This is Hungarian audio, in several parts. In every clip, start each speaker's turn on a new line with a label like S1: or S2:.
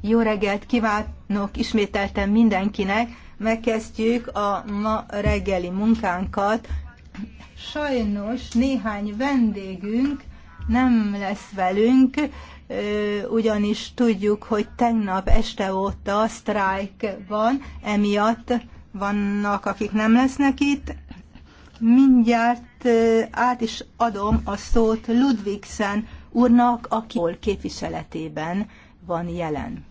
S1: Jó reggelt kívánok ismételten mindenkinek. Megkezdjük a ma reggeli munkánkat. Sajnos néhány vendégünk nem lesz velünk, ugyanis tudjuk, hogy tegnap este óta sztrájk van, emiatt vannak, akik nem lesznek itt. Mindjárt át is adom a szót Ludvigsen úrnak, aki képviseletében
S2: van jelen.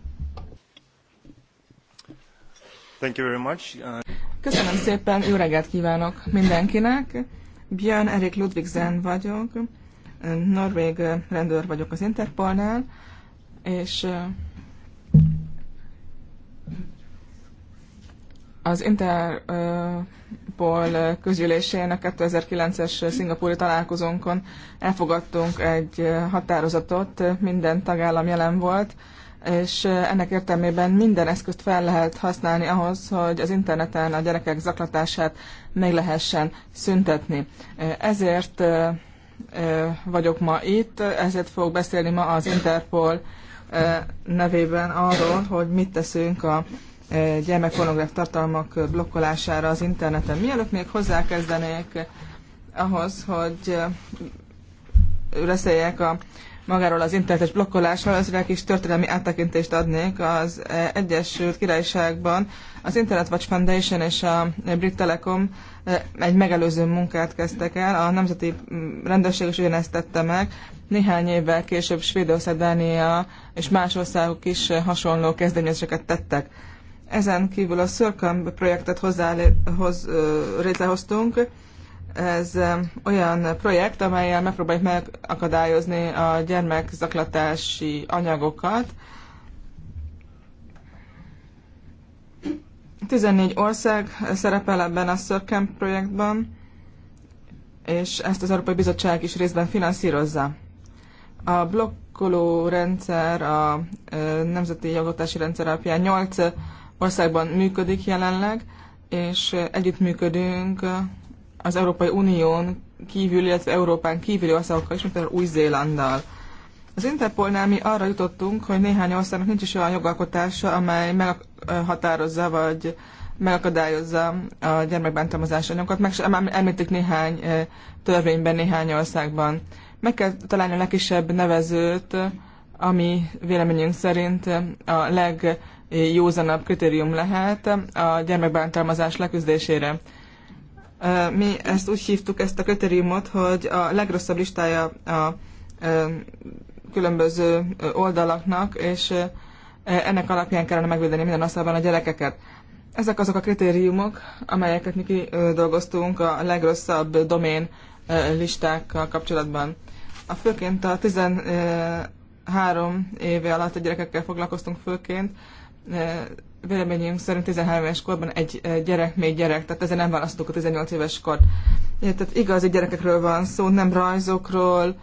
S3: Thank you very much.
S2: Köszönöm szépen, jó reggelt kívánok mindenkinek. Björn Erik Ludvigsen vagyok, norvég rendőr vagyok az Interpolnál, és Az Interpol közgyűlésén a 2009-es szingapúri találkozónkon elfogadtunk egy határozatot, minden tagállam jelen volt, és ennek értelmében minden eszközt fel lehet használni ahhoz, hogy az interneten a gyerekek zaklatását meg lehessen szüntetni. Ezért vagyok ma itt, ezért fogok beszélni ma az Interpol nevében arról, hogy mit teszünk a gyermekpornográf tartalmak blokkolására az interneten. Mielőtt még hozzákezdenék ahhoz, hogy beszéljek a magáról az internetes blokkolásról, azért egy kis történelmi áttekintést adnék. Az Egyesült Királyságban az Internet Watch Foundation és a Brit Telekom egy megelőző munkát kezdtek el, a Nemzeti Rendőrség is ugyanezt tette meg. Néhány évvel később Svédország, Dánia és más országok is hasonló kezdeményezéseket tettek. Ezen kívül a Circum projektet hozzá, hoz, létrehoztunk. Ez olyan projekt, amelyen megpróbáljuk megakadályozni a gyermekzaklatási anyagokat. 14 ország szerepel ebben a Circum projektben, és ezt az Európai Bizottság is részben finanszírozza. A blokkoló rendszer, a nemzeti jogotási rendszer alapján 8 országban működik jelenleg, és együttműködünk az Európai Unión kívül, illetve Európán kívüli országokkal is, mint például Új-Zélanddal. Az Interpolnál mi arra jutottunk, hogy néhány országnak nincs is olyan jogalkotása, amely meghatározza vagy megakadályozza a gyermekbántalmazás anyagokat. Meg említik néhány eh, törvényben, néhány országban. Meg kell találni a legkisebb nevezőt, ami véleményünk szerint a leg józanabb kritérium lehet a gyermekbántalmazás leküzdésére. Mi ezt úgy hívtuk, ezt a kritériumot, hogy a legrosszabb listája a különböző oldalaknak, és ennek alapján kellene megvédeni minden asztalban a gyerekeket. Ezek azok a kritériumok, amelyeket mi dolgoztunk a legrosszabb domén listákkal kapcsolatban. A főként a 13 éve alatt a gyerekekkel foglalkoztunk főként, véleményünk szerint 13 éves korban egy gyerek még gyerek, tehát ezért nem választottuk a 18 éves kort. Tehát igazi gyerekekről van szó, nem rajzokról,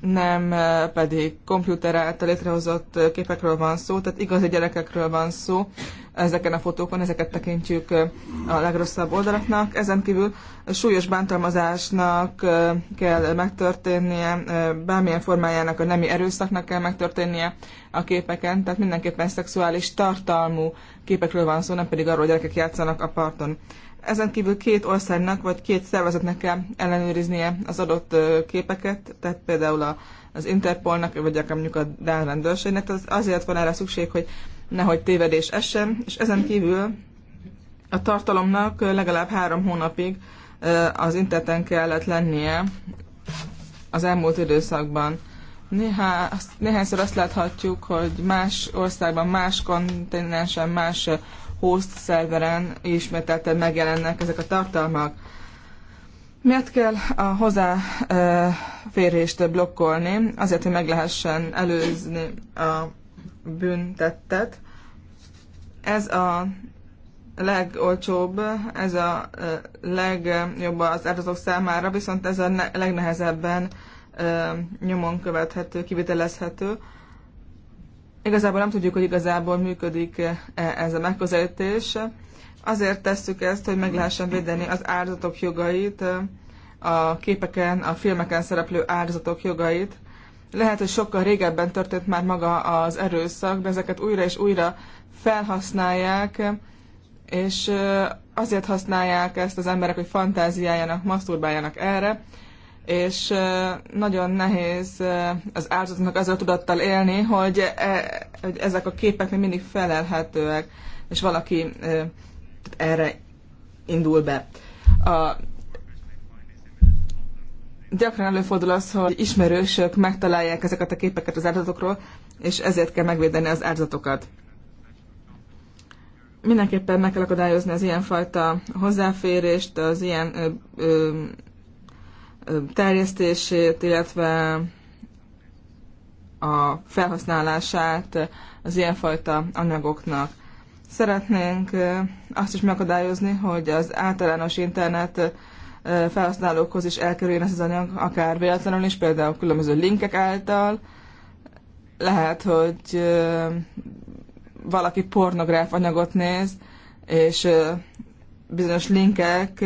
S2: nem pedig komputer által létrehozott képekről van szó, tehát igazi gyerekekről van szó ezeken a fotókon, ezeket tekintjük a legrosszabb oldalaknak. Ezen kívül súlyos bántalmazásnak kell megtörténnie, bármilyen formájának a nemi erőszaknak kell megtörténnie a képeken, tehát mindenképpen szexuális tartalmú képekről van szó, nem pedig arról, hogy gyerekek játszanak a parton. Ezen kívül két országnak vagy két szervezetnek kell ellenőriznie az adott képeket, tehát például az Interpolnak, vagy akár mondjuk a Dán rendőrségnek, az azért van erre szükség, hogy nehogy tévedés essen, és ezen kívül a tartalomnak legalább három hónapig az interneten kellett lennie az elmúlt időszakban. Néhá, néhányszor azt láthatjuk, hogy más országban, más kontinensen, más host szerveren ismételten megjelennek ezek a tartalmak. Miért kell a hozzáférést blokkolni? Azért, hogy meg lehessen előzni a büntettet. Ez a legolcsóbb, ez a legjobb az áldozók számára, viszont ez a legnehezebben nyomon követhető, kivitelezhető. Igazából nem tudjuk, hogy igazából működik -e ez a megközelítés. Azért tesszük ezt, hogy meg lehessen védeni az áldozatok jogait, a képeken, a filmeken szereplő áldozatok jogait. Lehet, hogy sokkal régebben történt már maga az erőszak, de ezeket újra és újra felhasználják, és azért használják ezt az emberek, hogy fantáziájának, maszturbáljanak erre, és nagyon nehéz az áldozatnak azzal tudattal élni, hogy, e, hogy ezek a képek még mindig felelhetőek, és valaki e, erre indul be. A, gyakran előfordul az, hogy ismerősök megtalálják ezeket a képeket az áldozatokról, és ezért kell megvédeni az áldozatokat. Mindenképpen meg kell akadályozni az ilyenfajta hozzáférést, az ilyen ö, ö, terjesztését, illetve a felhasználását az ilyenfajta anyagoknak. Szeretnénk azt is megakadályozni, hogy az általános internet felhasználókhoz is elkerüljön ez az anyag, akár véletlenül is, például különböző linkek által. Lehet, hogy valaki pornográf anyagot néz, és bizonyos linkek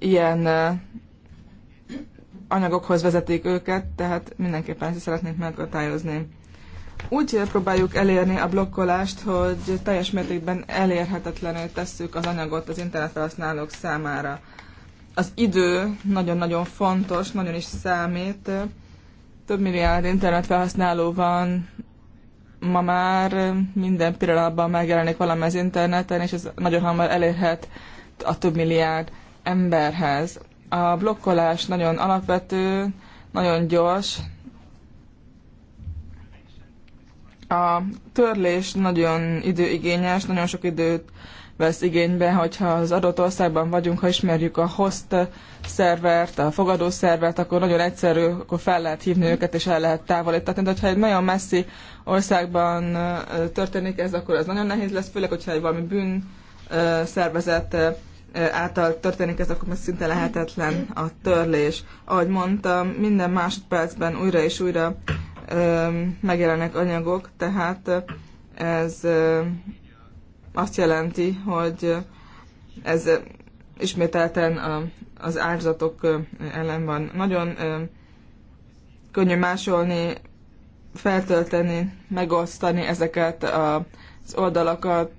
S2: ilyen anyagokhoz vezetik őket, tehát mindenképpen ezt szeretnénk megakadályozni. Úgy próbáljuk elérni a blokkolást, hogy teljes mértékben elérhetetlenül tesszük az anyagot az internetfelhasználók számára. Az idő nagyon-nagyon fontos, nagyon is számít. Több milliárd internetfelhasználó van ma már, minden pillanatban megjelenik valami az interneten, és ez nagyon hamar elérhet a több milliárd emberhez. A blokkolás nagyon alapvető, nagyon gyors, a törlés nagyon időigényes, nagyon sok időt vesz igénybe, hogyha az adott országban vagyunk, ha ismerjük a host szervert, a fogadó szervert, akkor nagyon egyszerű, akkor fel lehet hívni őket, és el lehet távolítani. De ha egy nagyon messzi országban történik ez, akkor ez nagyon nehéz lesz, főleg, hogyha egy valami bűn szervezet által történik ez, akkor meg szinte lehetetlen a törlés. Ahogy mondtam, minden másodpercben újra és újra megjelennek anyagok, tehát ez azt jelenti, hogy ez ismételten a, az áldozatok ellen van. Nagyon könnyű másolni, feltölteni, megosztani ezeket az oldalakat,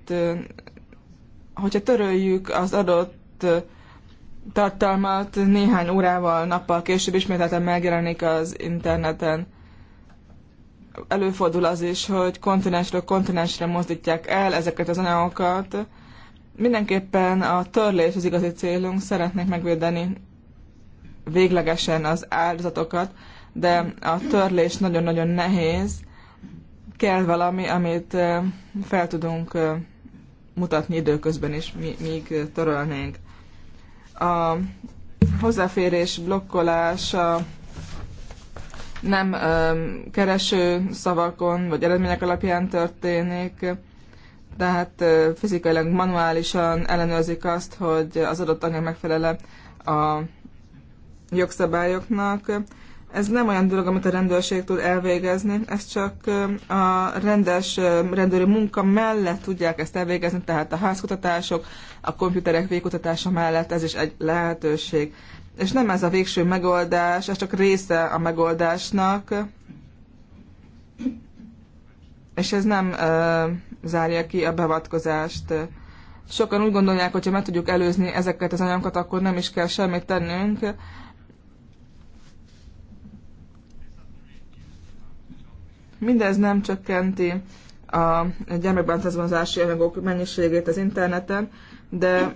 S2: hogyha töröljük az adott tartalmat néhány órával, nappal később ismételten megjelenik az interneten. Előfordul az is, hogy kontinensről kontinensre mozdítják el ezeket az anyagokat. Mindenképpen a törlés az igazi célunk, szeretnék megvédeni véglegesen az áldozatokat, de a törlés nagyon-nagyon nehéz. Kell valami, amit fel tudunk mutatni időközben is, míg törölnénk. A hozzáférés blokkolása nem kereső szavakon vagy eredmények alapján történik, tehát fizikailag manuálisan ellenőrzik azt, hogy az adott anyag megfelele a jogszabályoknak. Ez nem olyan dolog, amit a rendőrség tud elvégezni, ez csak a rendes rendőri munka mellett tudják ezt elvégezni, tehát a házkutatások, a komputerek végkutatása mellett ez is egy lehetőség. És nem ez a végső megoldás, ez csak része a megoldásnak, és ez nem ö, zárja ki a beavatkozást. Sokan úgy gondolják, hogy ha meg tudjuk előzni ezeket az anyagokat, akkor nem is kell semmit tennünk, Mindez nem csökkenti a gyermekbántalmazási anyagok mennyiségét az interneten, de,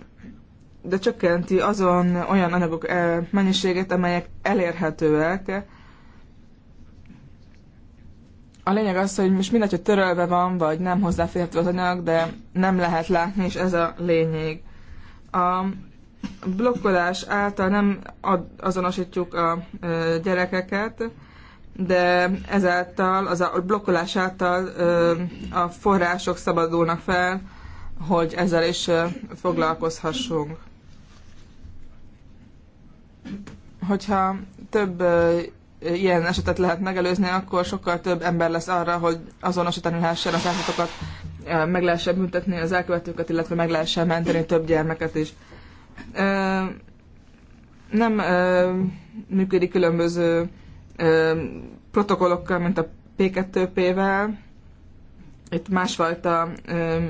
S2: de csökkenti azon olyan anyagok eh, mennyiségét, amelyek elérhetőek. A lényeg az, hogy most mindegy, hogy törölve van, vagy nem hozzáférhető az anyag, de nem lehet látni, és ez a lényeg. A blokkolás által nem azonosítjuk a eh, gyerekeket, de ezáltal, az a blokkolás által a források szabadulnak fel, hogy ezzel is foglalkozhassunk. Hogyha több ilyen esetet lehet megelőzni, akkor sokkal több ember lesz arra, hogy azonosítani lehessen az állatokat, meg lehessen büntetni az elkövetőket, illetve meg lehessen menteni több gyermeket is. Nem működik különböző protokollokkal, mint a P2P-vel. Itt másfajta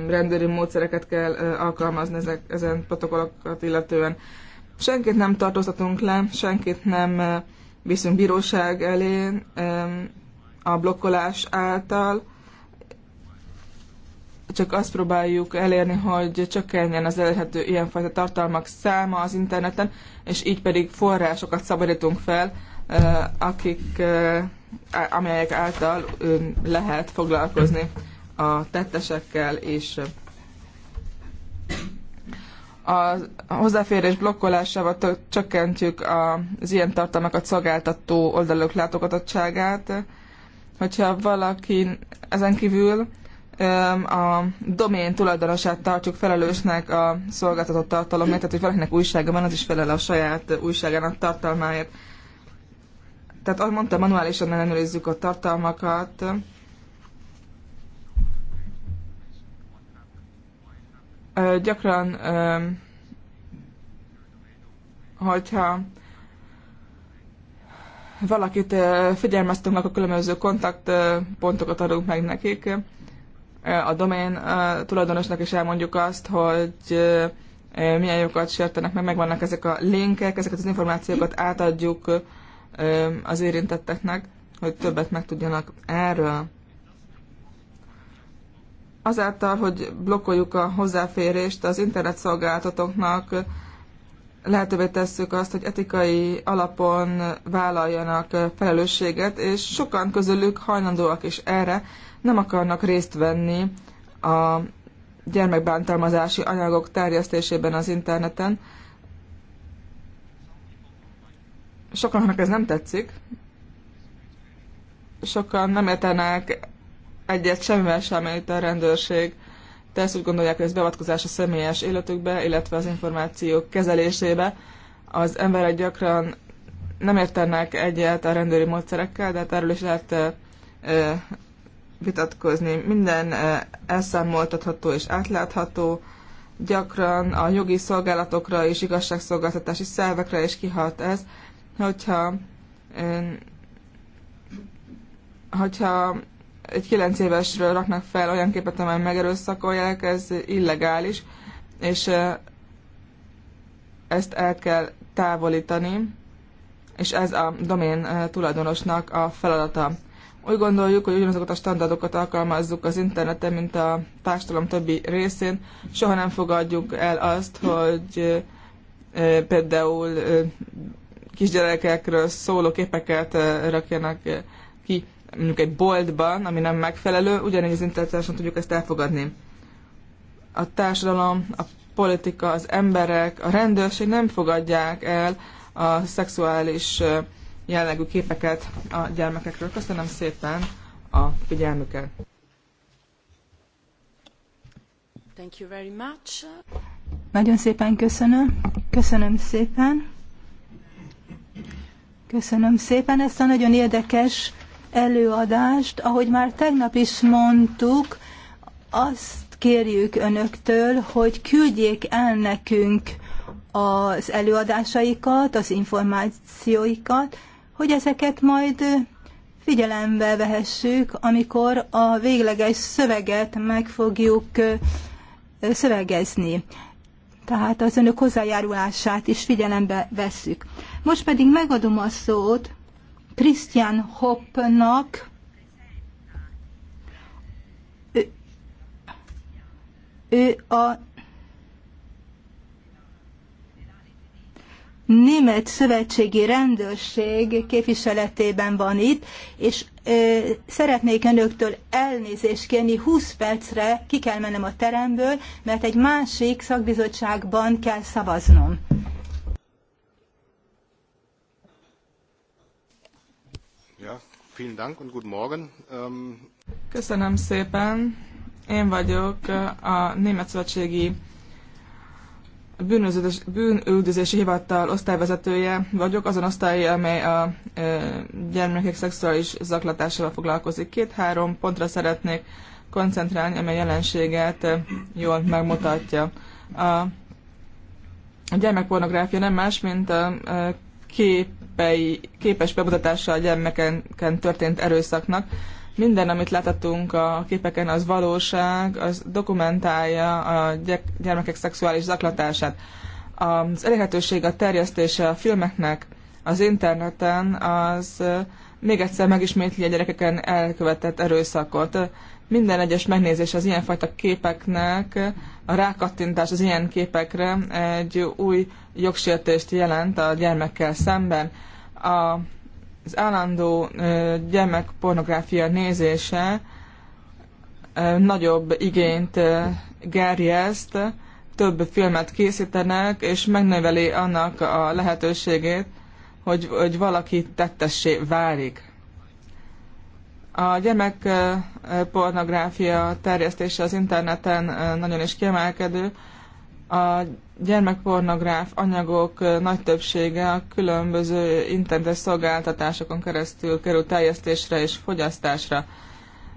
S2: rendőri módszereket kell alkalmazni ezek, ezen protokollokat illetően. Senkit nem tartóztatunk le, senkit nem viszünk bíróság elé a blokkolás által, csak azt próbáljuk elérni, hogy csökkenjen az elérhető ilyenfajta tartalmak száma az interneten, és így pedig forrásokat szabadítunk fel Eh, akik, eh, amelyek által lehet foglalkozni a tettesekkel és a hozzáférés blokkolásával csökkentjük az ilyen tartalmakat szolgáltató oldalok látogatottságát. Hogyha valaki ezen kívül a domén tulajdonosát tartjuk felelősnek a szolgáltatott tartalomért, tehát hogy valakinek újsága van, az is felel a saját újságának tartalmáért. Tehát ahogy mondtam, manuálisan ellenőrizzük a tartalmakat. Gyakran, hogyha valakit figyelmeztünk, akkor különböző kontaktpontokat adunk meg nekik. A domain tulajdonosnak is elmondjuk azt, hogy milyen jogokat sértenek, meg megvannak ezek a linkek, ezeket az információkat átadjuk az érintetteknek, hogy többet meg tudjanak erről. Azáltal, hogy blokkoljuk a hozzáférést az internetszolgáltatóknak, lehetővé tesszük azt, hogy etikai alapon vállaljanak felelősséget, és sokan közülük hajlandóak is erre, nem akarnak részt venni a gyermekbántalmazási anyagok terjesztésében az interneten, sokanak ez nem tetszik. Sokan nem értenek egyet semmivel sem, amit a rendőrség tesz, úgy gondolják, hogy ez beavatkozás a személyes életükbe, illetve az információk kezelésébe. Az emberek gyakran nem értenek egyet a rendőri módszerekkel, de hát erről is lehet e, vitatkozni. Minden e, elszámoltatható és átlátható, gyakran a jogi szolgálatokra és igazságszolgáltatási szervekre is kihat ez, hogyha hogyha egy kilenc évesről raknak fel olyan képet, amely megerőszakolják, ez illegális, és ezt el kell távolítani, és ez a domén tulajdonosnak a feladata. Úgy gondoljuk, hogy ugyanazokat a standardokat alkalmazzuk az interneten, mint a társadalom többi részén. Soha nem fogadjuk el azt, hogy például kisgyerekekről szóló képeket eh, rakjanak eh, ki mondjuk egy boltban, ami nem megfelelő, ugyanígy az internetesen tudjuk ezt elfogadni. A társadalom, a politika, az emberek, a rendőrség nem fogadják el a szexuális eh, jellegű képeket a gyermekekről. Köszönöm szépen a figyelmüket!
S1: Thank you very much. Nagyon szépen köszönöm. Köszönöm szépen. Köszönöm szépen ezt a nagyon érdekes előadást. Ahogy már tegnap is mondtuk, azt kérjük önöktől, hogy küldjék el nekünk az előadásaikat, az információikat, hogy ezeket majd figyelembe vehessük, amikor a végleges szöveget meg fogjuk szövegezni tehát az önök hozzájárulását is figyelembe vesszük. Most pedig megadom a szót Christian Hoppnak, ő, ő a Német Szövetségi Rendőrség képviseletében van itt, és szeretnék önöktől elnézést kérni, 20 percre ki kell mennem a teremből, mert egy másik szakbizottságban kell szavaznom.
S3: Ja, vielen Dank und guten Morgen.
S2: Um... Köszönöm szépen. Én vagyok a Német Szövetségi bűnöldözési hivatal osztályvezetője vagyok, azon osztály, amely a gyermekek szexuális zaklatásával foglalkozik. Két-három pontra szeretnék koncentrálni, amely jelenséget jól megmutatja. A a gyermekpornográfia nem más, mint a képei, képes bemutatása a gyermeken történt erőszaknak, minden, amit láthatunk a képeken, az valóság, az dokumentálja a gyermekek szexuális zaklatását. Az elérhetőség, a terjesztése a filmeknek az interneten, az még egyszer megismétli a gyerekeken elkövetett erőszakot. Minden egyes megnézés az ilyenfajta képeknek, a rákattintás az ilyen képekre egy új jogsértést jelent a gyermekkel szemben. A az állandó gyermekpornográfia nézése nagyobb igényt gerjeszt, több filmet készítenek, és megnöveli annak a lehetőségét, hogy, hogy valaki tettessé válik. A gyermekpornográfia terjesztése az interneten nagyon is kiemelkedő, a gyermekpornográf anyagok nagy többsége a különböző internetes szolgáltatásokon keresztül kerül terjesztésre és fogyasztásra.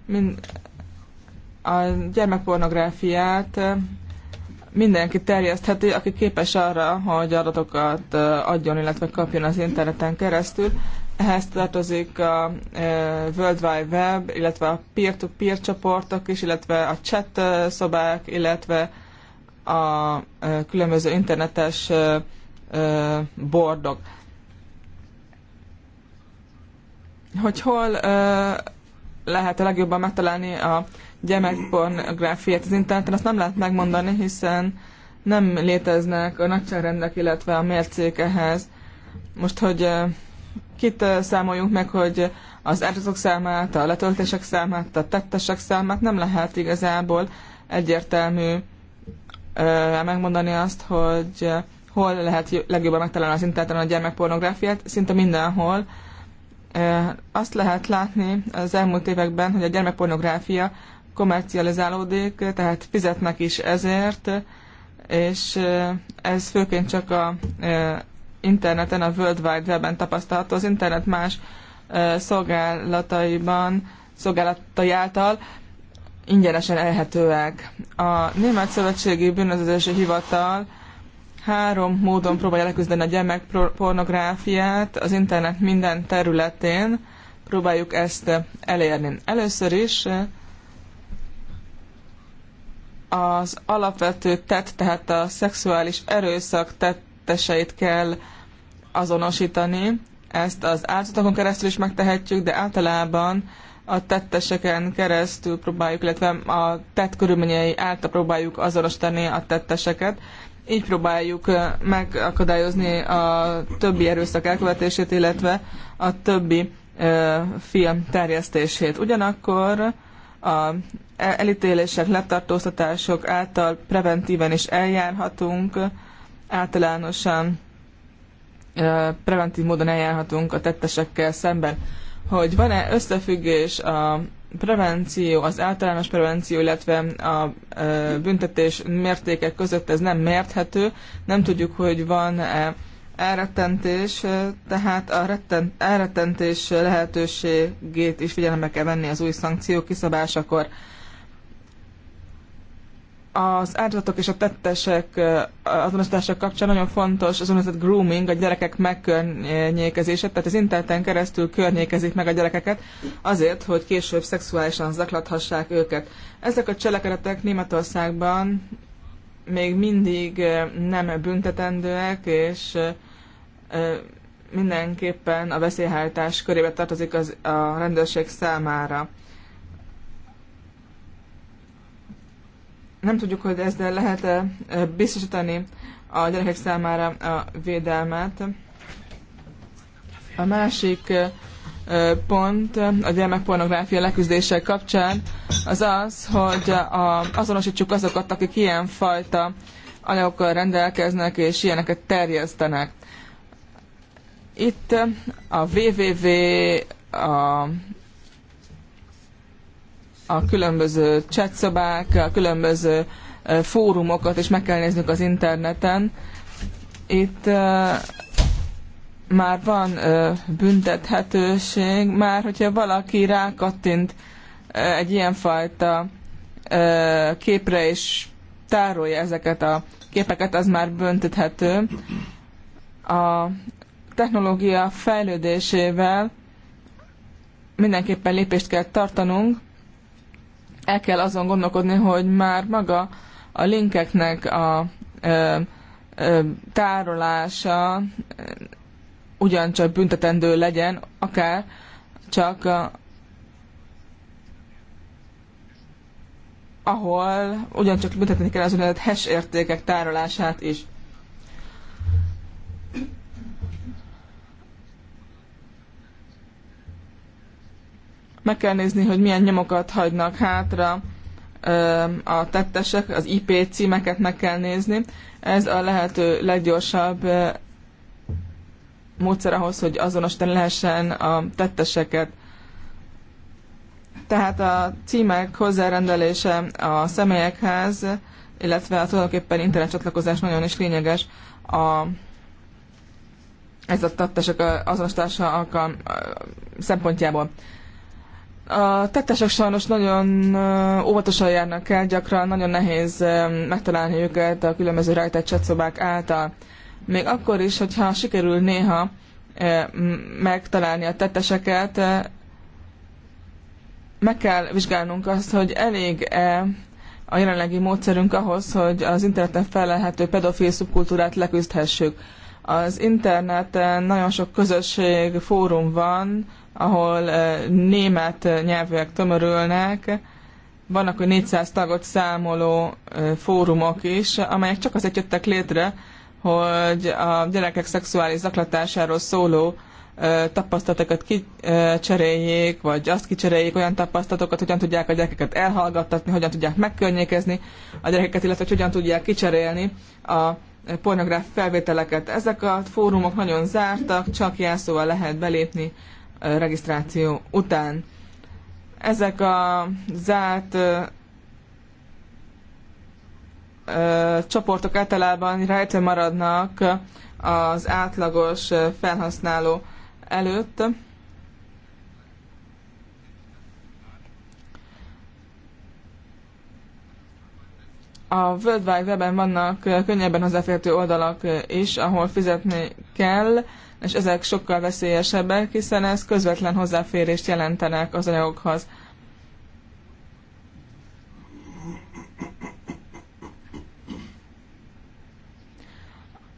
S2: Mind, a gyermekpornográfiát mindenki terjesztheti, aki képes arra, hogy adatokat adjon, illetve kapjon az interneten keresztül. Ehhez tartozik a World Wide Web, illetve a peer-to-peer -peer csoportok is, illetve a chat szobák, illetve a különböző internetes bordok. Hogy hol lehet a legjobban megtalálni a gyermekpornográfiát az interneten, azt nem lehet megmondani, hiszen nem léteznek a nagyságrendek, illetve a mércék ehhez. Most, hogy kit számoljunk meg, hogy az áldozatok számát, a letöltések számát, a tettesek számát nem lehet igazából egyértelmű megmondani azt, hogy hol lehet legjobban megtalálni az interneten a gyermekpornográfiát, szinte mindenhol. Azt lehet látni az elmúlt években, hogy a gyermekpornográfia komercializálódik, tehát fizetnek is ezért, és ez főként csak a interneten, a World Wide Webben tapasztalható. Az internet más szolgálataiban, szolgálatai által ingyenesen elhetőek. A Német Szövetségi Bűnözési Hivatal három módon próbálja leküzdeni a gyermekpornográfiát az internet minden területén. Próbáljuk ezt elérni. Először is az alapvető tett, tehát a szexuális erőszak tetteseit kell azonosítani. Ezt az áldozatokon keresztül is megtehetjük, de általában a tetteseken keresztül próbáljuk, illetve a tett körülményei által próbáljuk azonosítani a tetteseket. Így próbáljuk megakadályozni a többi erőszak elkövetését, illetve a többi film terjesztését. Ugyanakkor a e- elítélések, letartóztatások által preventíven is eljárhatunk, általánosan preventív módon eljárhatunk a tettesekkel szemben hogy van-e összefüggés a prevenció, az általános prevenció, illetve a büntetés mértékek között ez nem mérthető. Nem tudjuk, hogy van-e elrettentés, tehát a retten, elrettentés lehetőségét is figyelembe kell venni az új szankciók kiszabásakor az áldozatok és a tettesek azonosítása kapcsán nagyon fontos az úgynevezett grooming, a gyerekek megkörnyékezése, tehát az interneten keresztül környékezik meg a gyerekeket azért, hogy később szexuálisan zaklathassák őket. Ezek a cselekedetek Németországban még mindig nem büntetendőek, és mindenképpen a veszélyháltás körébe tartozik az, a rendőrség számára. nem tudjuk, hogy ezzel lehet-e e, biztosítani a gyerekek számára a védelmet. A másik e, e, pont a gyermekpornográfia leküzdése kapcsán az az, hogy a, azonosítsuk azokat, akik ilyenfajta anyagokkal rendelkeznek és ilyeneket terjesztenek. Itt a www, a a különböző csetszobák, a különböző fórumokat és meg kell néznünk az interneten. Itt uh, már van uh, büntethetőség, már hogyha valaki rákattint uh, egy ilyenfajta uh, képre és tárolja ezeket a képeket, az már büntethető. A technológia fejlődésével mindenképpen lépést kell tartanunk, el kell azon gondolkodni, hogy már maga a linkeknek a ö, ö, tárolása ugyancsak büntetendő legyen, akár csak a, ahol ugyancsak büntetni kell az úgynevezett hash értékek tárolását is. Meg kell nézni, hogy milyen nyomokat hagynak hátra a tettesek, az IP címeket meg kell nézni. Ez a lehető leggyorsabb módszer ahhoz, hogy azonosítani lehessen a tetteseket. Tehát a címek hozzárendelése a személyekhez, illetve a tulajdonképpen internetcsatlakozás nagyon is lényeges. A, ez a tettesek azonosítása alkalm, szempontjából. A tettesek sajnos nagyon óvatosan járnak el, gyakran nagyon nehéz megtalálni őket a különböző rejtett csatszobák által. Még akkor is, hogyha sikerül néha megtalálni a tetteseket, meg kell vizsgálnunk azt, hogy elég-e a jelenlegi módszerünk ahhoz, hogy az interneten felelhető pedofil szubkultúrát leküzdhessük. Az interneten nagyon sok közösség, fórum van, ahol német nyelvűek tömörülnek, vannak a 400 tagot számoló fórumok is, amelyek csak azért jöttek létre, hogy a gyerekek szexuális zaklatásáról szóló tapasztalatokat kicseréljék, vagy azt kicseréljék olyan tapasztalatokat, hogyan tudják a gyerekeket elhallgattatni, hogyan tudják megkörnyékezni a gyerekeket, illetve hogy hogyan tudják kicserélni a pornográf felvételeket. Ezek a fórumok nagyon zártak, csak jelszóval lehet belépni regisztráció után. Ezek a zárt csoportok általában rejtve maradnak az átlagos felhasználó előtt. A World Wide Web-en vannak könnyebben hozzáférhető oldalak is, ahol fizetni kell, és ezek sokkal veszélyesebbek, hiszen ez közvetlen hozzáférést jelentenek az anyagokhoz.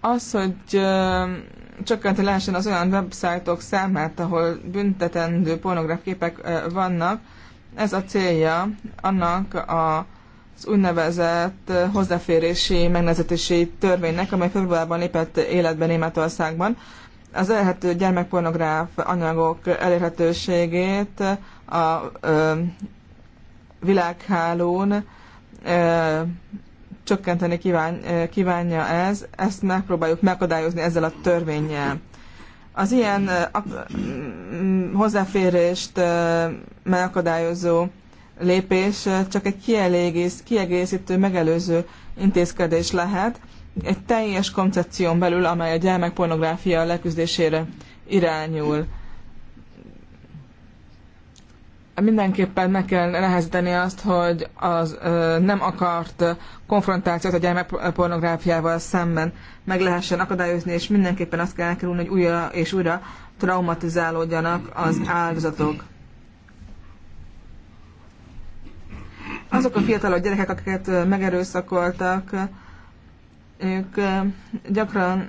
S2: Az, hogy csökkenteni lehessen az olyan websájtok számát, ahol büntetendő pornográf képek vannak, ez a célja annak a az úgynevezett hozzáférési megnevezési törvénynek, amely februárban lépett életben Németországban az elérhető gyermekpornográf anyagok elérhetőségét a ö, világhálón ö, csökkenteni kíván, ö, kívánja ez, ezt megpróbáljuk megakadályozni ezzel a törvényel. Az ilyen ö, ö, mm, hozzáférést ö, megakadályozó lépés csak egy kielégész, kiegészítő, megelőző intézkedés lehet, egy teljes koncepción belül, amely a gyermekpornográfia leküzdésére irányul. Mindenképpen meg kell nehezíteni azt, hogy az ö, nem akart konfrontációt a gyermekpornográfiával szemben meg lehessen akadályozni, és mindenképpen azt kell elkerülni, hogy újra és újra traumatizálódjanak az áldozatok. Azok a fiatalok gyerekek, akiket megerőszakoltak, ők gyakran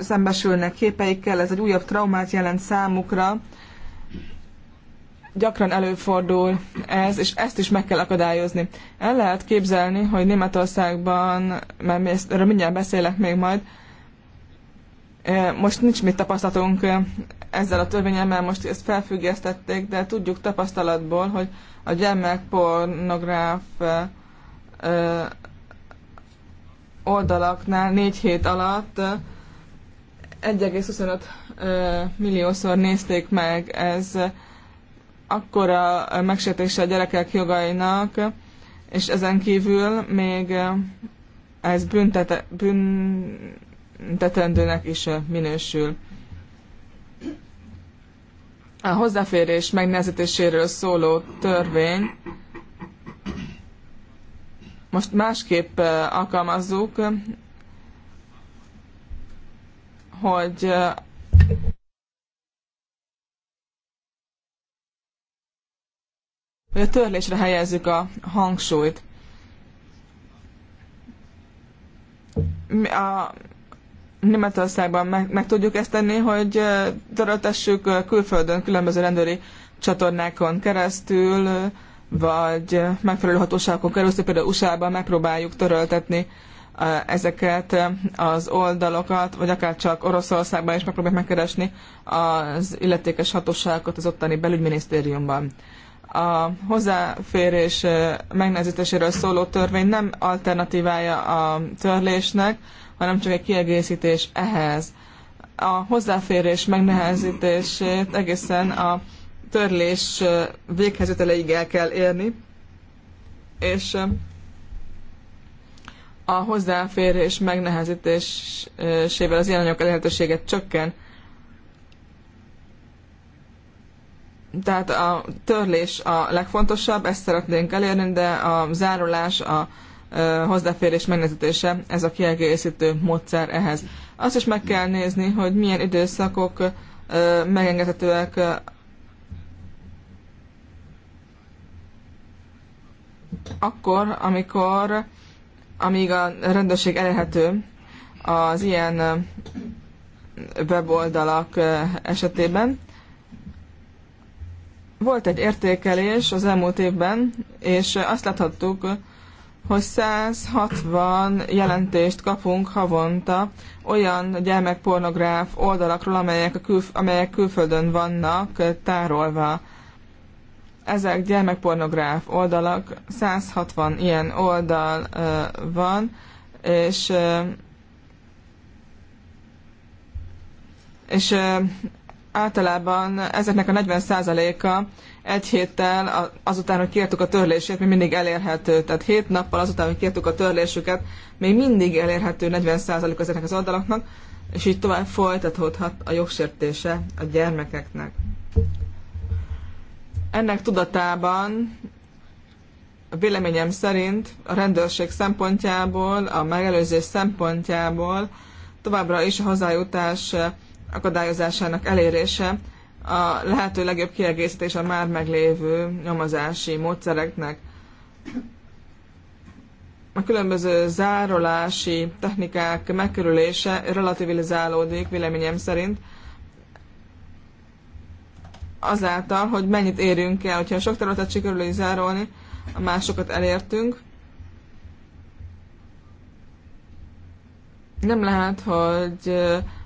S2: szembesülnek képeikkel, ez egy újabb traumát jelent számukra. Gyakran előfordul ez, és ezt is meg kell akadályozni. El lehet képzelni, hogy Németországban, mert erről mindjárt beszélek még majd, most nincs mit tapasztalatunk ezzel a törvényel, mert most ezt felfüggesztették, de tudjuk tapasztalatból, hogy a gyermekpornográf oldalaknál négy hét alatt 1,25 milliószor nézték meg. Ez akkora megsértése a gyerekek jogainak, és ezen kívül még ez büntete, büntetendőnek is minősül. A hozzáférés megnehezítéséről szóló törvény most másképp eh, alkalmazzuk, hogy eh, hogy a törlésre helyezzük a hangsúlyt. A Németországban meg, meg tudjuk ezt tenni, hogy eh, töröltessük külföldön különböző rendőri csatornákon keresztül, vagy megfelelő hatóságokon keresztül, például USA-ban megpróbáljuk töröltetni ezeket az oldalokat, vagy akár csak Oroszországban is megpróbáljuk megkeresni az illetékes hatóságokat az ottani belügyminisztériumban. A hozzáférés megnehezítéséről szóló törvény nem alternatívája a törlésnek, hanem csak egy kiegészítés ehhez. A hozzáférés megnehezítését egészen a törlés véghezeteleig el kell érni, és a hozzáférés megnehezítésével az ilyen anyagok elérhetőséget csökken. Tehát a törlés a legfontosabb, ezt szeretnénk elérni, de a zárulás, a hozzáférés megnehezítése ez a kiegészítő módszer ehhez. Azt is meg kell nézni, hogy milyen időszakok megengedhetőek akkor, amikor amíg a rendőrség elérhető az ilyen weboldalak esetében. Volt egy értékelés az elmúlt évben, és azt láthattuk, hogy 160 jelentést kapunk havonta olyan gyermekpornográf oldalakról, amelyek, a külf- amelyek külföldön vannak tárolva ezek gyermekpornográf oldalak, 160 ilyen oldal van, és és általában ezeknek a 40%-a egy héttel azután, hogy kértük a törlését, még mindig elérhető. Tehát hét nappal azután, hogy kértük a törlésüket, még mindig elérhető 40% ezeknek az oldalaknak, és így tovább folytatódhat a jogsértése a gyermekeknek. Ennek tudatában véleményem szerint a rendőrség szempontjából, a megelőzés szempontjából továbbra is a hazájutás akadályozásának elérése a lehető legjobb kiegészítés a már meglévő nyomozási módszereknek. A különböző zárolási technikák megkerülése relativizálódik véleményem szerint, azáltal, hogy mennyit érünk el. Hogyha sok területet sikerül is zárolni, a másokat elértünk. Nem lehet, hogy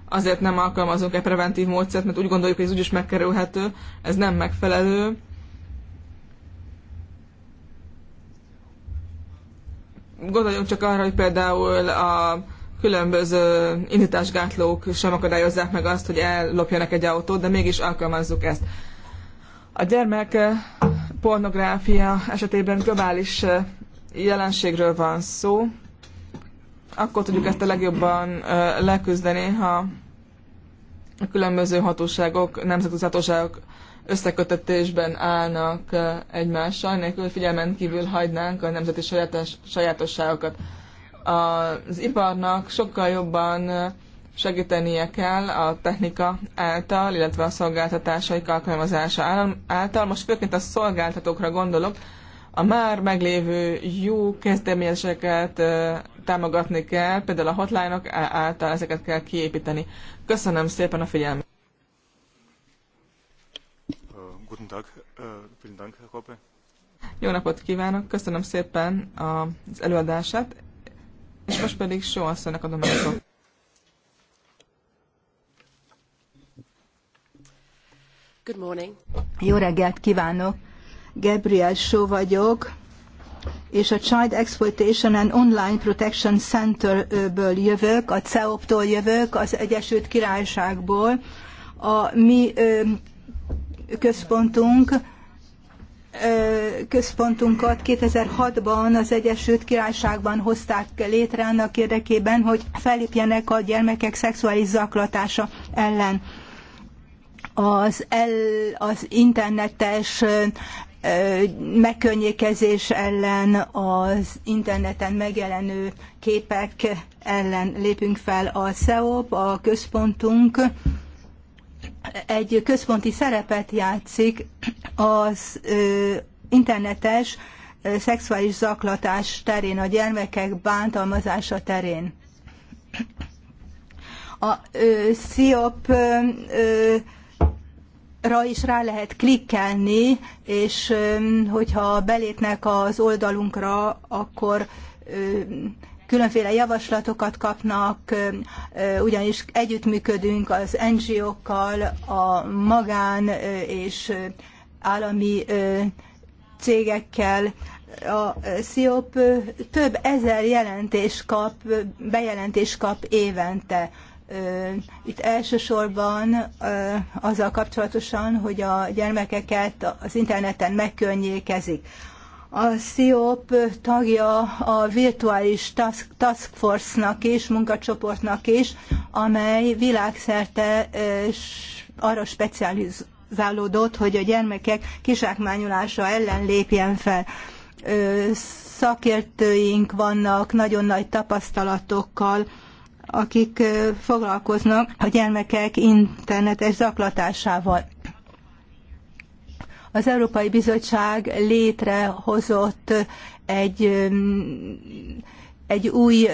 S2: azért nem alkalmazunk egy preventív módszert, mert úgy gondoljuk, hogy ez úgyis megkerülhető, ez nem megfelelő. Gondoljunk csak arra, hogy például a különböző indításgátlók sem akadályozzák meg azt, hogy ellopjanak egy autót, de mégis alkalmazzuk ezt. A gyermek eh, pornográfia esetében globális eh, jelenségről van szó. Akkor tudjuk ezt a legjobban eh, leküzdeni, ha a különböző hatóságok, nemzetközi hatóságok összekötetésben állnak egymással, nélkül figyelmen kívül hagynánk a nemzeti sajátos, sajátosságokat az iparnak sokkal jobban segítenie kell a technika által, illetve a szolgáltatásaik alkalmazása által. Most főként a szolgáltatókra gondolok, a már meglévő jó kezdeményezéseket támogatni kell, például a hotline -ok által ezeket kell kiépíteni. Köszönöm szépen a figyelmet! Jó napot kívánok, köszönöm szépen az előadását. És most pedig Só asszonynak adom a
S3: Good morning.
S1: Jó reggelt kívánok! Gabriel Só vagyok, és a Child Exploitation and Online Protection Centerből jövök, a CEOP-tól jövök, az Egyesült Királyságból. A mi központunk központunkat 2006-ban az Egyesült Királyságban hozták létre annak érdekében, hogy fellépjenek a gyermekek szexuális zaklatása ellen. Az, el, az internetes megkönnyékezés ellen, az interneten megjelenő képek ellen lépünk fel a SEOP, a központunk egy központi szerepet játszik az internetes szexuális zaklatás terén, a gyermekek bántalmazása terén. A ö, SZIOP ra is rá lehet klikkelni, és hogyha belépnek az oldalunkra, akkor különféle javaslatokat kapnak, ugyanis együttműködünk az NGO-kkal, a magán és állami cégekkel. A SZIOP több ezer jelentés kap, bejelentés kap évente. Itt elsősorban azzal kapcsolatosan, hogy a gyermekeket az interneten megkönnyékezik. A SZIOP tagja a virtuális task, force-nak is, munkacsoportnak is, amely világszerte arra specializálódott, hogy a gyermekek kizsákmányolása ellen lépjen fel szakértőink vannak nagyon nagy tapasztalatokkal, akik foglalkoznak a gyermekek internetes zaklatásával. Az Európai Bizottság létrehozott egy, egy új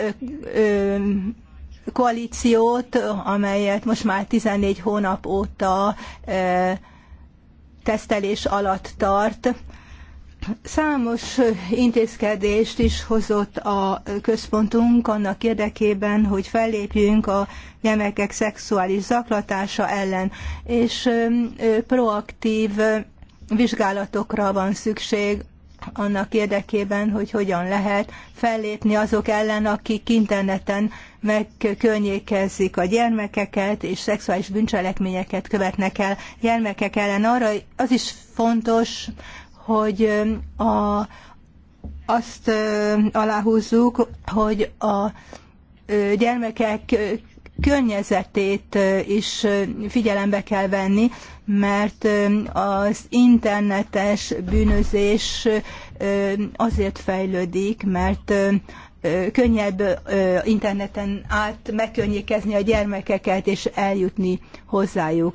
S1: koalíciót, amelyet most már 14 hónap óta tesztelés alatt tart. Számos intézkedést is hozott a központunk annak érdekében, hogy fellépjünk a gyermekek szexuális zaklatása ellen, és proaktív vizsgálatokra van szükség annak érdekében, hogy hogyan lehet fellépni azok ellen, akik interneten megkörnyékezik a gyermekeket, és szexuális bűncselekményeket követnek el gyermekek ellen. Arra az is fontos, hogy a, azt aláhúzzuk, hogy a gyermekek környezetét is figyelembe kell venni, mert az internetes bűnözés azért fejlődik, mert könnyebb interneten át megkönnyékezni a gyermekeket és eljutni hozzájuk.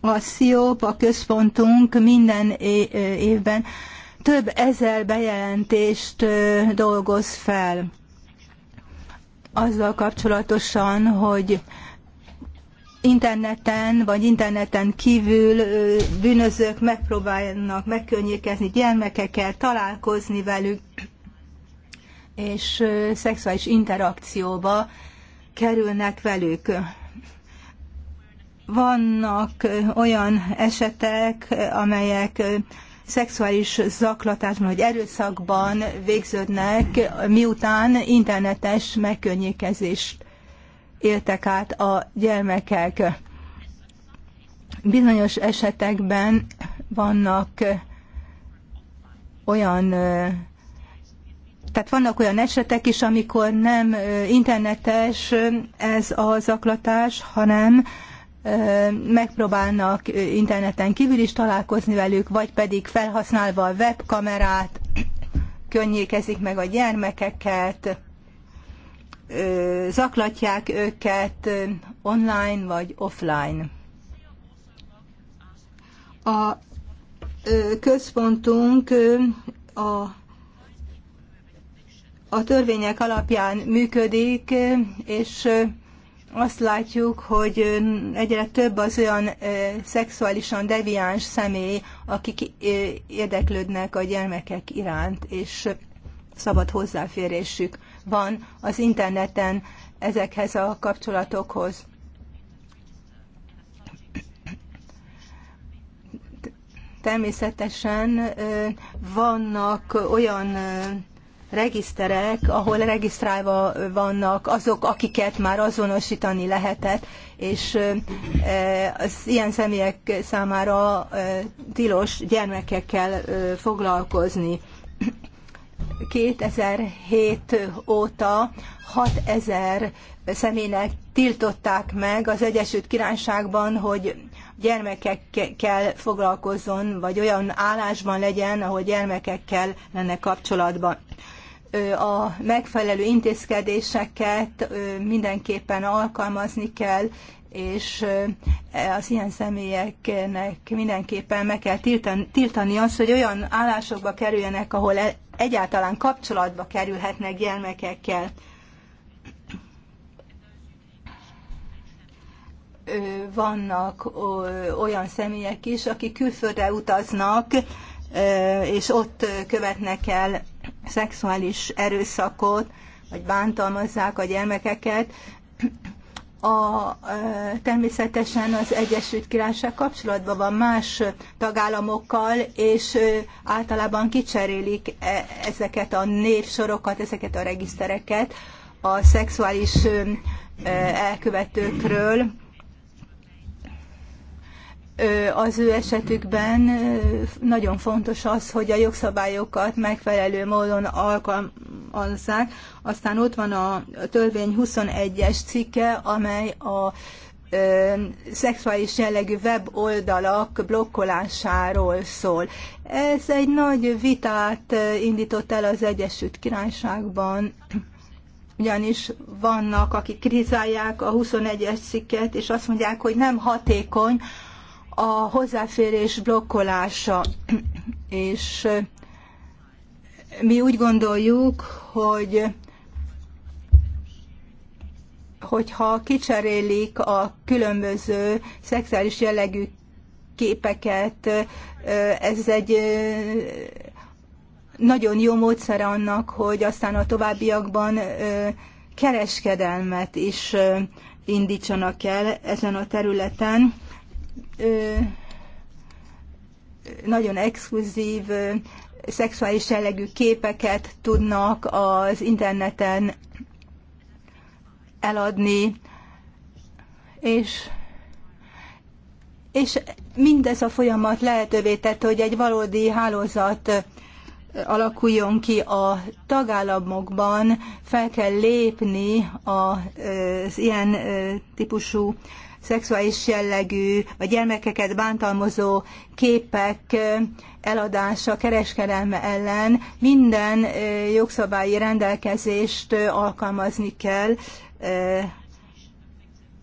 S1: A SZIOP, a központunk minden évben több ezer bejelentést dolgoz fel azzal kapcsolatosan, hogy interneten vagy interneten kívül bűnözők megpróbálnak megkönnyékezni gyermekekkel, találkozni velük, és szexuális interakcióba kerülnek velük. Vannak olyan esetek, amelyek szexuális zaklatásban vagy erőszakban végződnek, miután internetes megkönnyékezést éltek át a gyermekek. Bizonyos esetekben vannak olyan tehát vannak olyan esetek is, amikor nem internetes ez a zaklatás, hanem megpróbálnak interneten kívül is találkozni velük, vagy pedig felhasználva a webkamerát könnyékezik meg a gyermekeket, zaklatják őket online vagy offline. A központunk a, a törvények alapján működik, és azt látjuk, hogy egyre több az olyan szexuálisan deviáns személy, akik érdeklődnek a gyermekek iránt, és szabad hozzáférésük van az interneten ezekhez a kapcsolatokhoz. Természetesen vannak olyan regiszterek, ahol regisztrálva vannak azok, akiket már azonosítani lehetett, és e, az ilyen személyek számára e, tilos gyermekekkel foglalkozni. 2007 óta 6000 személynek tiltották meg az Egyesült Királyságban, hogy gyermekekkel foglalkozzon, vagy olyan állásban legyen, ahol gyermekekkel lenne kapcsolatban a megfelelő intézkedéseket mindenképpen alkalmazni kell, és az ilyen személyeknek mindenképpen meg kell tiltani, tiltani azt, hogy olyan állásokba kerüljenek, ahol e-, egyáltalán kapcsolatba kerülhetnek gyermekekkel. Vannak olyan személyek is, akik külföldre utaznak, és ott követnek el szexuális erőszakot, vagy bántalmazzák a gyermekeket. A, természetesen az Egyesült Királyság kapcsolatban van más tagállamokkal, és általában kicserélik e, ezeket a névsorokat, ezeket a regisztereket a szexuális elkövetőkről az ő esetükben nagyon fontos az, hogy a jogszabályokat megfelelő módon alkalmazzák. Aztán ott van a törvény 21-es cikke, amely a szexuális jellegű weboldalak blokkolásáról szól. Ez egy nagy vitát indított el az Egyesült Királyságban, ugyanis vannak, akik kritizálják a 21-es cikket, és azt mondják, hogy nem hatékony, a hozzáférés blokkolása. És mi úgy gondoljuk, hogy hogyha kicserélik a különböző szexuális jellegű képeket, ez egy nagyon jó módszer annak, hogy aztán a továbbiakban kereskedelmet is indítsanak el ezen a területen nagyon exkluzív szexuális jellegű képeket tudnak az interneten eladni, és, és mindez a folyamat lehetővé tette, hogy egy valódi hálózat alakuljon ki a tagállamokban, fel kell lépni az ilyen típusú szexuális jellegű vagy gyermekeket bántalmazó képek eladása, kereskedelme ellen minden jogszabályi rendelkezést alkalmazni kell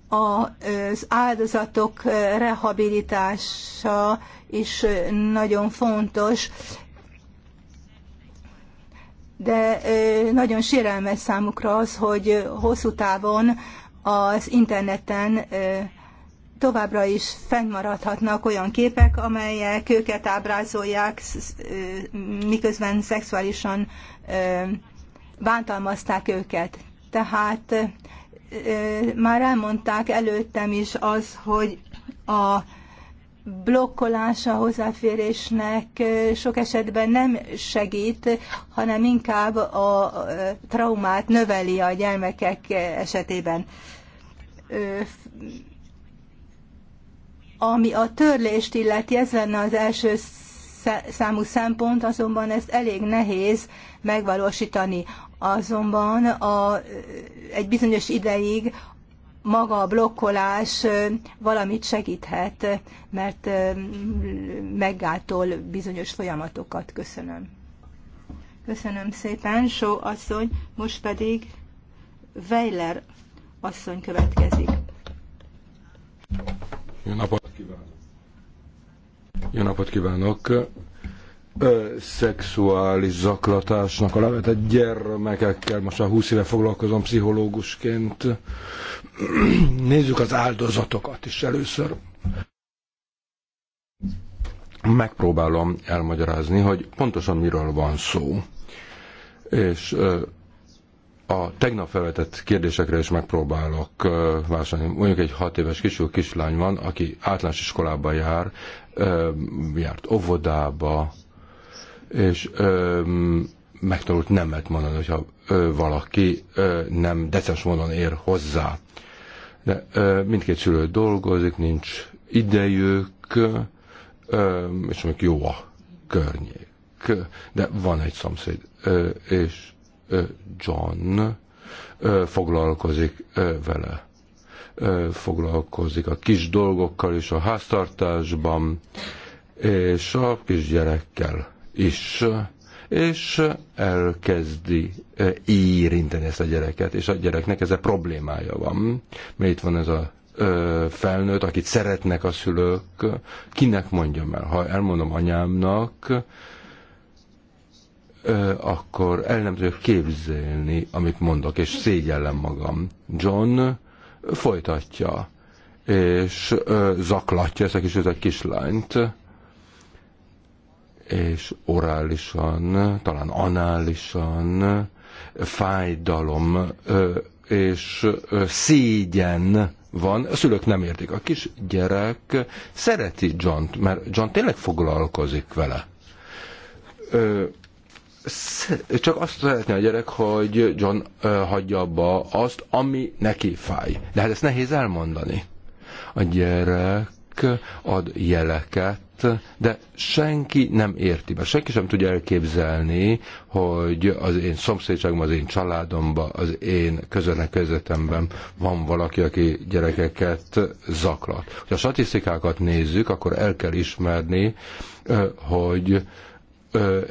S1: az áldozatok rehabilitása is nagyon fontos, de nagyon sérelmes számukra az, hogy hosszú távon az interneten továbbra is fennmaradhatnak olyan képek, amelyek őket ábrázolják, miközben szexuálisan bántalmazták őket. Tehát már elmondták előttem is az, hogy a blokkolása hozzáférésnek sok esetben nem segít, hanem inkább a traumát növeli a gyermekek esetében ami a törlést illeti, ez lenne az első számú szempont, azonban ezt elég nehéz megvalósítani. Azonban a, egy bizonyos ideig maga a blokkolás valamit segíthet, mert meggátol bizonyos folyamatokat. Köszönöm. Köszönöm szépen, Só asszony, most pedig Weiler asszony következik. Jó napot kívánok!
S3: Jó napot kívánok! Ö, szexuális zaklatásnak a levetett gyermekekkel, most a 20 éve foglalkozom pszichológusként. Nézzük az áldozatokat is először. Megpróbálom elmagyarázni, hogy pontosan miről van szó és a tegnap felvetett kérdésekre is megpróbálok válaszolni. Mondjuk egy hat éves kisú kislány van, aki általános iskolába jár, járt óvodába, és megtanult nemet mondani, hogyha valaki nem decens módon ér hozzá. De mindkét szülő dolgozik, nincs idejük, és mondjuk jó a környék. De van egy szomszéd, és John foglalkozik vele. Foglalkozik a kis dolgokkal és a háztartásban, és a kisgyerekkel is és elkezdi érinteni ezt a gyereket, és a gyereknek ez a problémája van. Mert itt van ez a felnőtt, akit szeretnek a szülők, kinek mondjam el? Ha elmondom anyámnak, akkor el nem tudok képzelni, amit mondok, és szégyellem magam. John folytatja, és zaklatja ezt a kis, a kislányt, és orálisan, talán análisan, fájdalom és szégyen van, a szülők nem értik. A kis gyerek szereti John-t, mert John tényleg foglalkozik vele csak azt szeretné a gyerek, hogy John ö, hagyja abba azt, ami neki fáj. De hát ezt nehéz elmondani. A gyerek ad jeleket, de senki nem érti be. Senki sem tudja elképzelni, hogy az én szomszédságomban, az én családomban, az én közönek közvetemben van valaki, aki gyerekeket zaklat. Ha a statisztikákat nézzük, akkor el kell ismerni, hogy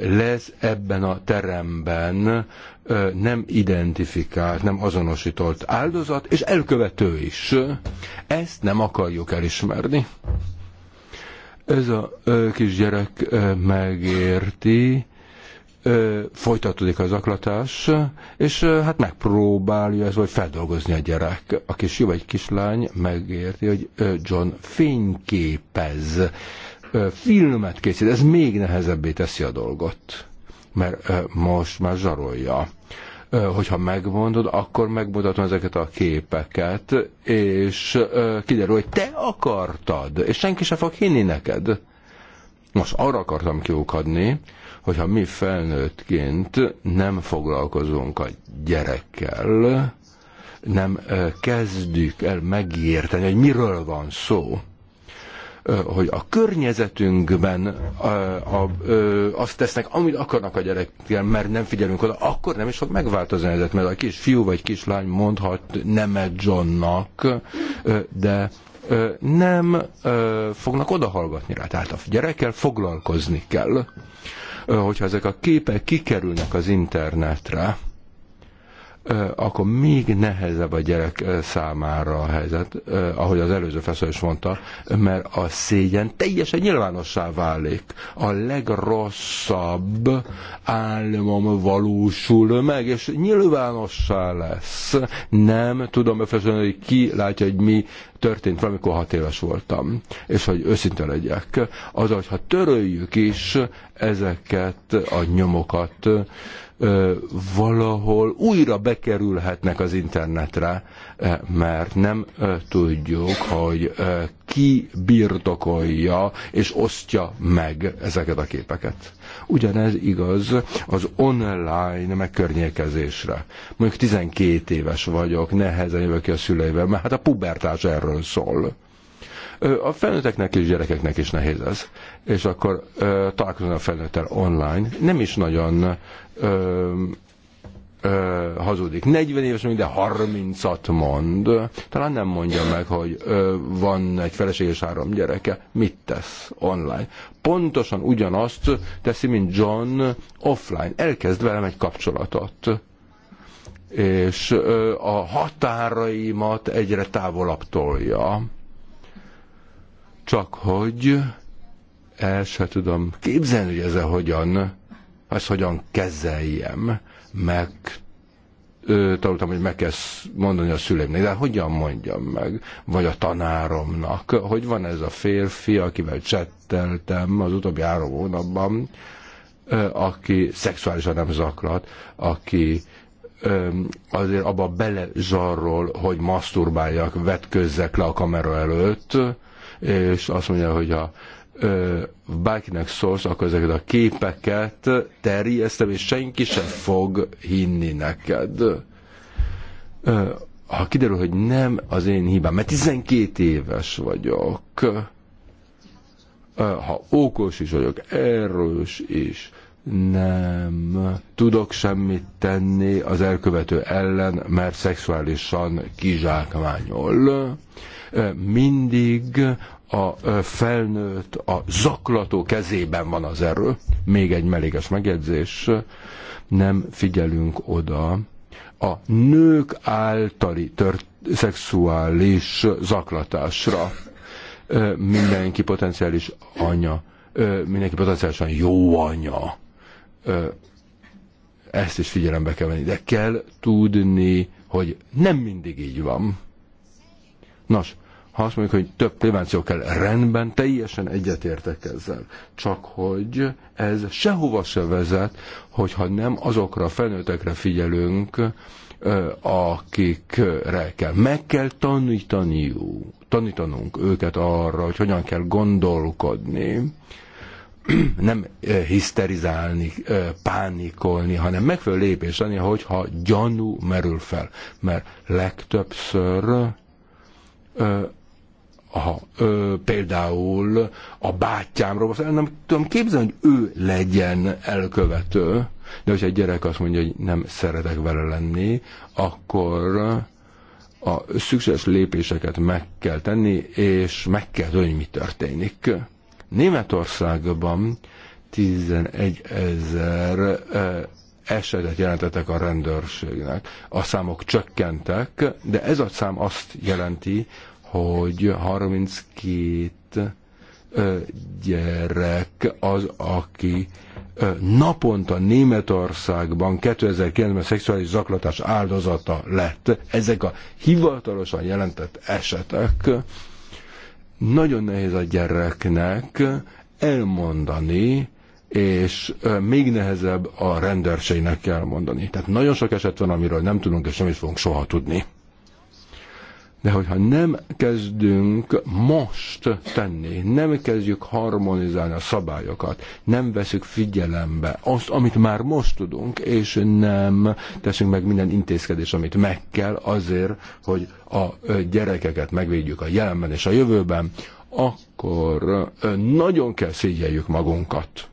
S3: lesz ebben a teremben nem identifikált, nem azonosított áldozat, és elkövető is. Ezt nem akarjuk elismerni. Ez a kisgyerek megérti, folytatódik az aklatás, és hát megpróbálja ez, vagy feldolgozni a gyerek. A kis jó vagy kislány megérti, hogy John fényképez, filmet készít. Ez még nehezebbé teszi a dolgot, mert most már zsarolja hogyha megmondod, akkor megmutatom ezeket a képeket, és kiderül, hogy te akartad, és senki sem fog hinni neked. Most arra akartam kiukadni, hogyha mi felnőttként nem foglalkozunk a gyerekkel, nem kezdjük el megérteni, hogy miről van szó, hogy a környezetünkben azt tesznek, amit akarnak a gyerekkel, mert nem figyelünk oda, akkor nem is fog megváltozni ez, mert a kis fiú vagy kislány mondhat nemet Johnnak, de nem fognak odahallgatni rá. Tehát a gyerekkel foglalkozni kell. Hogyha ezek a képek kikerülnek az internetre, akkor még nehezebb a gyerek számára a helyzet, ahogy az előző feszül is mondta, mert a szégyen teljesen nyilvánossá válik. A legrosszabb álmom valósul meg, és nyilvánossá lesz. Nem tudom befejezni, hogy ki látja, hogy mi történt valamikor hat éves voltam. És hogy őszinte legyek, az, hogyha töröljük is ezeket a nyomokat, valahol újra bekerülhetnek az internetre, mert nem tudjuk, hogy ki birtokolja és osztja meg ezeket a képeket. Ugyanez igaz az online megkörnyékezésre. Mondjuk 12 éves vagyok, nehezen jövök ki a szüleivel, mert hát a pubertás erről szól a felnőtteknek és gyerekeknek is nehéz ez. És akkor találkozom a felnőttel online, nem is nagyon ö, hazudik. 40 éves, de 30-at mond. Talán nem mondja meg, hogy ö, van egy feleség és három gyereke. Mit tesz online? Pontosan ugyanazt teszi, mint John offline. Elkezd velem egy kapcsolatot. És ö, a határaimat egyre távolabb tolja. Csak hogy el se tudom képzelni, hogy ezzel hogyan, ezt hogyan kezeljem, meg ö, tanultam, hogy meg kell mondani a szüleimnek, de hogyan mondjam meg, vagy a tanáromnak, hogy van ez a férfi, akivel csetteltem az utóbbi három hónapban, ö, aki szexuálisan nem zaklat, aki ö, azért abba belezsarról, hogy maszturbáljak, vetközzek le a kamera előtt, és azt mondja, hogy a ö, bárkinek szólsz, akkor ezeket a képeket terjesztem, és senki sem fog hinni neked. Ö, ha kiderül, hogy nem az én hibám, mert 12 éves vagyok, ö, ha okos is vagyok, erős is, nem tudok semmit tenni az elkövető ellen, mert szexuálisan kizsákmányol. Mindig a felnőtt, a zaklató kezében van az erő. Még egy mellékes megjegyzés, nem figyelünk oda a nők általi tört, szexuális zaklatásra. Mindenki potenciális anya, mindenki potenciálisan jó anya. Ezt is figyelembe kell venni, de kell tudni, hogy nem mindig így van. Nos, ha azt mondjuk, hogy több prevenció kell, rendben, teljesen egyetértek ezzel. Csak hogy ez sehova se vezet, hogyha nem azokra a felnőttekre figyelünk, akikre kell. Meg kell tanítaniuk, tanítanunk őket arra, hogy hogyan kell gondolkodni, nem hiszterizálni, pánikolni, hanem megfelelő lépés lenni, hogyha gyanú merül fel. Mert legtöbbször a, ö, például a bátyámról, nem tudom képzelni, hogy ő legyen elkövető, de hogyha egy gyerek azt mondja, hogy nem szeretek vele lenni, akkor a szükséges lépéseket meg kell tenni, és meg kell tudni, mi történik. Németországban 11 ezer esetet jelentettek a rendőrségnek. A számok csökkentek, de ez a szám azt jelenti, hogy 32 gyerek az, aki naponta Németországban 2009-ben szexuális zaklatás áldozata lett. Ezek a hivatalosan jelentett esetek nagyon nehéz a gyereknek elmondani, és még nehezebb a rendőrségnek mondani. Tehát nagyon sok eset van, amiről nem tudunk, és nem is fogunk soha tudni. De hogyha nem kezdünk most tenni, nem kezdjük harmonizálni a szabályokat, nem veszük figyelembe azt, amit már most tudunk, és nem teszünk meg minden intézkedés, amit meg kell azért, hogy a gyerekeket megvédjük a jelenben és a jövőben, akkor nagyon kell szégyeljük magunkat.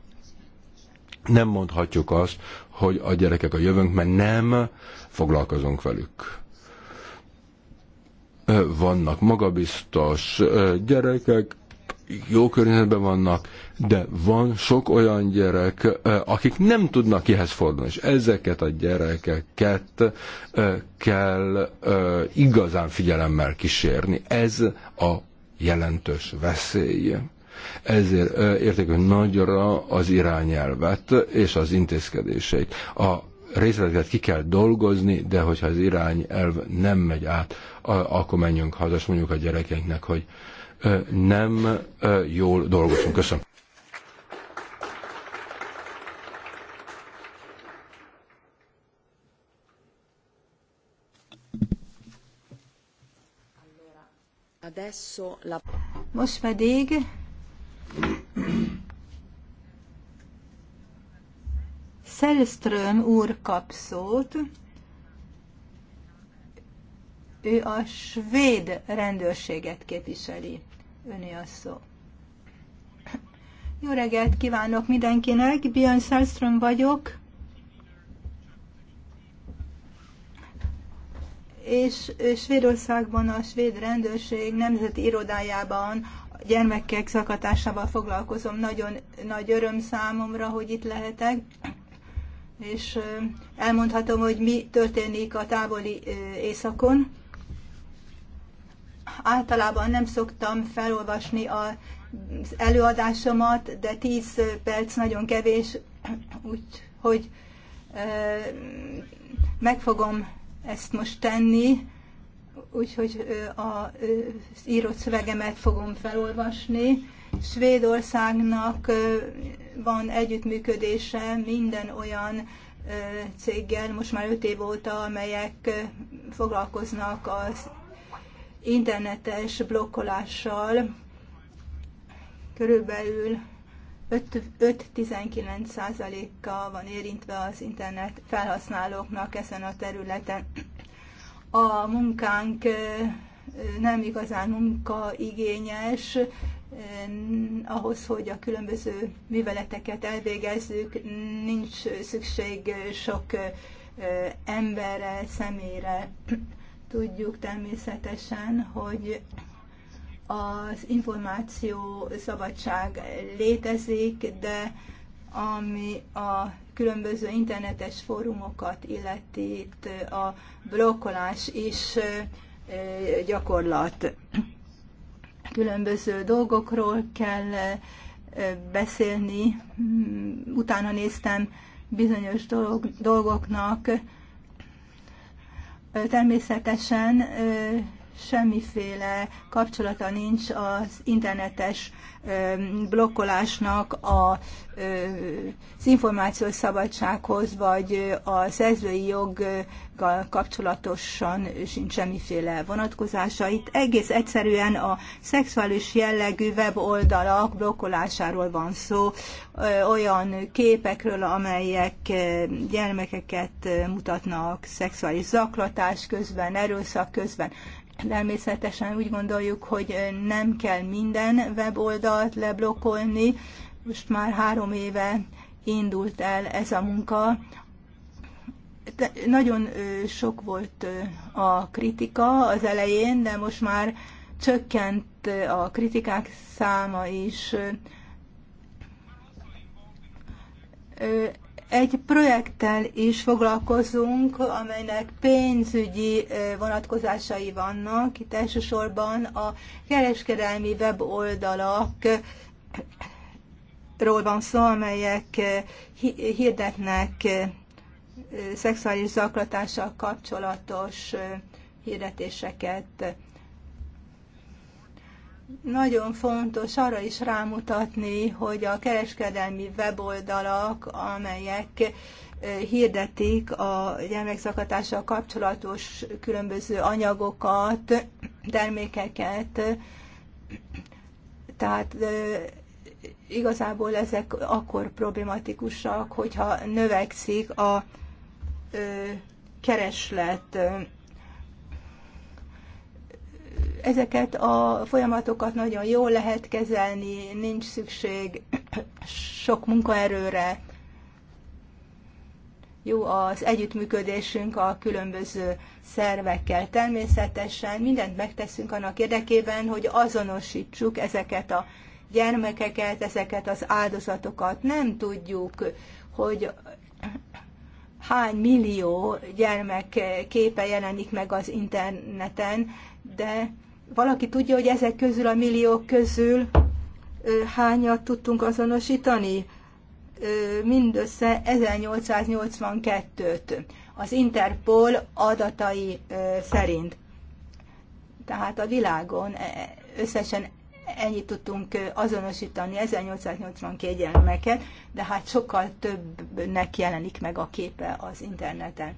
S3: Nem mondhatjuk azt, hogy a gyerekek a jövőnk, mert nem foglalkozunk velük vannak magabiztos gyerekek, jó környezetben vannak, de van sok olyan gyerek, akik nem tudnak kihez fordulni, és ezeket a gyerekeket kell igazán figyelemmel kísérni. Ez a jelentős veszély. Ezért értékünk nagyra az irányelvet és az intézkedéseit. A részleteket ki kell dolgozni, de hogyha az irányelv nem megy át, akkor menjünk haza, és mondjuk a gyerekeinknek, hogy nem jól dolgozunk. Köszönöm.
S1: Most pedig Szelström úr kap szót ő a svéd rendőrséget képviseli. Öné a szó. Jó reggelt kívánok mindenkinek, Björn Szelström vagyok, és Svédországban a svéd rendőrség nemzeti irodájában gyermekek szakatásával foglalkozom. Nagyon nagy öröm számomra, hogy itt lehetek, és elmondhatom, hogy mi történik a távoli éjszakon általában nem szoktam felolvasni az előadásomat, de 10 perc nagyon kevés, úgyhogy meg fogom ezt most tenni, úgyhogy az írott szövegemet fogom felolvasni. Svédországnak van együttműködése minden olyan céggel, most már öt év óta, amelyek foglalkoznak az internetes blokkolással körülbelül 5-19%-a van érintve az internet felhasználóknak ezen a területen. A munkánk nem igazán munkaigényes, ahhoz, hogy a különböző műveleteket elvégezzük, nincs szükség sok emberre, személyre. Tudjuk természetesen, hogy az információ szabadság létezik, de ami a különböző internetes fórumokat illeti, itt a blokkolás is gyakorlat. Különböző dolgokról kell beszélni. Utána néztem bizonyos dolgoknak, természetesen semmiféle kapcsolata nincs az internetes blokkolásnak a, az információs szabadsághoz, vagy a szerzői joggal kapcsolatosan sincs semmiféle vonatkozása. Itt egész egyszerűen a szexuális jellegű weboldalak blokkolásáról van szó, olyan képekről, amelyek gyermekeket mutatnak szexuális zaklatás közben, erőszak közben. Természetesen úgy gondoljuk, hogy nem kell minden weboldalt leblokkolni. Most már három éve indult el ez a munka. De nagyon sok volt a kritika az elején, de most már csökkent a kritikák száma is egy projekttel is foglalkozunk, amelynek pénzügyi vonatkozásai vannak. Itt elsősorban a kereskedelmi weboldalakról van szó, amelyek hirdetnek szexuális zaklatással kapcsolatos hirdetéseket nagyon fontos arra is rámutatni, hogy a kereskedelmi weboldalak, amelyek eh, hirdetik a gyermekszakatással kapcsolatos különböző anyagokat, termékeket, tehát eh, igazából ezek akkor problematikusak, hogyha növekszik a eh, kereslet ezeket a folyamatokat nagyon jól lehet kezelni, nincs szükség sok munkaerőre. Jó az együttműködésünk a különböző szervekkel. Természetesen mindent megteszünk annak érdekében, hogy azonosítsuk ezeket a gyermekeket, ezeket az áldozatokat. Nem tudjuk, hogy hány millió gyermek képe jelenik meg az interneten, de valaki tudja, hogy ezek közül a milliók közül hányat tudtunk azonosítani? Mindössze 1882-t az Interpol adatai szerint. Tehát a világon e, e, összesen ennyit tudtunk azonosítani, 1882 gyermeket, de hát sokkal többnek jelenik meg a képe az interneten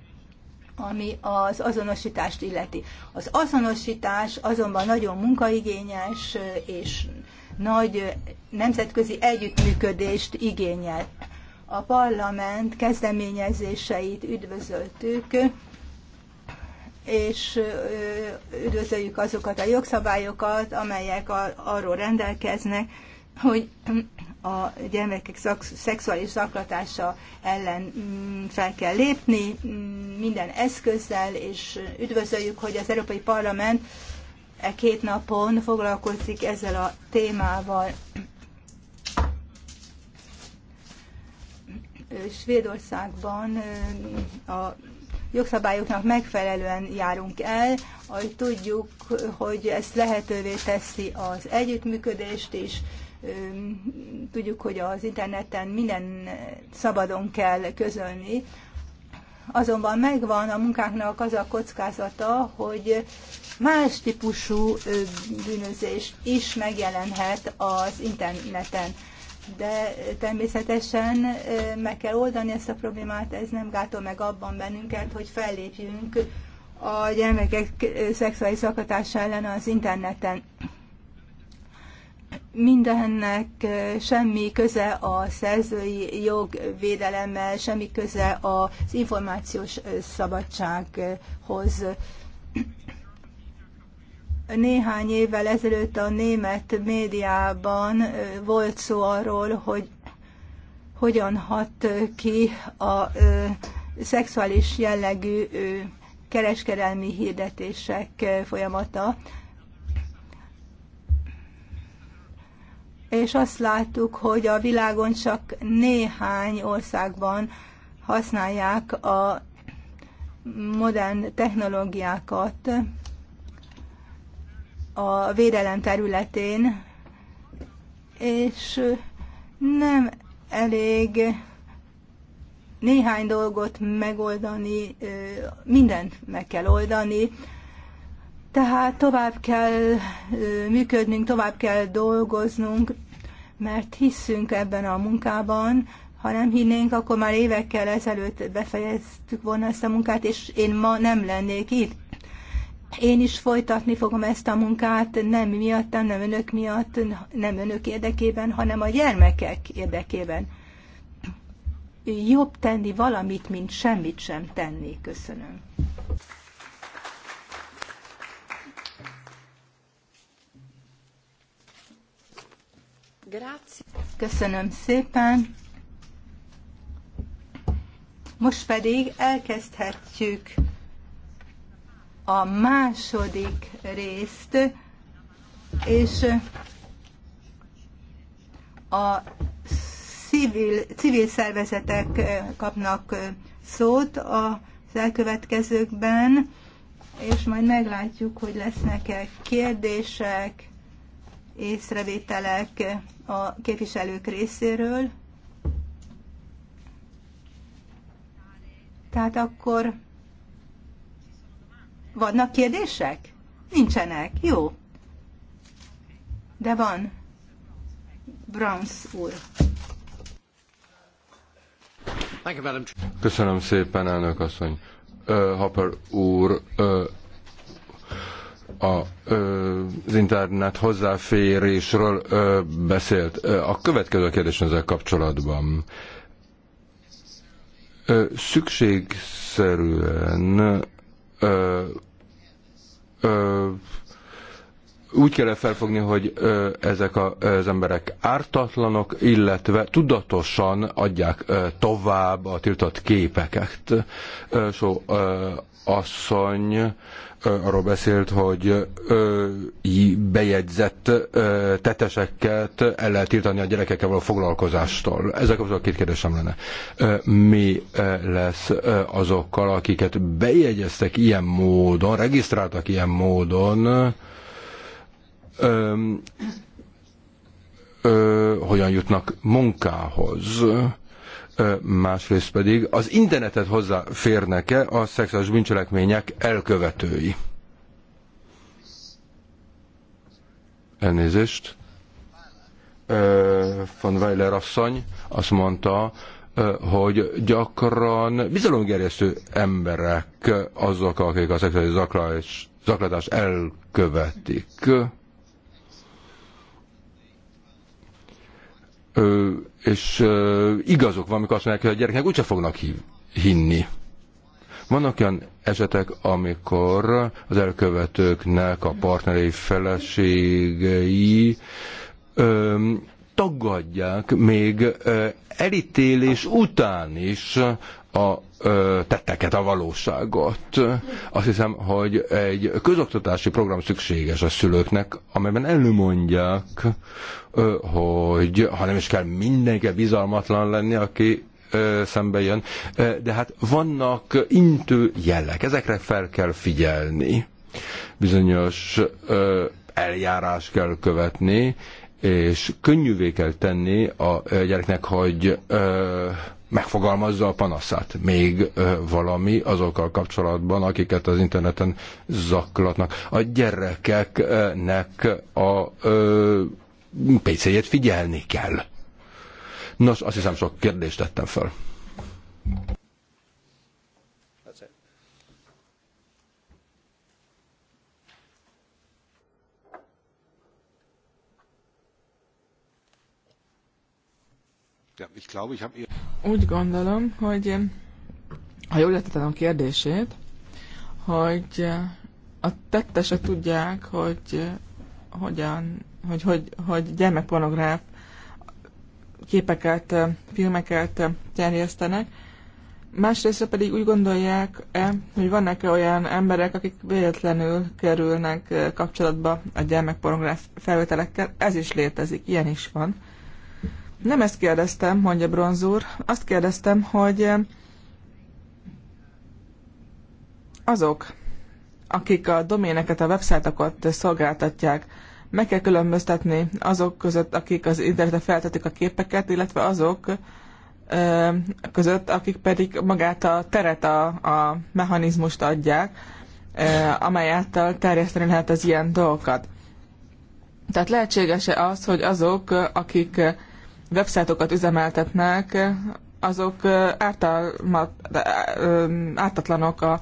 S1: ami az azonosítást illeti. Az azonosítás azonban nagyon munkaigényes és nagy nemzetközi együttműködést igényel. A parlament kezdeményezéseit üdvözöltük, és üdvözöljük azokat a jogszabályokat, amelyek arról rendelkeznek, hogy a gyermekek szak- szexuális zaklatása ellen mm, fel kell lépni mm, minden eszközzel, és üdvözöljük, hogy az Európai Parlament e két napon foglalkozik ezzel a témával. Svédországban mm, a jogszabályoknak megfelelően járunk el, ahogy tudjuk, hogy ez lehetővé teszi az együttműködést is, tudjuk, hogy az interneten minden szabadon kell közölni, azonban megvan a munkáknak az a kockázata, hogy más típusú bűnözés is megjelenhet az interneten. De természetesen meg kell oldani ezt a problémát, ez nem gátol meg abban bennünket, hogy fellépjünk a gyermekek szexuális zaklatása ellen az interneten mindennek semmi köze a szerzői jogvédelemmel, semmi köze az információs szabadsághoz. Néhány évvel ezelőtt a német médiában volt szó arról, hogy hogyan hat ki a szexuális jellegű kereskedelmi hirdetések folyamata és azt láttuk, hogy a világon csak néhány országban használják a modern technológiákat a védelem területén, és nem elég néhány dolgot megoldani, mindent meg kell oldani, tehát tovább kell működnünk, tovább kell dolgoznunk, mert hiszünk ebben a munkában, ha nem hinnénk, akkor már évekkel ezelőtt befejeztük volna ezt a munkát, és én ma nem lennék itt. Én is folytatni fogom ezt a munkát, nem miattam, nem önök miatt, nem önök érdekében, hanem a gyermekek érdekében. Jobb tenni valamit, mint semmit sem tenni. Köszönöm. Köszönöm szépen. Most pedig elkezdhetjük a második részt, és a civil, civil szervezetek kapnak szót az elkövetkezőkben, és majd meglátjuk, hogy lesznek-e kérdések, észrevételek a képviselők részéről. Tehát akkor vannak kérdések? Nincsenek. Jó. De van. Browns úr.
S3: Köszönöm szépen, elnök asszony. Uh, Hopper úr, uh, a, az internet hozzáférésről beszélt. A következő kérdés ezzel kapcsolatban. Szükségszerűen úgy kell felfogni, hogy ezek az emberek ártatlanok, illetve tudatosan adják tovább a tiltott képeket. so, asszony arról beszélt, hogy bejegyzett teteseket el lehet tiltani a gyerekekkel való foglalkozástól. Ezek a két kérdésem lenne. Mi lesz azokkal, akiket bejegyeztek ilyen módon, regisztráltak ilyen módon, hogyan jutnak munkához? másrészt pedig az internetet hozzáférnek-e a szexuális bűncselekmények elkövetői. Elnézést. Van Weiler asszony azt mondta, hogy gyakran bizalomgerjesztő emberek azok, akik a szexuális zaklatást elkövetik és igazok van, amikor azt mondják, hogy a gyereknek úgyse fognak hinni. Vannak olyan esetek, amikor az elkövetőknek a partnerei feleségei um, tagadják még uh, elítélés után is a tetteket, a valóságot. Azt hiszem, hogy egy közoktatási program szükséges a szülőknek, amelyben előmondják, hogy ha nem is kell mindenki bizalmatlan lenni, aki szembe jön, de hát vannak intő jellek, ezekre fel kell figyelni. Bizonyos eljárás kell követni, és könnyűvé kell tenni a gyereknek, hogy megfogalmazza a panaszát. Még valami azokkal kapcsolatban, akiket az interneten zaklatnak. A gyerekeknek a PC-jét figyelni kell. Nos, azt hiszem sok kérdést tettem fel. ich glaube, ich habe...
S2: Úgy gondolom, hogy eh, ha jól értettem a kérdését, hogy eh, a tettesek tudják, hogy eh, hogyan, hogy, hogy, hogy gyermekpornográf képeket, filmeket terjesztenek, másrészt pedig úgy gondolják-e, hogy vannak-e olyan emberek, akik véletlenül kerülnek kapcsolatba a gyermekpornográf felvételekkel, ez is létezik, ilyen is van. Nem ezt kérdeztem, mondja Bronzúr, azt kérdeztem, hogy eh, azok, akik a doméneket, a websájtokat szolgáltatják, meg kell különböztetni azok között, akik az internetre feltetik a képeket, illetve azok ö, eh, között, akik pedig magát a teret, a, a mechanizmust adják, ö, eh, amely által terjeszteni lehet az ilyen dolgokat. Tehát lehetséges-e az, hogy azok, akik websájtokat üzemeltetnek, azok ártatlanok a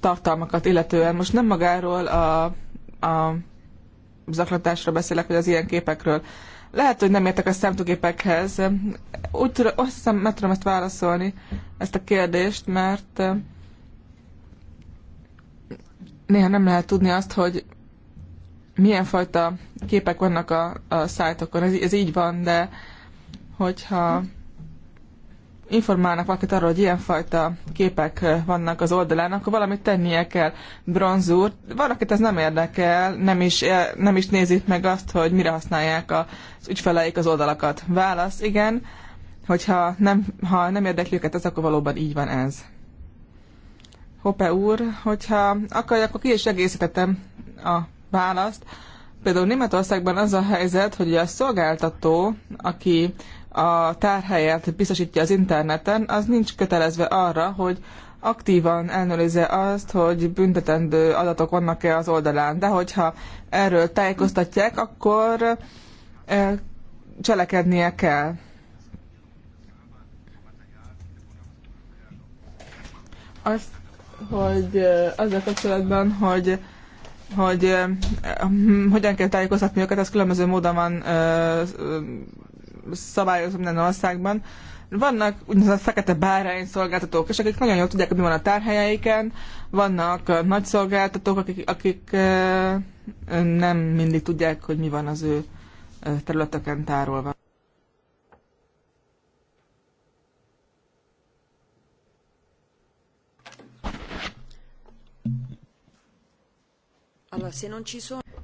S2: tartalmakat illetően. Most nem magáról a, a zaklatásra beszélek, vagy az ilyen képekről. Lehet, hogy nem értek a számítógépekhez. Úgy tudom, azt hiszem, meg tudom ezt válaszolni, ezt a kérdést, mert néha nem lehet tudni azt, hogy milyen fajta képek vannak a, a szájtokon. Ez, ez így van, de hogyha informálnak valakit arról, hogy ilyenfajta képek vannak az oldalán, akkor valamit tennie kell. Bronzúr, valakit ez nem érdekel, nem is, nem is nézik meg azt, hogy mire használják az ügyfeleik az oldalakat. Válasz, igen, hogyha nem, ha nem érdekli őket ez, akkor valóban így van ez. Hoppe úr, hogyha akarja, akkor ki is egészítettem a választ. Például Németországban az a helyzet, hogy a szolgáltató, aki a tárhelyet biztosítja az interneten, az nincs kötelezve arra, hogy aktívan ellenőrizze azt, hogy büntetendő adatok vannak-e az oldalán. De hogyha erről tájékoztatják, akkor e, cselekednie kell. Azt, hogy e, azzal kapcsolatban, hogy hogy hm, hogyan kell tájékoztatni őket, ez különböző módon van szabályozva minden országban. Vannak úgynevezett fekete bárány szolgáltatók, és akik nagyon jól tudják, hogy mi van a tárhelyeiken, vannak nagy szolgáltatók, akik, akik nem mindig tudják, hogy mi van az ő területeken tárolva.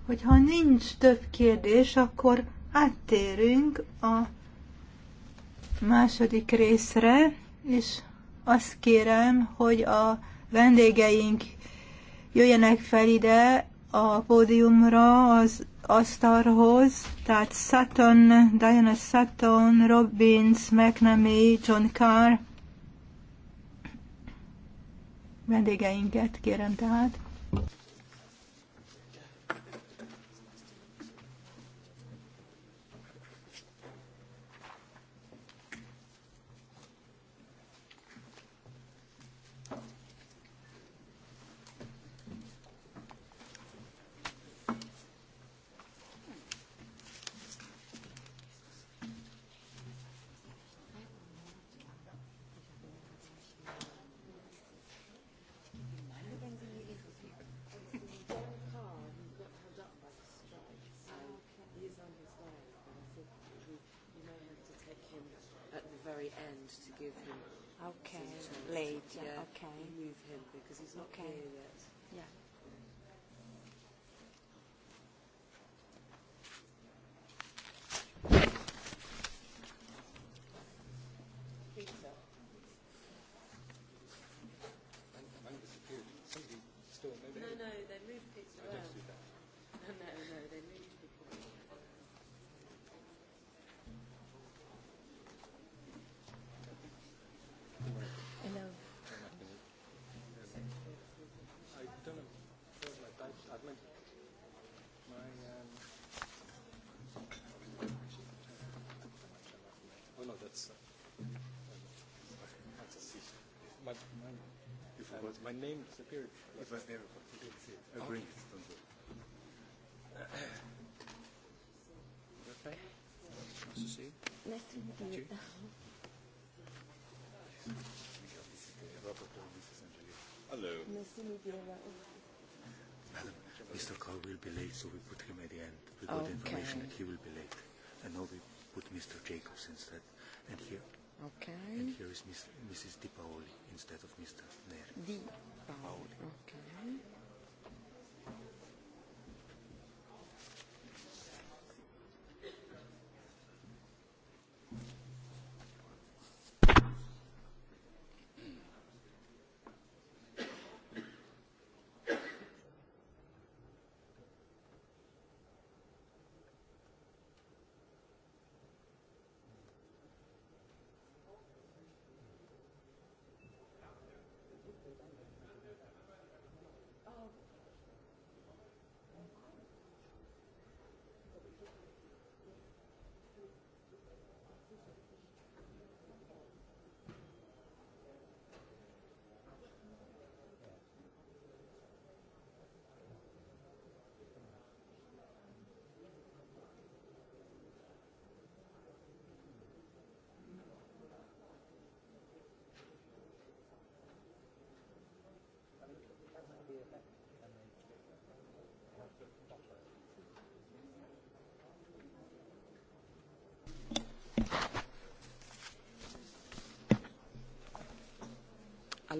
S1: Hogyha nincs több kérdés, akkor áttérünk a második részre, és azt kérem, hogy a vendégeink jöjjenek fel ide a pódiumra, az asztalhoz, tehát Sutton, Diana Sutton, Robbins, McNamee, John Carr, vendégeinket kérem tehát.
S3: very end to give him. Okay,
S1: late. Yeah, okay. Move him because he's not okay. here yet. Yeah.
S3: My, my, you forgot. my name disappeared. It was there. Agreed. Okay. Okay.
S2: Nice to see you. Nice to meet you. Hello. Madam,
S3: Mr. Carr will be late, so we put him at the end. We got okay. information that he will be late. And now we put Mr. Jacobs instead. And here, okay. and here is Miss, Mrs. Di Paoli instead of Mr. Neri. Di
S2: Paoli. Paoli. Okay.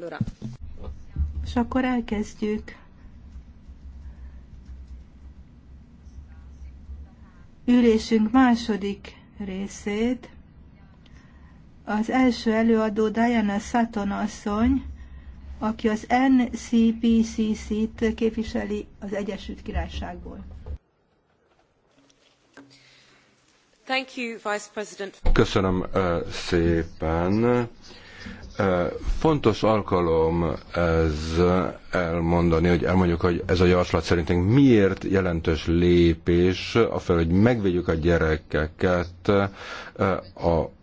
S2: Allora.
S1: És akkor elkezdjük. Ülésünk második részét. Az első előadó Diana Sutton asszony, aki az NCPCC-t képviseli az Egyesült Királyságból. Thank you, Vice President.
S3: Köszönöm uh, szépen Fontos alkalom ez elmondani, hogy elmondjuk, hogy ez a javaslat szerintünk miért jelentős lépés, fel hogy megvédjük a gyerekeket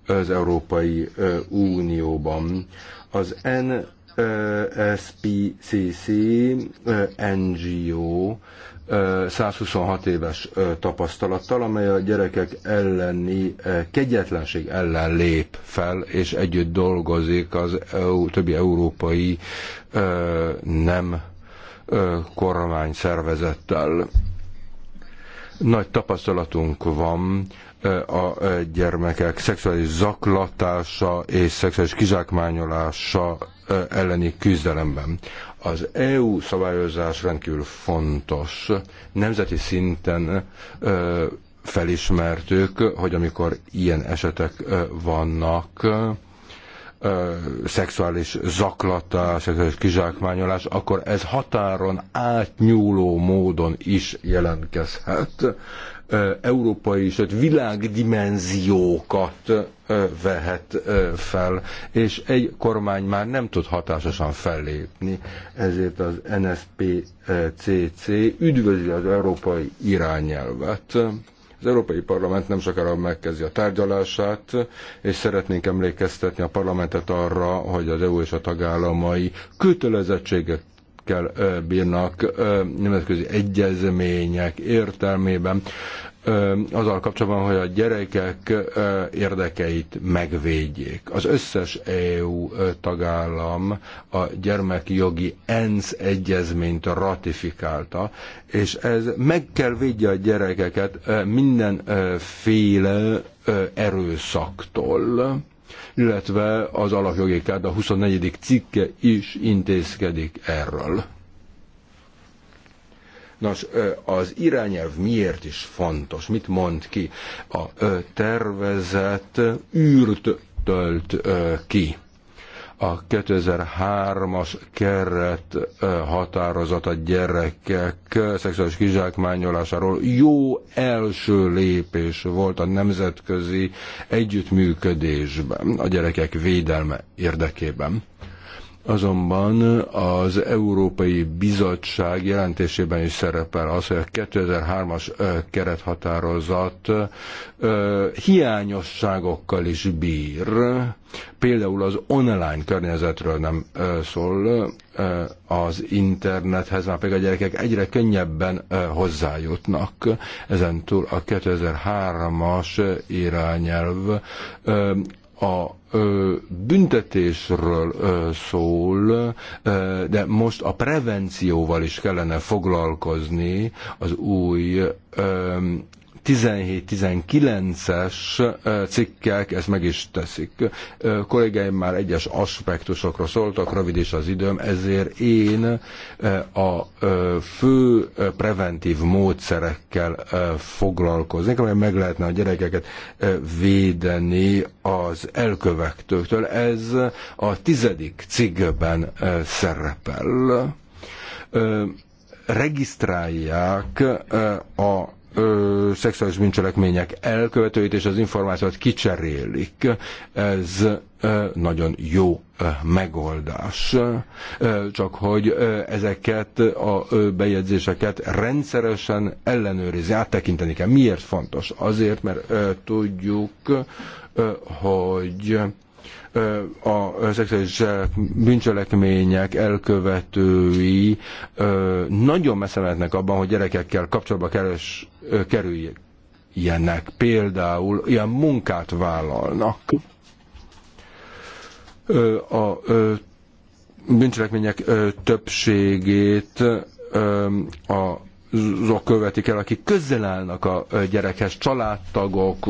S3: az Európai Unióban. Az NSPCC NGO 126 éves tapasztalattal, amely a gyerekek elleni kegyetlenség ellen lép fel, és együtt dolgozik az EU, többi európai nem kormány szervezettel. Nagy tapasztalatunk van a gyermekek szexuális zaklatása és szexuális kizsákmányolása elleni küzdelemben. Az EU szabályozás rendkívül fontos. Nemzeti szinten ö, felismertük, hogy amikor ilyen esetek ö, vannak, ö, szexuális zaklatás, szexuális kizsákmányolás, akkor ez határon átnyúló módon is jelentkezhet európai, sőt világdimenziókat vehet fel, és egy kormány már nem tud hatásosan fellépni, ezért az NSPCC üdvözli az európai irányelvet. Az Európai Parlament nem sokára megkezdi a tárgyalását, és szeretnénk emlékeztetni a parlamentet arra, hogy az EU és a tagállamai kötelezettségek kell bírnak nemzetközi egyezmények értelmében azzal kapcsolatban, hogy a gyerekek érdekeit megvédjék. Az összes EU tagállam a gyermekjogi ENSZ egyezményt ratifikálta, és ez meg kell védje a gyerekeket mindenféle erőszaktól illetve az alapjogi a 24. cikke is intézkedik erről. Nos, az irányelv miért is fontos? Mit mond ki? A tervezet űrt tölt ki a 2003-as keret határozat a gyerekek szexuális kizsákmányolásáról jó első lépés volt a nemzetközi együttműködésben, a gyerekek védelme érdekében. Azonban az Európai Bizottság jelentésében is szerepel az, hogy a 2003-as kerethatározat hiányosságokkal is bír. Például az online környezetről nem szól, az internethez már pedig a gyerekek egyre könnyebben hozzájutnak. Ezen túl a 2003-as irányelv a büntetésről szól, de most a prevencióval is kellene foglalkozni az új 17-19-es cikkek ezt meg is teszik. Kollégáim már egyes aspektusokról szóltak, rövid is az időm, ezért én a fő preventív módszerekkel foglalkoznék, amely meg lehetne a gyerekeket védeni az elkövektőktől. Ez a tizedik cikkben szerepel regisztrálják a ö, szexuális bűncselekmények elkövetőit és az információt kicserélik. Ez ö, nagyon jó ö, megoldás. Ö, csak hogy ö, ezeket a ö, bejegyzéseket rendszeresen ellenőrizni, áttekinteni kell. Miért fontos? Azért, mert ö, tudjuk, ö, hogy a szexuális bűncselekmények elkövetői nagyon messze mehetnek abban, hogy gyerekekkel kapcsolatba keres, kerüljenek. Például ilyen munkát vállalnak. A bűncselekmények többségét a azok követik el, akik közel állnak a gyerekhez, családtagok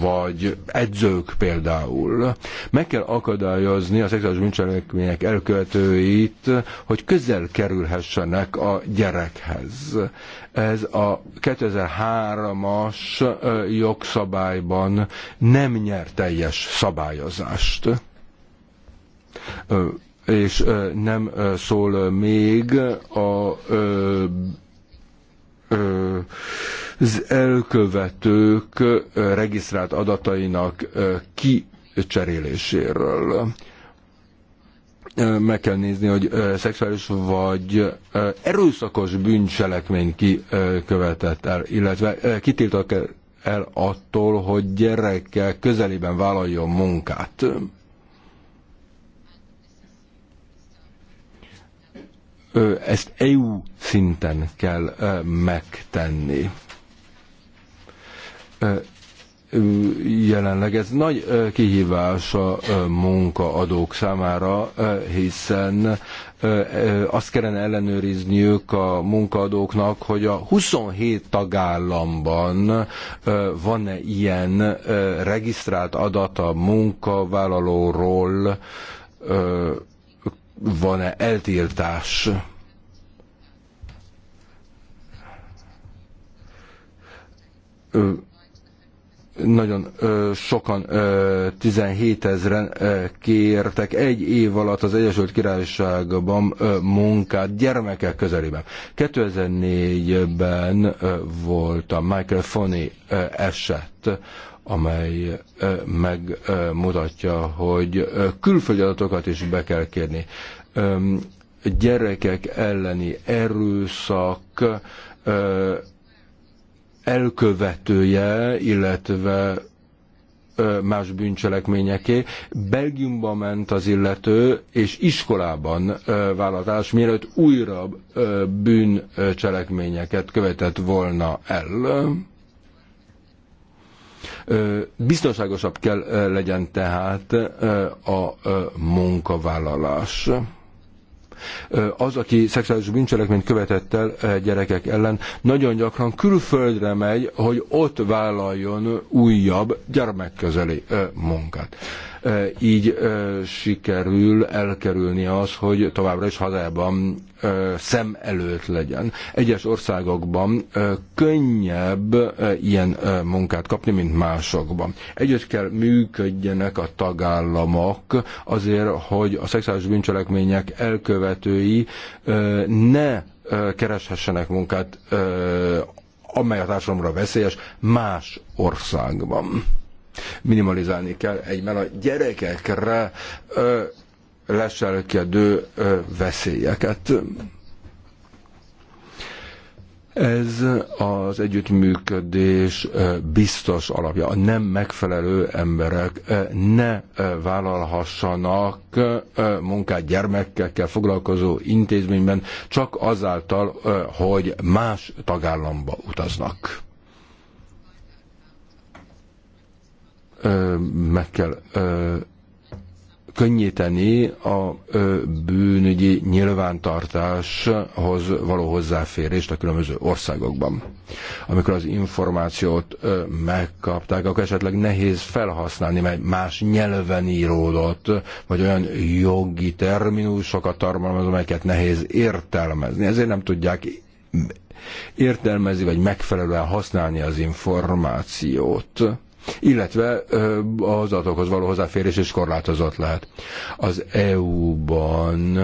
S3: vagy edzők például. Meg kell akadályozni a szexuális bűncselekmények elkövetőit, hogy közel kerülhessenek a gyerekhez. Ez a 2003-as jogszabályban nem nyer teljes szabályozást és nem szól még a az elkövetők regisztrált adatainak kicseréléséről meg kell nézni, hogy szexuális vagy erőszakos bűncselekmény kikövetett el, illetve kitiltak el attól, hogy gyerekkel közelében vállaljon munkát. ezt EU szinten kell megtenni. Jelenleg ez nagy kihívás a munkaadók számára, hiszen azt kellene ellenőrizniük a munkaadóknak, hogy a 27 tagállamban van-e ilyen regisztrált adat a munkavállalóról, van-e eltiltás Ö, nagyon ö, sokan, ö, 17 ezeren ö, kértek egy év alatt az Egyesült Királyságban ö, munkát gyermekek közelében. 2004-ben ö, volt a Michael Foni ö, eset, amely megmutatja, hogy külföldi adatokat is be kell kérni. Gyerekek elleni erőszak elkövetője, illetve más bűncselekményeké. Belgiumba ment az illető, és iskolában vállalatás, mielőtt újra bűncselekményeket követett volna el Biztonságosabb kell legyen tehát a munkavállalás az, aki szexuális bűncselekményt követett el gyerekek ellen, nagyon gyakran külföldre megy, hogy ott vállaljon újabb gyermekközeli munkát. Így sikerül elkerülni az, hogy továbbra is hazájában szem előtt legyen. Egyes országokban könnyebb ilyen munkát kapni, mint másokban. Együtt kell működjenek a tagállamok azért, hogy a szexuális bűncselekmények elkövetői ne kereshessenek munkát, amely a társadalomra veszélyes, más országban minimalizálni kell egyben a gyerekekre leselkedő veszélyeket. Ez az együttműködés biztos alapja. A nem megfelelő emberek ne vállalhassanak munkát gyermekekkel foglalkozó intézményben, csak azáltal, hogy más tagállamba utaznak. meg kell könnyíteni a bűnügyi nyilvántartáshoz való hozzáférést a különböző országokban. Amikor az információt megkapták, akkor esetleg nehéz felhasználni, mert más nyelven íródott, vagy olyan jogi terminusokat tartalmaz, amelyeket nehéz értelmezni. Ezért nem tudják értelmezni, vagy megfelelően használni az információt illetve az adatokhoz való hozzáférés is korlátozott lehet. Az EU-ban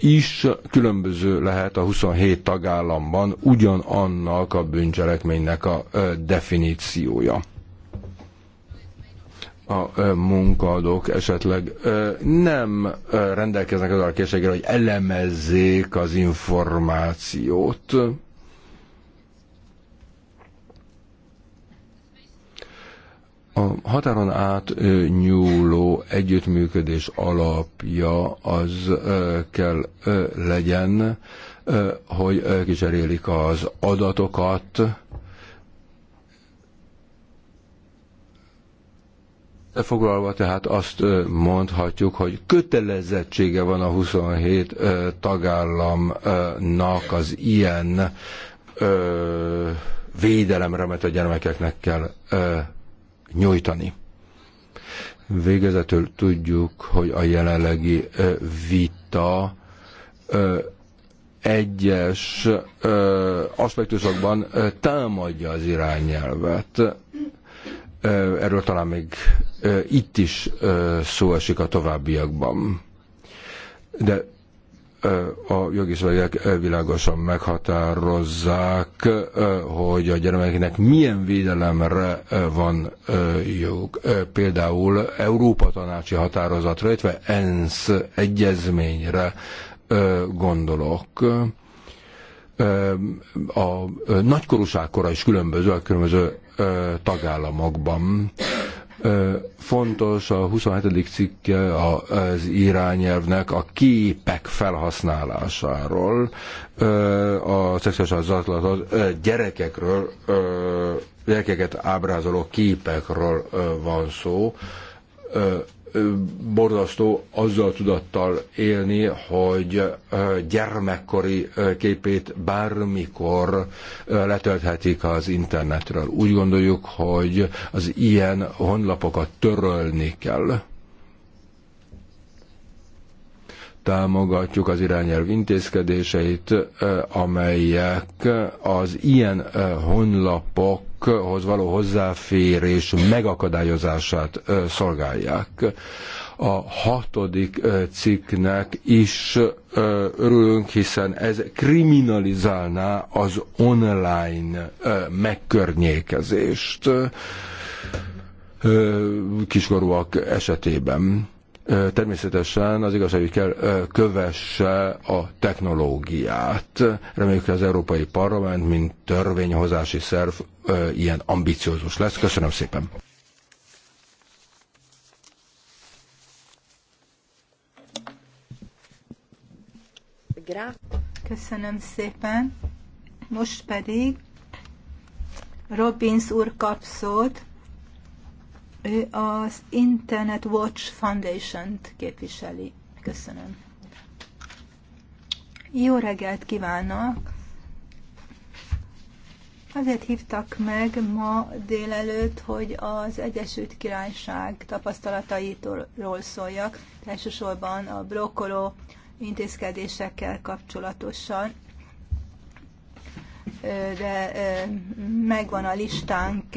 S3: is különböző lehet a 27 tagállamban ugyanannak a bűncselekménynek a definíciója a munkadók esetleg nem rendelkeznek azzal a készséggel, hogy elemezzék az információt. A határon át nyúló együttműködés alapja az kell legyen, hogy kicserélik az adatokat, Foglalva tehát azt mondhatjuk, hogy kötelezettsége van a 27 tagállamnak az ilyen védelemre, mert a gyermekeknek kell nyújtani. Végezetül tudjuk, hogy a jelenlegi vita egyes aspektusokban támadja az irányelvet. Erről talán még itt is szó esik a továbbiakban. De a jogi szövegek világosan meghatározzák, hogy a gyermekeknek milyen védelemre van jog. Például Európa tanácsi határozatra, illetve ENSZ egyezményre gondolok. A nagykorúságkora is különböző a különböző tagállamokban fontos a 27. cikke az irányelvnek a képek felhasználásáról, a szexuális zaklatot gyerekekről, gyerekeket ábrázoló képekről van szó, borzasztó azzal tudattal élni, hogy gyermekkori képét bármikor letölthetik az internetről. Úgy gondoljuk, hogy az ilyen honlapokat törölni kell. Támogatjuk az irányelv intézkedéseit, amelyek az ilyen honlapok adatokhoz való hozzáférés megakadályozását szolgálják. A hatodik cikknek is örülünk, hiszen ez kriminalizálná az online megkörnyékezést kiskorúak esetében természetesen az igazságügy kell kövesse a technológiát. Reméljük, hogy az Európai Parlament, mint törvényhozási szerv ilyen ambiciózus lesz. Köszönöm szépen!
S1: Köszönöm szépen. Most pedig Robbins úr kap szót. Ő az Internet Watch Foundation-t képviseli. Köszönöm. Jó reggelt kívánok! Azért hívtak meg ma délelőtt, hogy az Egyesült Királyság tapasztalataitól szóljak, elsősorban a brokkoló intézkedésekkel kapcsolatosan. De megvan a listánk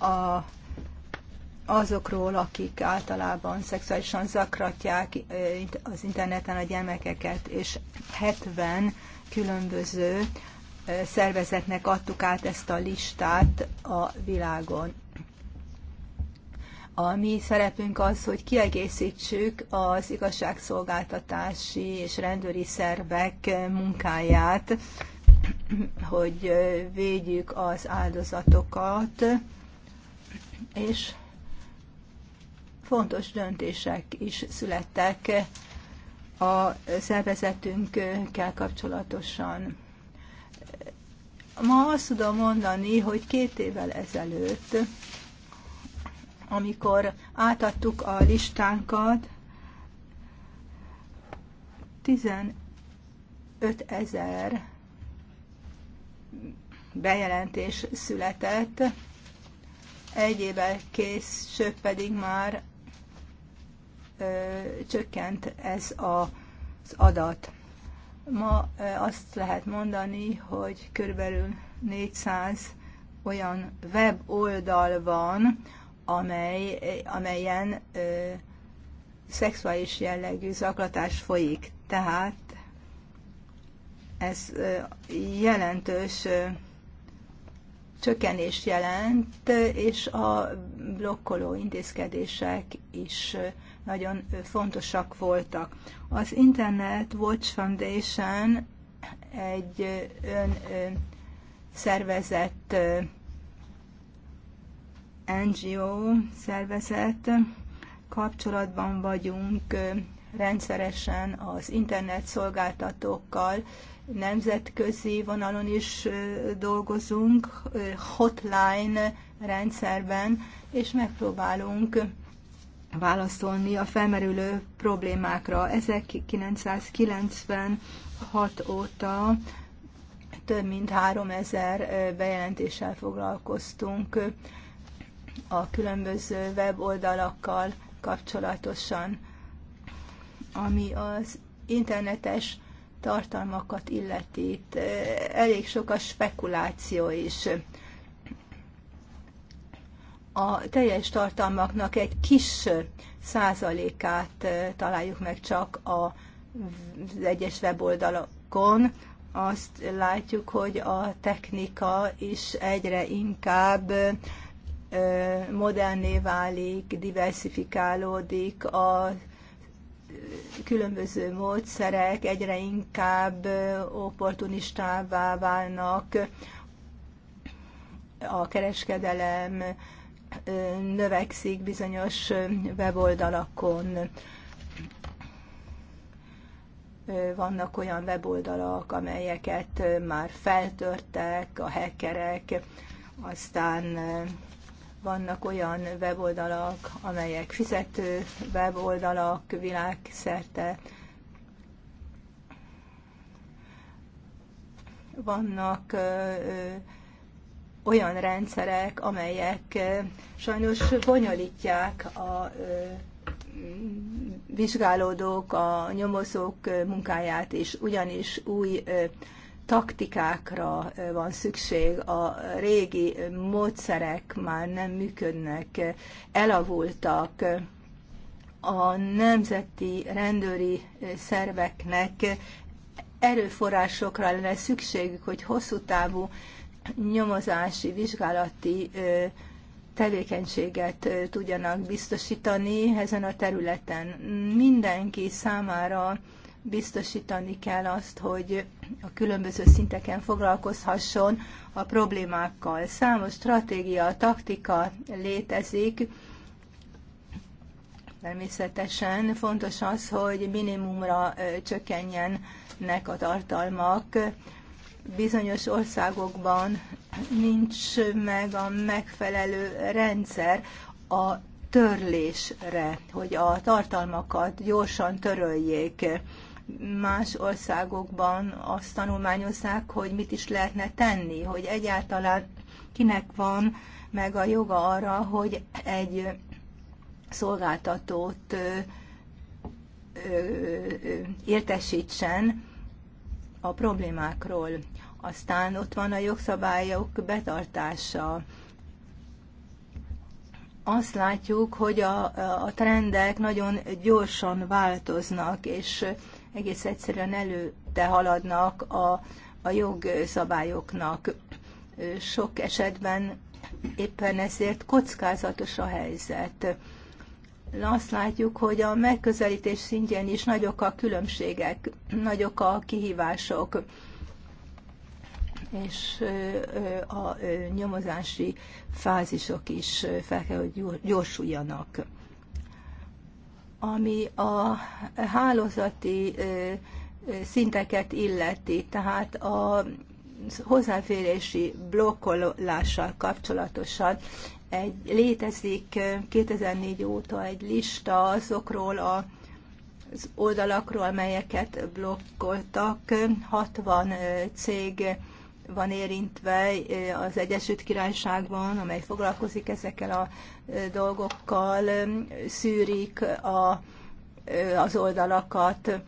S1: a azokról, akik általában szexuálisan zakratják eh, az interneten a gyermekeket, és 70 különböző eh, szervezetnek adtuk át ezt a listát a világon. A mi szerepünk az, hogy kiegészítsük az igazságszolgáltatási és rendőri szervek munkáját, hogy eh, védjük az áldozatokat, és fontos döntések is születtek a szervezetünkkel kapcsolatosan. Ma azt tudom mondani, hogy két évvel ezelőtt, amikor átadtuk a listánkat, 15 ezer bejelentés született, egy évvel később pedig már csökkent ez a, az adat. Ma azt lehet mondani, hogy körülbelül 400 olyan weboldal van, amely, amelyen ö, szexuális jellegű zaklatás folyik. Tehát ez ö, jelentős ö, csökkenést jelent, és a blokkoló intézkedések is nagyon fontosak voltak. Az Internet Watch Foundation egy ön, ön szervezett NGO szervezet, kapcsolatban vagyunk rendszeresen az internet szolgáltatókkal, nemzetközi vonalon is dolgozunk, hotline rendszerben, és megpróbálunk válaszolni a felmerülő problémákra. 1996 óta több mint 3000 bejelentéssel foglalkoztunk a különböző weboldalakkal kapcsolatosan, ami az internetes tartalmakat illeti. Elég sok a spekuláció is a teljes tartalmaknak egy kis százalékát eh, találjuk meg csak az egyes weboldalakon. Azt látjuk, hogy a technika is egyre inkább eh, moderné válik, diversifikálódik, a különböző módszerek egyre inkább eh, opportunistává válnak, a kereskedelem, növekszik bizonyos weboldalakon. Vannak olyan weboldalak, amelyeket már feltörtek a hackerek, aztán vannak olyan weboldalak, amelyek fizető weboldalak világszerte, vannak olyan rendszerek, amelyek sajnos bonyolítják a vizsgálódók, a nyomozók munkáját és ugyanis új taktikákra van szükség, a régi módszerek már nem működnek, elavultak, a nemzeti rendőri szerveknek erőforrásokra lenne szükségük, hogy hosszú távú nyomozási, vizsgálati tevékenységet tudjanak biztosítani ezen a területen. Mindenki számára biztosítani kell azt, hogy a különböző szinteken foglalkozhasson a problémákkal. Számos stratégia, taktika létezik. Természetesen fontos az, hogy minimumra csökkenjenek a tartalmak, bizonyos országokban nincs meg a megfelelő rendszer a törlésre, hogy a tartalmakat gyorsan töröljék. Más országokban azt tanulmányozzák, hogy mit is lehetne tenni, hogy egyáltalán kinek van meg a joga arra, hogy egy szolgáltatót értesítsen a problémákról. Aztán ott van a jogszabályok betartása. Azt látjuk, hogy a, a trendek nagyon gyorsan változnak, és egész egyszerűen előtte haladnak a, a jogszabályoknak. Sok esetben éppen ezért kockázatos a helyzet azt látjuk, hogy a megközelítés szintjén is nagyok a különbségek, nagyok a kihívások, és a nyomozási fázisok is fel kell, hogy gyorsuljanak. Ami a hálózati szinteket illeti, tehát a hozzáférési blokkolással kapcsolatosan egy, létezik 2004 óta egy lista azokról a, az oldalakról, amelyeket blokkoltak. 60 cég van érintve az Egyesült Királyságban, amely foglalkozik ezekkel a dolgokkal, szűrik a, az oldalakat.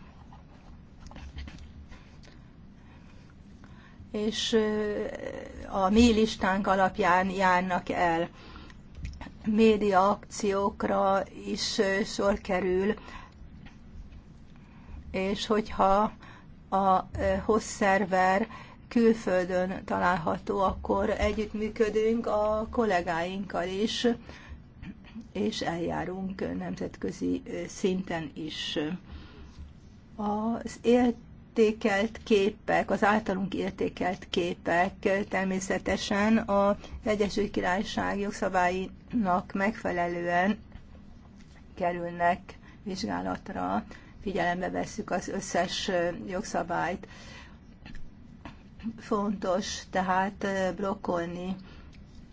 S1: és a mi listánk alapján járnak el média akciókra is sor kerül, és hogyha a hosszerver külföldön található, akkor együttműködünk a kollégáinkkal is, és eljárunk nemzetközi szinten is. Az élt értékelt képek, az általunk értékelt képek természetesen a Egyesült Királyság jogszabálynak megfelelően kerülnek vizsgálatra, figyelembe vesszük az összes jogszabályt. Fontos tehát blokkolni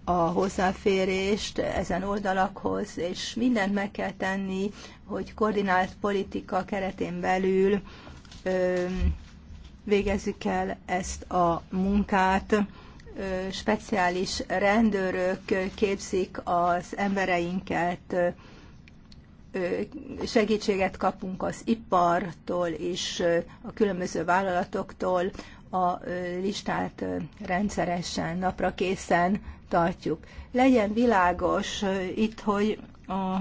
S1: a hozzáférést ezen oldalakhoz, és mindent meg kell tenni, hogy koordinált politika keretén belül végezzük el ezt a munkát. Speciális rendőrök képzik az embereinket, segítséget kapunk az ipartól és a különböző vállalatoktól, a listát rendszeresen, napra készen tartjuk. Legyen világos itt, hogy a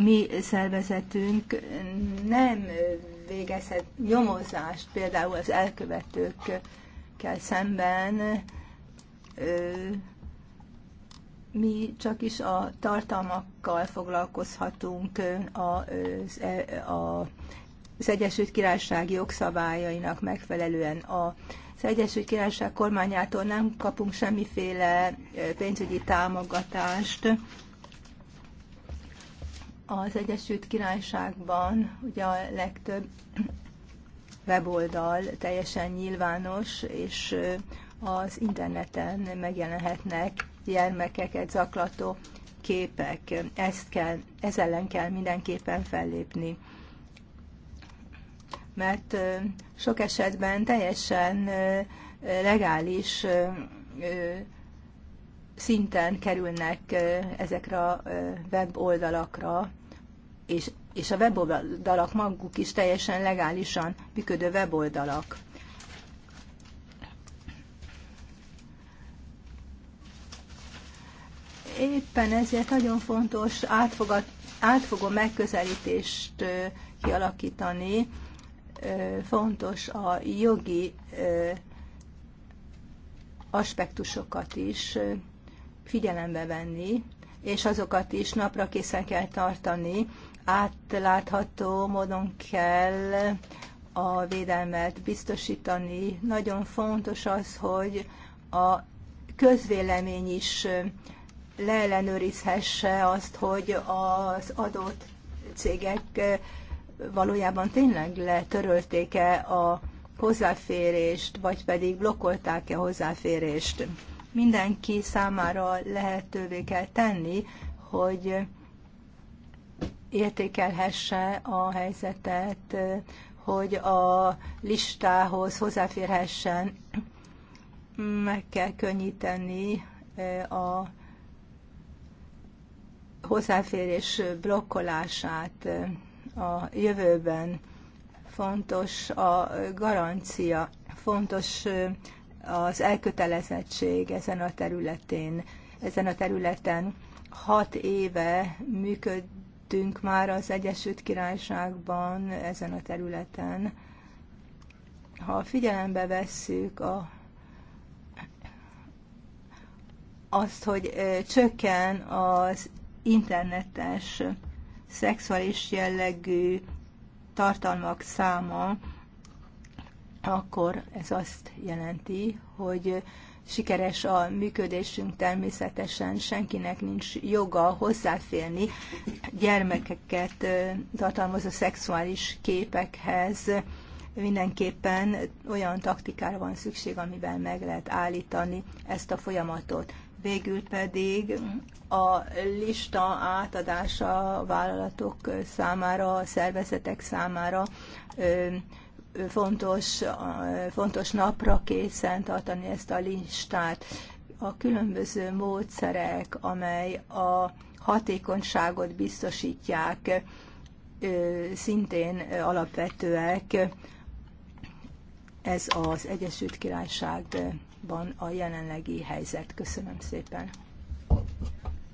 S1: mi szervezetünk nem végezhet nyomozást, például az elkövetőkkel szemben. Mi csak is a tartalmakkal foglalkozhatunk az, e, az Egyesült Királyság jogszabályainak megfelelően. Az Egyesült Királyság kormányától nem kapunk semmiféle pénzügyi támogatást, az Egyesült Királyságban ugye a legtöbb weboldal teljesen nyilvános, és az interneten megjelenhetnek gyermekeket zaklató képek. Ezt kell, ez ellen kell mindenképpen fellépni. Mert sok esetben teljesen legális szinten kerülnek ezekre a weboldalakra, és, és a weboldalak maguk is teljesen legálisan működő weboldalak. Éppen ezért nagyon fontos átfogat, átfogó megközelítést kialakítani, fontos a jogi aspektusokat is figyelembe venni, és azokat is napra készen kell tartani, átlátható módon kell a védelmet biztosítani. Nagyon fontos az, hogy a közvélemény is leellenőrizhesse azt, hogy az adott cégek valójában tényleg letörölték-e a hozzáférést, vagy pedig blokkolták-e hozzáférést mindenki számára lehetővé kell tenni, hogy értékelhesse a helyzetet, hogy a listához hozzáférhessen, meg kell könnyíteni eh, a hozzáférés blokkolását eh, a jövőben. Fontos a garancia, fontos eh, az elkötelezettség ezen a területén, ezen a területen. Hat éve működtünk már az Egyesült Királyságban ezen a területen. Ha figyelembe vesszük a azt, hogy csökken az internetes szexuális jellegű tartalmak száma, akkor ez azt jelenti, hogy sikeres a működésünk, természetesen senkinek nincs joga hozzáférni gyermekeket tartalmazó szexuális képekhez. Mindenképpen olyan taktikára van szükség, amivel meg lehet állítani ezt a folyamatot. Végül pedig a lista átadása a vállalatok számára, a szervezetek számára fontos, eh, fontos napra készen tartani ezt a listát. A különböző módszerek, amely a hatékonyságot biztosítják, eh, szintén alapvetőek. Ez az Egyesült Királyságban a jelenlegi helyzet. Köszönöm szépen.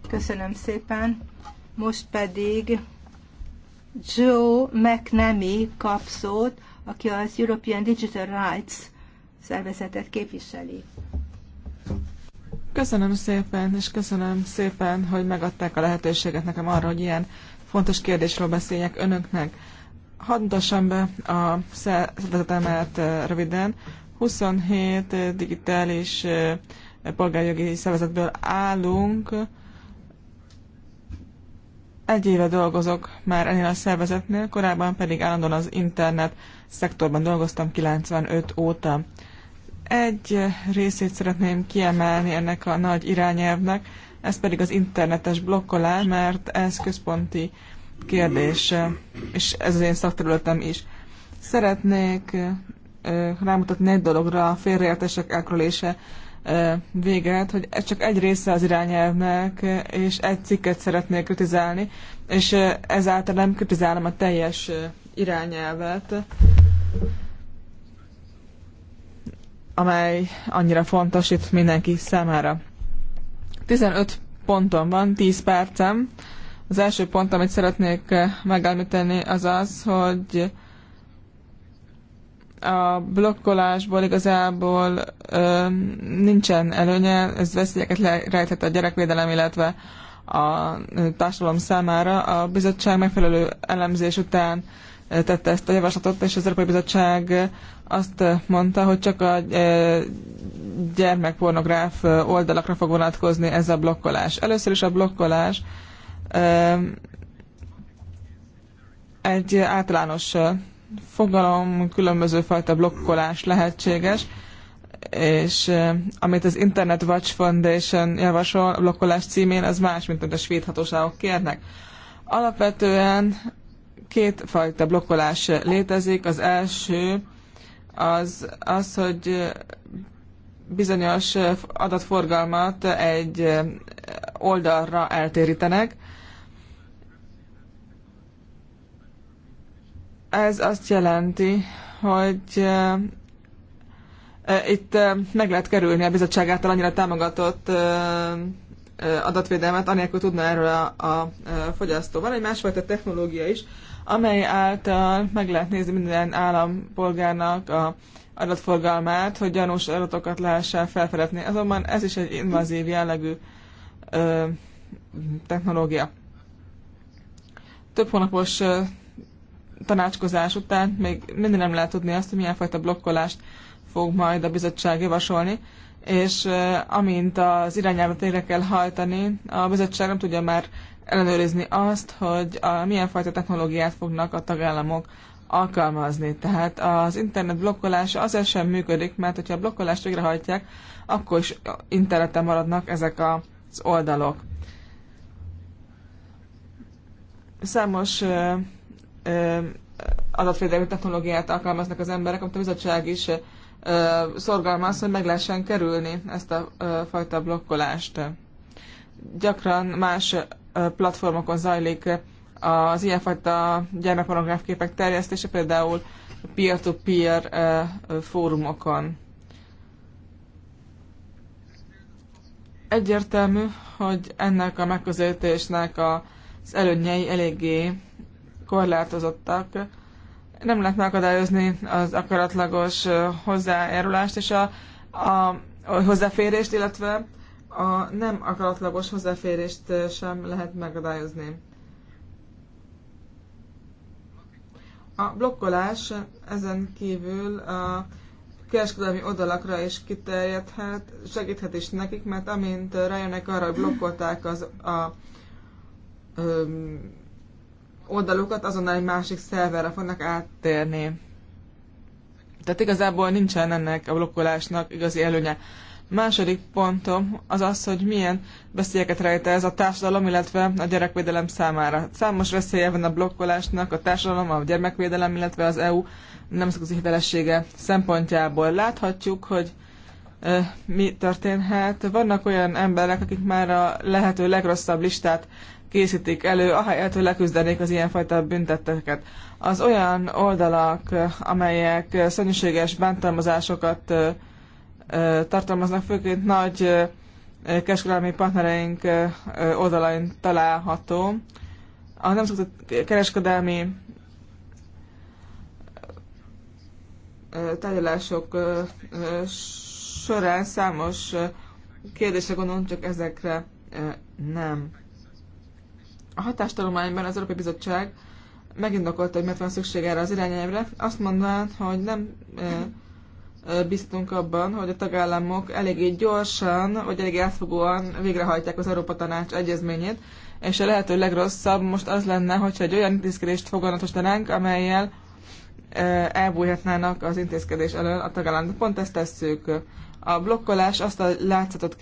S1: Köszönöm szépen. Most pedig Joe McNamee kap szót, aki az European Digital Rights szervezetet képviseli.
S2: Köszönöm szépen, és köszönöm szépen, hogy megadták a lehetőséget nekem arra, hogy ilyen fontos kérdésről beszéljek önöknek. Hadd be a szervezetemet eh, röviden. 27 eh, digitális eh, polgárjogi szervezetből állunk, egy éve dolgozok már ennél a szervezetnél, korábban pedig állandóan az internet szektorban dolgoztam 95 óta. Egy részét szeretném kiemelni ennek a nagy irányelvnek, ez pedig az internetes blokkolás, mert ez központi kérdés, és ez az én szakterületem is. Szeretnék rámutatni egy dologra, a félreértések elkerülése véget, hogy ez csak egy része az irányelvnek, és egy cikket szeretnék kritizálni, és ezáltal nem kritizálom a teljes irányelvet, amely annyira fontos itt mindenki számára. 15 pontom van, 10 percem. Az első pont, amit szeretnék megelmíteni, az az, hogy a blokkolásból igazából ö, nincsen előnye, ez veszélyeket rejthet a gyerekvédelem, illetve a társadalom számára. A bizottság megfelelő elemzés után tette ezt a javaslatot, és az Európai Bizottság azt mondta, hogy csak a gyermekpornográf oldalakra fog vonatkozni ez a blokkolás. Először is a blokkolás egy általános fogalom különböző fajta blokkolás lehetséges, és amit az Internet Watch Foundation javasol a blokkolás címén, az más, mint amit a svéd hatóságok kérnek. Alapvetően két fajta blokkolás létezik. Az első az, az hogy bizonyos adatforgalmat egy oldalra eltérítenek, Ez azt jelenti, hogy itt meg lehet kerülni a bizottság által annyira támogatott adatvédelmet, anélkül tudna erről a, a fogyasztó. Van egy másfajta technológia is, amely által meg lehet nézni minden állampolgárnak a adatforgalmát, hogy gyanús adatokat lehessen felfedezni. Azonban ez is egy invazív jellegű ö, technológia. Több hónapos tanácskozás után még mindig nem lehet tudni azt, hogy milyen fajta blokkolást fog majd a bizottság javasolni, és amint az irányába tényre kell hajtani, a bizottság nem tudja már ellenőrizni azt, hogy a, milyen fajta technológiát fognak a tagállamok alkalmazni. Tehát az internet blokkolása azért sem működik, mert hogyha a blokkolást végrehajtják, akkor is interneten maradnak ezek az oldalok. Számos adatvédelmi technológiát alkalmaznak az emberek, amit a bizottság is szorgalmaz, hogy meg lehessen kerülni ezt a fajta blokkolást. Gyakran más platformokon zajlik az ilyenfajta gyermekpornográf képek terjesztése, például peer-to-peer -peer fórumokon. Egyértelmű, hogy ennek a megközelítésnek az előnyei eléggé korlátozottak. Nem lehet megakadályozni az akaratlagos hozzájárulást és a, a, a hozzáférést, illetve a nem akaratlagos hozzáférést sem lehet megadályozni. A blokkolás ezen kívül a kereskedelmi oldalakra is kiterjedhet, segíthet is nekik, mert amint rájönnek arra, hogy blokkolták az, a, a, oldalukat azonnal egy másik szerverre fognak áttérni. Tehát igazából nincsen ennek a blokkolásnak igazi előnye. Második pontom az az, hogy milyen veszélyeket rejte ez a társadalom, illetve a gyerekvédelem számára. Számos veszélye van a blokkolásnak a társadalom, a gyermekvédelem, illetve az EU nemzetközi hitelessége szempontjából. Láthatjuk, hogy mi történhet. Vannak olyan emberek, akik már a lehető legrosszabb listát készítik elő, ahelyett, hogy leküzdenék az ilyenfajta büntetteket. Az olyan oldalak, amelyek szörnyűséges bántalmazásokat tartalmaznak, főként nagy kereskedelmi partnereink oldalain található. A nemzetközi kereskedelmi tárgyalások során számos kérdésre gondolom, csak ezekre nem. A hatástalományban az Európai Bizottság megindokolta, hogy miért van szükség erre az irányelvre, azt mondván, hogy nem e, biztunk abban, hogy a tagállamok eléggé gyorsan, vagy eléggé átfogóan végrehajtják az Európa Tanács egyezményét, és a lehető legrosszabb most az lenne, hogyha egy olyan intézkedést foganatosítanánk, amelyel elbújhatnának az intézkedés elől a tagállamok. Pont ezt tesszük. A blokkolás azt a látszatot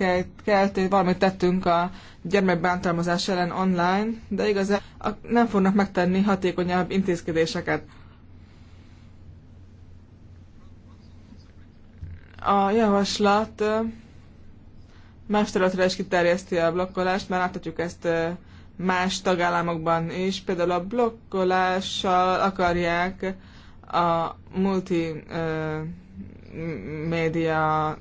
S2: kelt, hogy valamit tettünk a gyermekbántalmazás ellen online, de igazán nem fognak megtenni hatékonyabb intézkedéseket. A javaslat más területre is kiterjeszti a blokkolást, mert láthatjuk ezt más tagállamokban is. Például a blokkolással akarják a multi média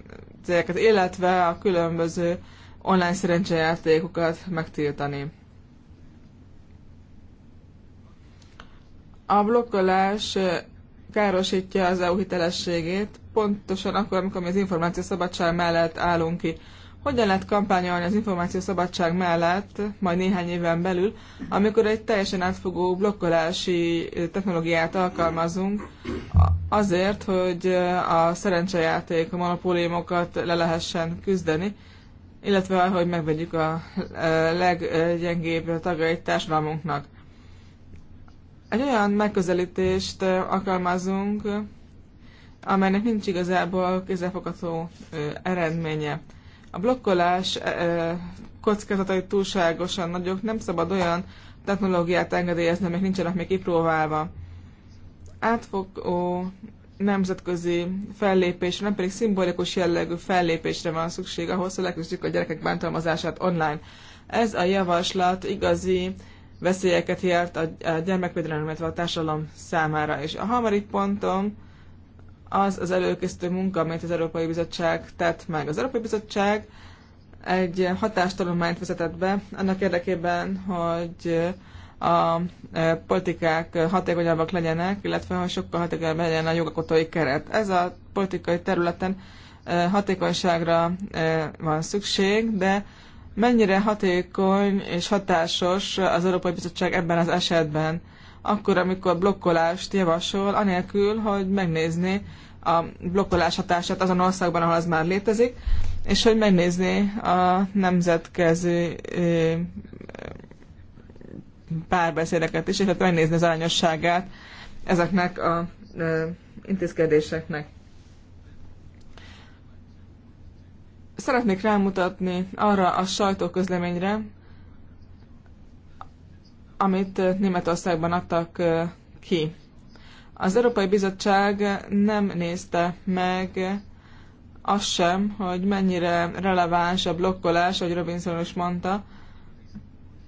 S2: cégeket, illetve a különböző online szerencsejátékokat megtiltani. A blokkolás károsítja az EU hitelességét, pontosan akkor, amikor mi az információ szabadság mellett állunk ki. Hogyan lehet kampányolni az szabadság mellett majd néhány éven belül, amikor egy teljesen átfogó blokkolási technológiát alkalmazunk azért, hogy a szerencsejáték, a monopóliumokat le lehessen küzdeni, illetve hogy megvegyük a leggyengébb tagjait társadalmunknak. Egy olyan megközelítést alkalmazunk, amelynek nincs igazából kézzelfogható eredménye. A blokkolás e, e, kockázatai túlságosan nagyok, nem szabad olyan technológiát engedélyezni, amik nincsenek még kipróbálva. Átfogó nemzetközi fellépésre, nem pedig szimbolikus jellegű fellépésre van szükség ahhoz, hogy leküzdjük a gyerekek bántalmazását online. Ez a javaslat igazi veszélyeket jelent a gyermekvédelem, illetve a társadalom számára is. A harmadik pontom az az előkészítő munka, amit az Európai Bizottság tett meg. Az Európai Bizottság egy hatástanulmányt vezetett be annak érdekében, hogy a e, politikák hatékonyabbak legyenek, illetve hogy sokkal hatékonyabb legyen a jogakotói keret. Ez a politikai területen e, hatékonyságra e, van szükség, de mennyire hatékony és hatásos az Európai Bizottság ebben az esetben? akkor, amikor blokkolást javasol, anélkül, hogy megnézné a blokkolás hatását azon országban, ahol az már létezik, és hogy megnézné a nemzetközi párbeszédeket is, és hogy megnézni az arányosságát ezeknek a intézkedéseknek. Szeretnék rámutatni arra a sajtóközleményre, amit Németországban adtak ki. Az Európai Bizottság nem nézte meg azt sem, hogy mennyire releváns a blokkolás, ahogy Robinson is mondta,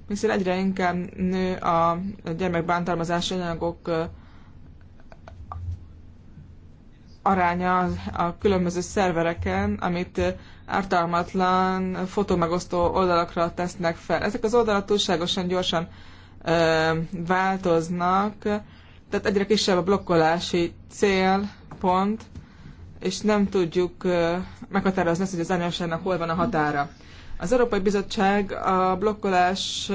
S2: hiszen egyre inkább nő a gyermekbántalmazási anyagok aránya a különböző szervereken, amit ártalmatlan fotomegosztó oldalakra tesznek fel. Ezek az oldalak túlságosan gyorsan változnak, tehát egyre kisebb a blokkolási célpont, és nem tudjuk meghatározni azt, hogy az anyagságnak hol van a határa. Az Európai Bizottság a blokkolás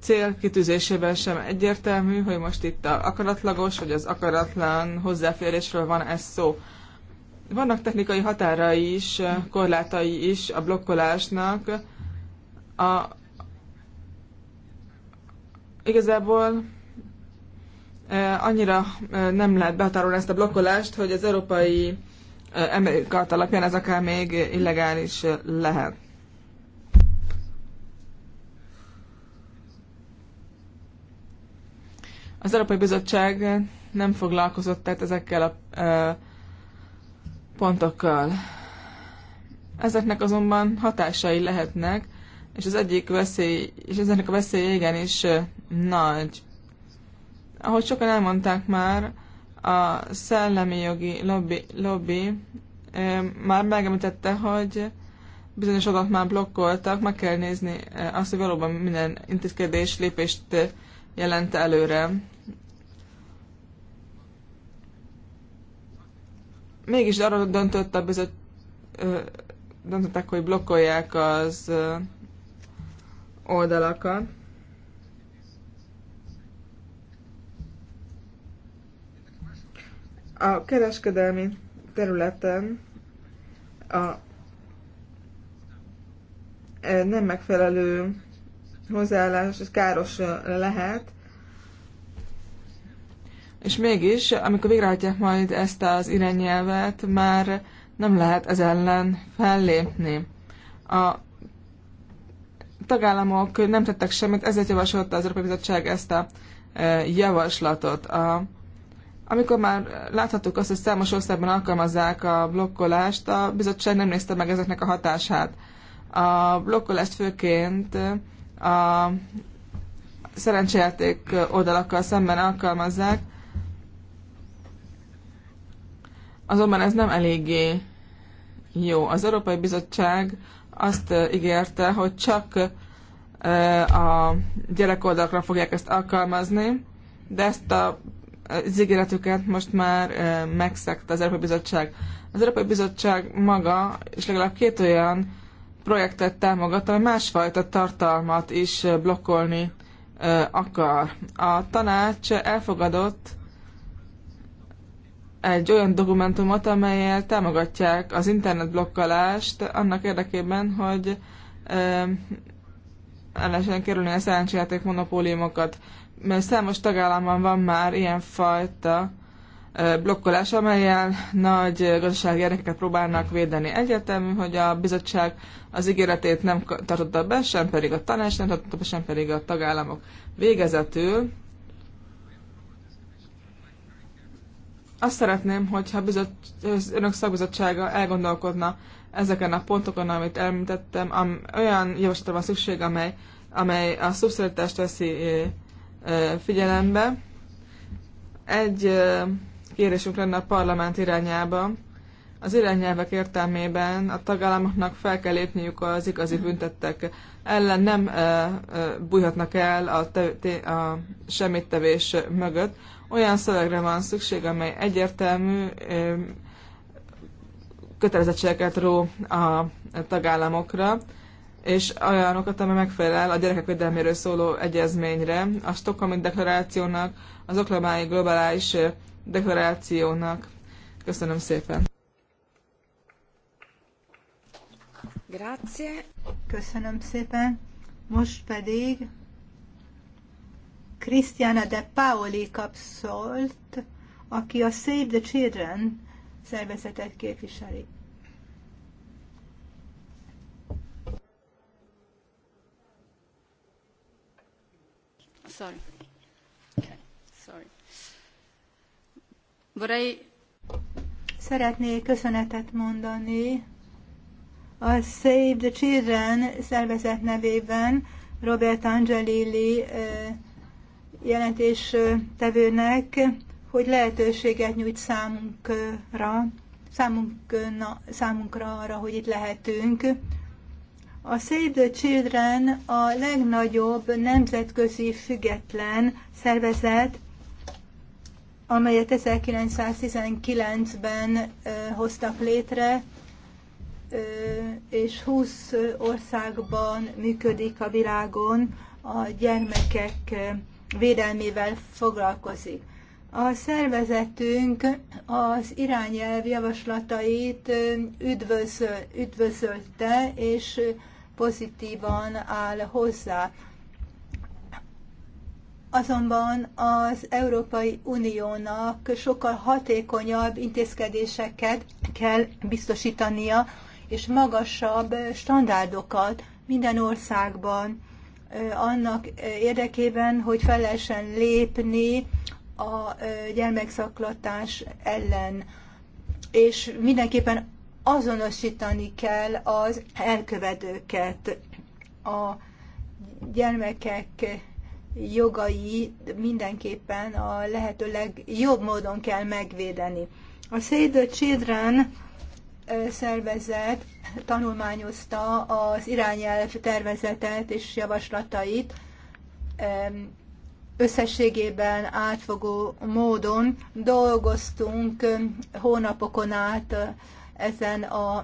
S2: célkitűzésében sem egyértelmű, hogy most itt a akaratlagos vagy az akaratlan hozzáférésről van ez szó. Vannak technikai határai is, korlátai is a blokkolásnak. A Igazából eh, annyira eh, nem lehet behatárolni ezt a blokkolást, hogy az európai eh, emlékat alapján ez akár még illegális lehet. Az Európai Bizottság nem foglalkozott tehát ezekkel a e, pontokkal. Ezeknek azonban hatásai lehetnek, és az egyik veszély, és ezeknek a veszélye igenis nagy. Ahogy sokan elmondták már, a szellemi jogi lobby, lobby már megemlítette, hogy bizonyos adat már blokkoltak, meg kell nézni azt, hogy valóban minden intézkedés lépést jelent előre. Mégis arra döntött a bizot, döntöttek, hogy blokkolják az oldalakat. A kereskedelmi területen a e, nem megfelelő hozzáállás ez káros lehet, és mégis, amikor végrehajtják majd ezt az irányelvet, már nem lehet ez ellen fellépni. A tagállamok nem tettek semmit, ezért javasolta az Európai Bizottság ezt a e, javaslatot. A amikor már láthattuk azt, hogy számos országban alkalmazzák a blokkolást, a bizottság nem nézte meg ezeknek a hatását. A blokkolást főként a szerencsejáték oldalakkal szemben alkalmazzák, azonban ez nem eléggé jó. Az Európai Bizottság azt ígérte, hogy csak a gyerekoldalakra fogják ezt alkalmazni, de ezt a az ígéretüket most már megszegte az Európai Bizottság. Az Európai Bizottság maga és legalább két olyan projektet támogat, ami másfajta tartalmat is blokkolni akar. A tanács elfogadott egy olyan dokumentumot, amelyel támogatják az internetblokkolást annak érdekében, hogy el lehessen kerülni a szerencsejáték monopóliumokat mert számos tagállamban van már ilyenfajta blokkolás, amelyel nagy gazdasági érdekeket próbálnak védeni. Egyetemű, hogy a bizottság az ígéretét nem tartotta be, sem pedig a tanács nem tartotta be, sem pedig a tagállamok. Végezetül azt szeretném, hogyha bizottság az önök szakbizottsága elgondolkodna ezeken a pontokon, amit említettem, am, olyan javaslatra van szükség, amely, amely a szubszidiatást veszi figyelembe. Egy kérésünk lenne a parlament irányába. Az irányelvek értelmében a tagállamoknak fel kell lépniük az igazi büntettek ellen, nem bújhatnak el a, te- a semmittevés mögött. Olyan szövegre van szükség, amely egyértelmű, kötelezettségeket ró a tagállamokra, és olyanokat, ami megfelel a gyerekek védelméről szóló egyezményre, a Stockholmi deklarációnak, az Oklamái globális deklarációnak. Köszönöm szépen!
S1: Grazie. Köszönöm szépen. Most pedig Krisztiana de Paoli kap szólt, aki a Save the Children szervezetet képviseli. Sorry. Okay. Sorry. But I... Szeretnék köszönetet mondani a Save the Children szervezet nevében Robert Angelilli jelentéstevőnek, hogy lehetőséget nyújt számunkra, számunkra, számunkra arra, hogy itt lehetünk. A Save the Children a legnagyobb nemzetközi független szervezet, amelyet 1919-ben hoztak létre, és 20 országban működik a világon, a gyermekek védelmével foglalkozik. A szervezetünk az irányelv javaslatait üdvözölte, és pozitívan áll hozzá. Azonban az Európai Uniónak sokkal hatékonyabb intézkedéseket kell biztosítania, és magasabb standardokat minden országban annak érdekében, hogy fel lehessen lépni a gyermekszaklatás ellen. És mindenképpen azonosítani kell az elkövetőket. A gyermekek jogai mindenképpen a lehető legjobb módon kell megvédeni. A Save the Children szervezet tanulmányozta az irányelv tervezetet és javaslatait összességében átfogó módon dolgoztunk hónapokon át ezen a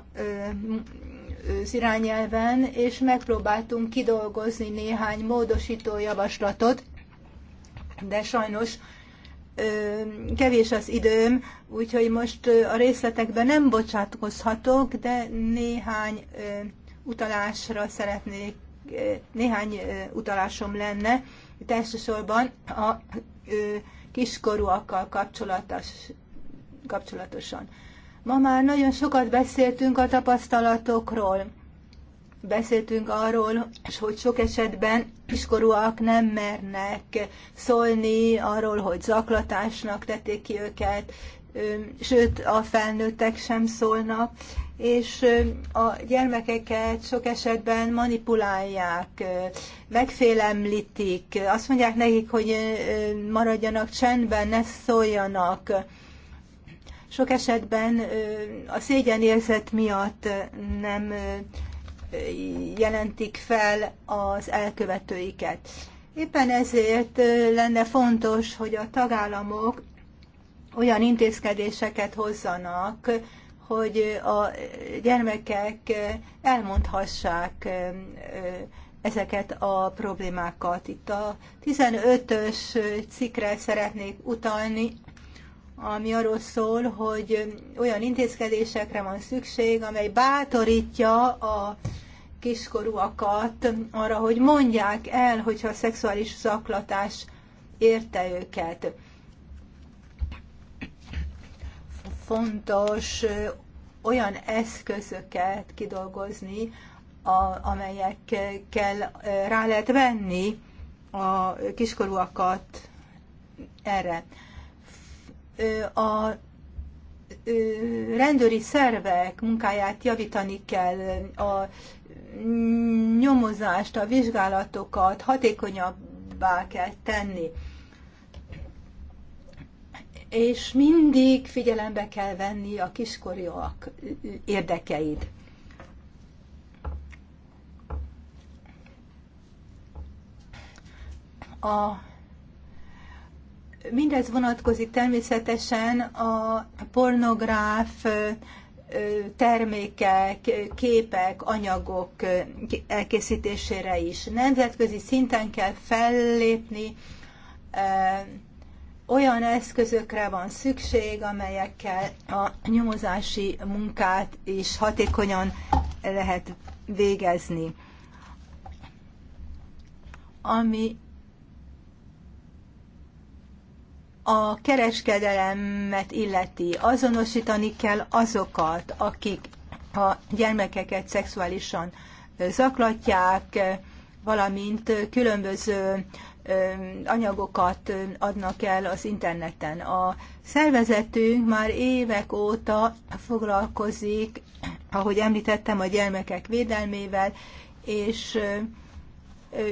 S1: az irányelven, és megpróbáltunk kidolgozni néhány módosító javaslatot, de sajnos kevés az időm, úgyhogy most a részletekben nem bocsátkozhatok, de néhány utalásra szeretnék, néhány utalásom lenne. Itt elsősorban a kiskorúakkal kapcsolatos, kapcsolatosan. Ma már nagyon sokat beszéltünk a tapasztalatokról. Beszéltünk arról, hogy sok esetben kiskorúak nem mernek szólni arról, hogy zaklatásnak tették ki őket, sőt a felnőttek sem szólnak, és a gyermekeket sok esetben manipulálják, megfélemlítik, azt mondják nekik, hogy maradjanak csendben, ne szóljanak. Sok esetben a szégyenérzet miatt nem jelentik fel az elkövetőiket. Éppen ezért lenne fontos, hogy a tagállamok olyan intézkedéseket hozzanak, hogy a gyermekek elmondhassák ezeket a problémákat. Itt a 15-ös cikkre szeretnék utalni, ami arról szól, hogy olyan intézkedésekre van szükség, amely bátorítja a kiskorúakat arra, hogy mondják el, hogyha a szexuális zaklatás érte őket. Fontos olyan eszközöket kidolgozni, a, amelyekkel rá lehet venni a kiskorúakat erre a rendőri szervek munkáját javítani kell, a nyomozást, a vizsgálatokat hatékonyabbá kell tenni. És mindig figyelembe kell venni a kiskorúak érdekeit. A Mindez vonatkozik természetesen a pornográf termékek, képek, anyagok elkészítésére is. Nemzetközi szinten kell fellépni, olyan eszközökre van szükség, amelyekkel a nyomozási munkát is hatékonyan lehet végezni. Ami a kereskedelemet illeti, azonosítani kell azokat, akik a gyermekeket szexuálisan zaklatják, valamint különböző anyagokat adnak el az interneten. A szervezetünk már évek óta foglalkozik, ahogy említettem, a gyermekek védelmével, és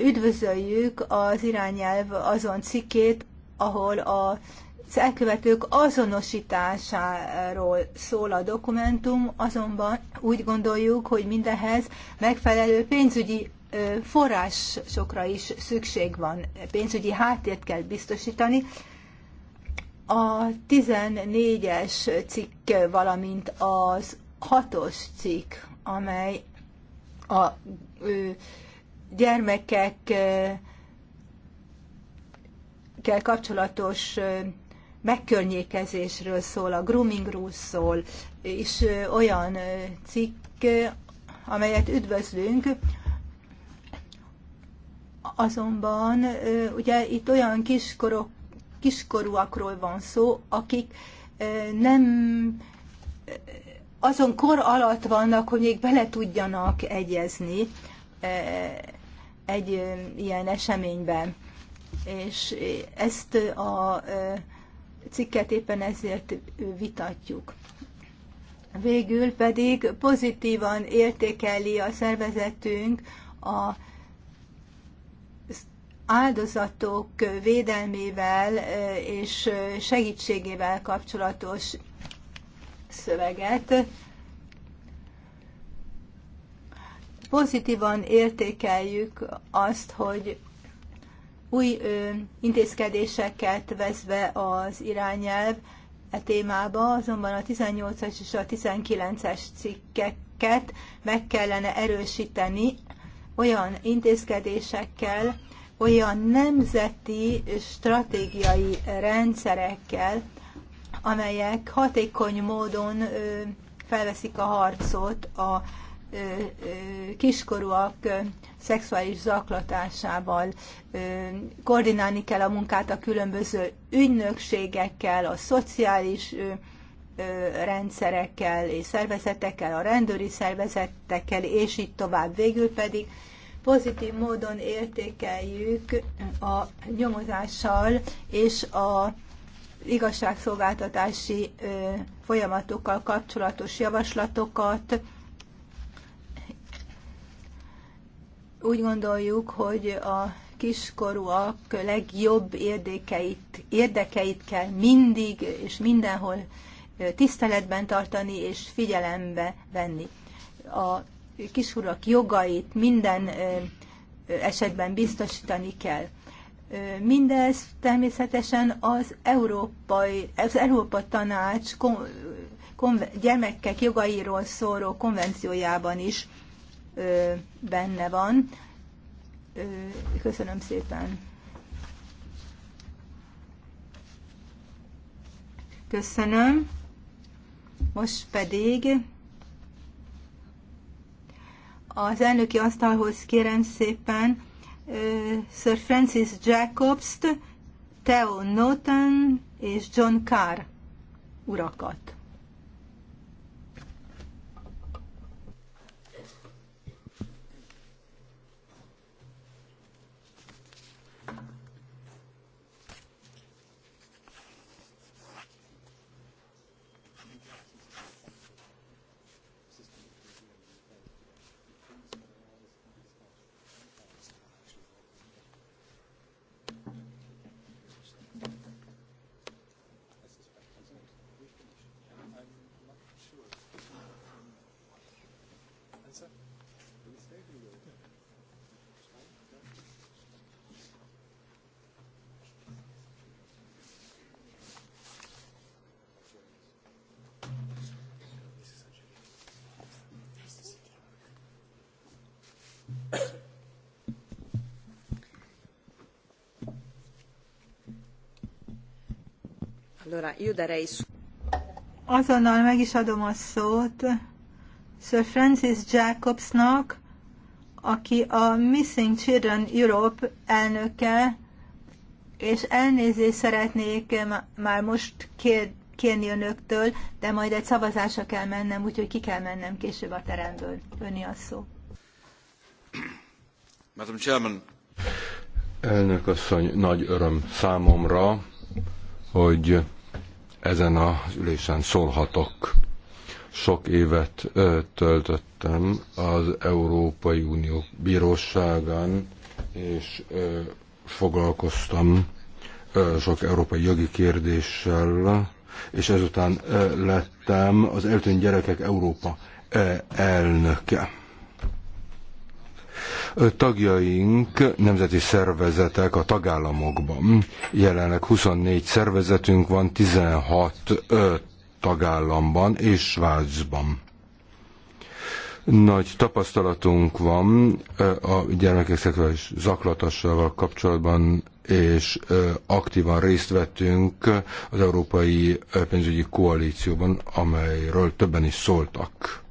S1: üdvözöljük az irányelv azon cikkét, ahol a az elkövetők azonosításáról szól a dokumentum, azonban úgy gondoljuk, hogy mindehhez megfelelő pénzügyi forrásokra is szükség van, pénzügyi háttért kell biztosítani. A 14-es cikk, valamint az 6-os cikk, amely a gyermekek nőkkel kapcsolatos megkörnyékezésről szól, a groomingról szól, és olyan cikk, amelyet üdvözlünk, azonban ugye itt olyan kiskorok, kiskorúakról van szó, akik nem azon kor alatt vannak, hogy még bele tudjanak egyezni egy ilyen eseményben és ezt a cikket éppen ezért vitatjuk. Végül pedig pozitívan értékeli a szervezetünk a áldozatok védelmével és segítségével kapcsolatos szöveget. Pozitívan értékeljük azt, hogy új intézkedéseket vesz be az irányelv e témába, azonban a 18-as és a 19-es cikkeket meg kellene erősíteni olyan intézkedésekkel, olyan nemzeti stratégiai rendszerekkel, amelyek hatékony módon felveszik a harcot a kiskorúak szexuális zaklatásával koordinálni kell a munkát a különböző ügynökségekkel, a szociális rendszerekkel és szervezetekkel, a rendőri szervezetekkel, és így tovább. Végül pedig pozitív módon értékeljük a nyomozással és a igazságszolgáltatási folyamatokkal kapcsolatos javaslatokat, Úgy gondoljuk, hogy a kiskorúak legjobb érdekeit, érdekeit kell mindig és mindenhol tiszteletben tartani és figyelembe venni. A kiskorúak jogait minden esetben biztosítani kell. Mindez természetesen az, európai, az Európa Tanács kon, kon, gyermekek jogairól szóló konvenciójában is benne van. Köszönöm szépen. Köszönöm. Most pedig az elnöki asztalhoz kérem szépen Sir Francis Jacobs-t, Theo Norton és John Carr urakat. Azonnal meg is adom a szót Sir Francis Jacobsnak, aki a Missing Children Europe elnöke, és elnézést szeretnék már most kérni önöktől, de majd egy szavazásra kell mennem, úgyhogy ki kell mennem később a teremből. Öni a szó.
S3: Madam Chairman. Elnök asszony, nagy öröm számomra, hogy ezen az ülésen szólhatok. Sok évet töltöttem az Európai Unió bíróságán, és foglalkoztam sok európai jogi kérdéssel, és ezután lettem az eltűnt gyerekek Európa elnöke. Tagjaink nemzeti szervezetek a tagállamokban. Jelenleg 24 szervezetünk van, 16 tagállamban és Svájcban nagy tapasztalatunk van a gyermekek szexuális zaklatásával kapcsolatban, és aktívan részt vettünk az Európai Pénzügyi Koalícióban, amelyről többen is szóltak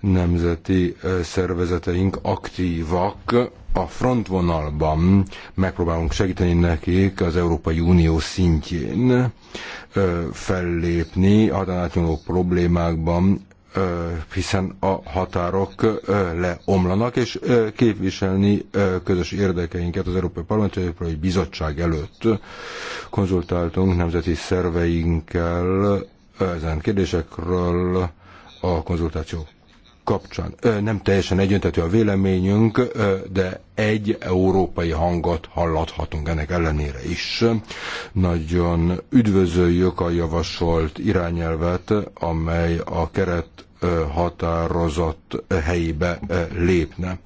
S3: nemzeti szervezeteink aktívak a frontvonalban, megpróbálunk segíteni nekik az Európai Unió szintjén fellépni határátnyúló problémákban, hiszen a határok leomlanak, és képviselni közös érdekeinket az Európai Parlament, az Európai Bizottság előtt konzultáltunk nemzeti szerveinkkel ezen kérdésekről a konzultációk kapcsán nem teljesen egyöntetű a véleményünk, de egy európai hangot hallathatunk ennek ellenére is. Nagyon üdvözöljük a javasolt irányelvet, amely a keret határozat helyébe lépne.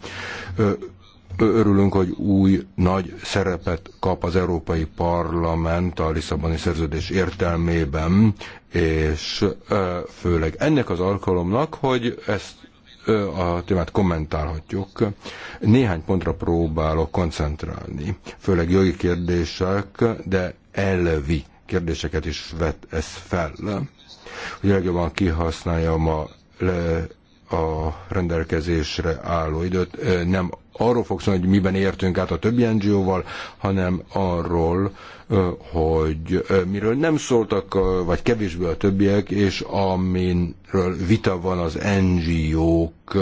S3: Örülünk, hogy új nagy szerepet kap az Európai Parlament a Lisszaboni szerződés értelmében, és főleg ennek az alkalomnak, hogy ezt a témát kommentálhatjuk. Néhány pontra próbálok koncentrálni, főleg jogi kérdések, de elvi kérdéseket is vet ez fel, hogy legjobban kihasználjam a, a rendelkezésre álló időt, nem arról fog szólni, hogy miben értünk át a többi NGO-val, hanem arról, hogy miről nem szóltak, vagy kevésbé a többiek, és amiről vita van az NGO-k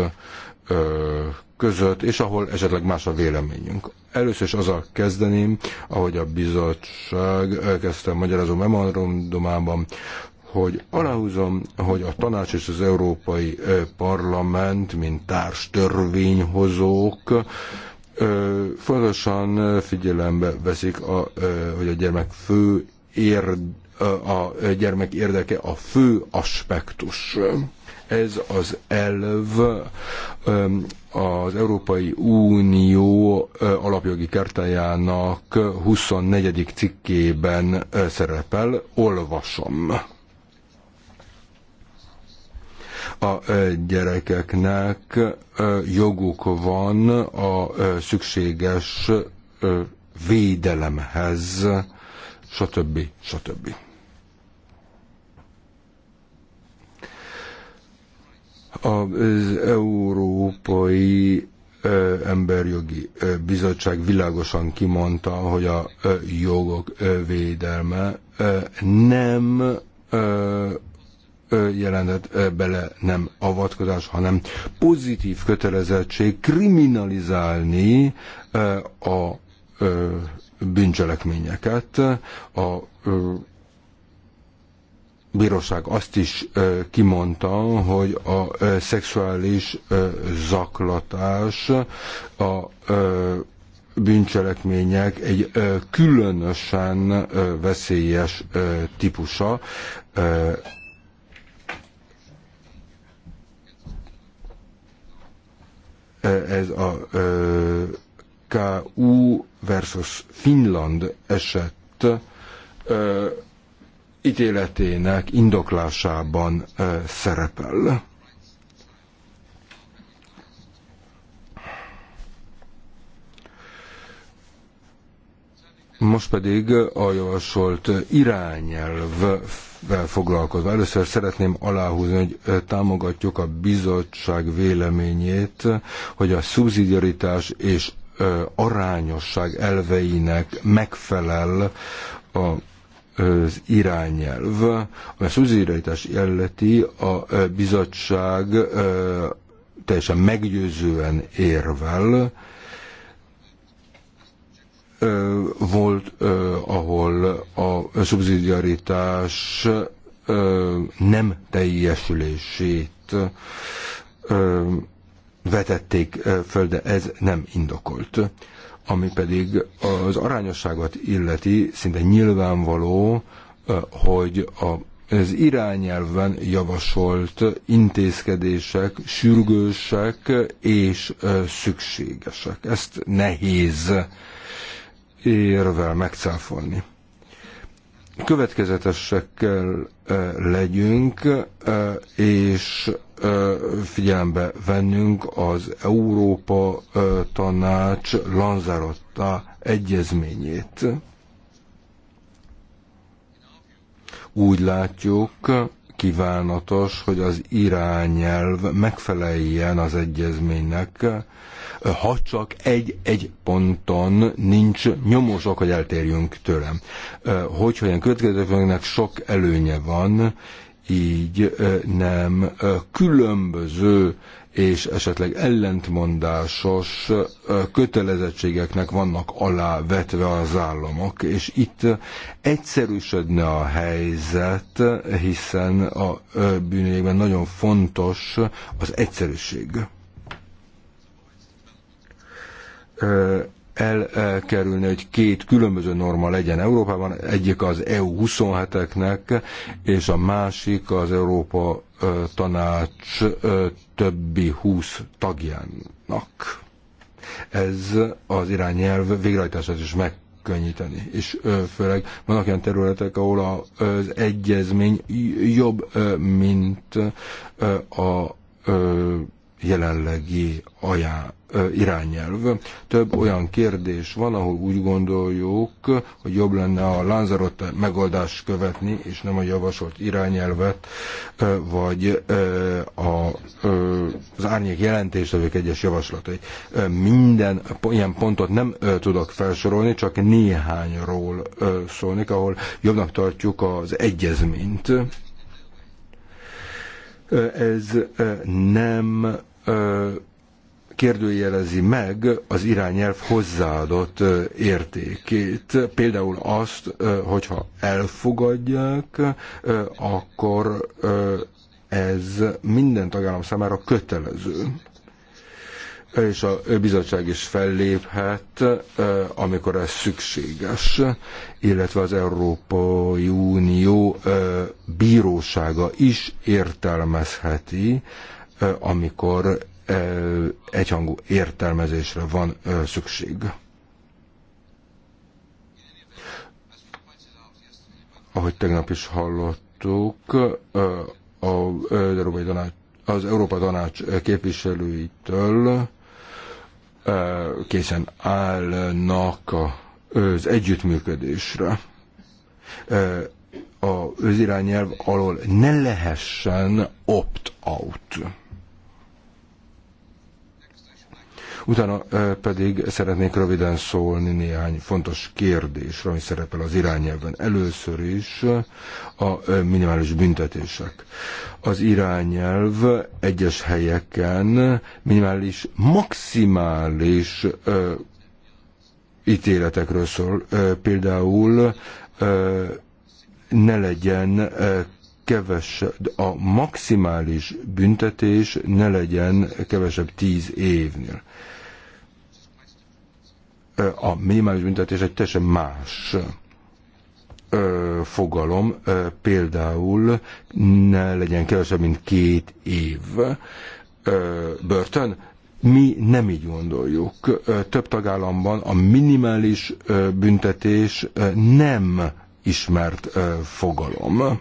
S3: között, és ahol esetleg más a véleményünk. Először is azzal kezdeném, ahogy a bizottság elkezdte a magyarázó memorandumában, hogy aláhúzom, hogy a tanács és az Európai Parlament, mint társ törvényhozók, fontosan figyelembe veszik, a, hogy a gyermek fő ér, a gyermek érdeke a fő aspektus. Ez az elv az Európai Unió alapjogi kártájának 24. cikkében szerepel. Olvasom a gyerekeknek joguk van a szükséges védelemhez, stb. stb. Az Európai Emberjogi Bizottság világosan kimondta, hogy a jogok védelme nem jelenet bele nem avatkozás, hanem pozitív kötelezettség kriminalizálni a bűncselekményeket. A bíróság azt is kimondta, hogy a szexuális zaklatás a bűncselekmények egy különösen veszélyes típusa Ez a KU versus Finland eset ítéletének indoklásában szerepel. Most pedig a javasolt irányelvvel foglalkozva. Először szeretném aláhúzni, hogy támogatjuk a bizottság véleményét, hogy a szubszidiaritás és arányosság elveinek megfelel a az irányelv, a szuzirejtás illeti a bizottság teljesen meggyőzően érvel, volt, ahol a szubszidiaritás nem teljesülését vetették föl, de ez nem indokolt. Ami pedig az arányosságot illeti, szinte nyilvánvaló, hogy a az irányelven javasolt intézkedések sürgősek és szükségesek. Ezt nehéz érvel megcáfolni. Következetesekkel legyünk, és figyelembe vennünk az Európa Tanács Lanzarotta egyezményét. Úgy látjuk, kívánatos, hogy az irányelv megfeleljen az egyezménynek, ha csak egy-egy ponton nincs nyomósok, hogy eltérjünk tőlem. Hogyha ilyen következőknek sok előnye van, így nem különböző és esetleg ellentmondásos kötelezettségeknek vannak alávetve az államok, és itt egyszerűsödne a helyzet, hiszen a bűnökben nagyon fontos az egyszerűség elkerülni, hogy két különböző norma legyen Európában, egyik az EU 27-eknek, és a másik az Európa tanács többi 20 tagjának. Ez az irányelv végrehajtását is meg könnyíteni. És főleg vannak olyan területek, ahol az egyezmény jobb, mint a jelenlegi ajá, irányelv. Több olyan kérdés van, ahol úgy gondoljuk, hogy jobb lenne a Lanzarote megoldást követni, és nem a javasolt irányelvet, vagy a, az árnyék jelentéstevők egyes javaslatai. Minden ilyen pontot nem tudok felsorolni, csak néhányról szólnék, ahol jobbnak tartjuk az egyezményt. Ez nem kérdőjelezi meg az irányelv hozzáadott értékét. Például azt, hogyha elfogadják, akkor ez minden tagállam számára kötelező. És a bizottság is felléphet, amikor ez szükséges, illetve az Európai Unió bírósága is értelmezheti amikor egyhangú értelmezésre van szükség. Ahogy tegnap is hallottuk, az Európa Tanács képviselőitől készen állnak az együttműködésre. Az irányelv alól ne lehessen opt-out Utána pedig szeretnék röviden szólni néhány fontos kérdésre, ami szerepel az irányelven. Először is a minimális büntetések. Az irányelv egyes helyeken minimális, maximális ítéletekről szól. Például ne legyen kevesebb, a maximális büntetés ne legyen kevesebb tíz évnél. A minimális büntetés egy teljesen más fogalom, például ne legyen kevesebb, mint két év börtön, mi nem így gondoljuk. Több tagállamban a minimális büntetés nem ismert fogalom.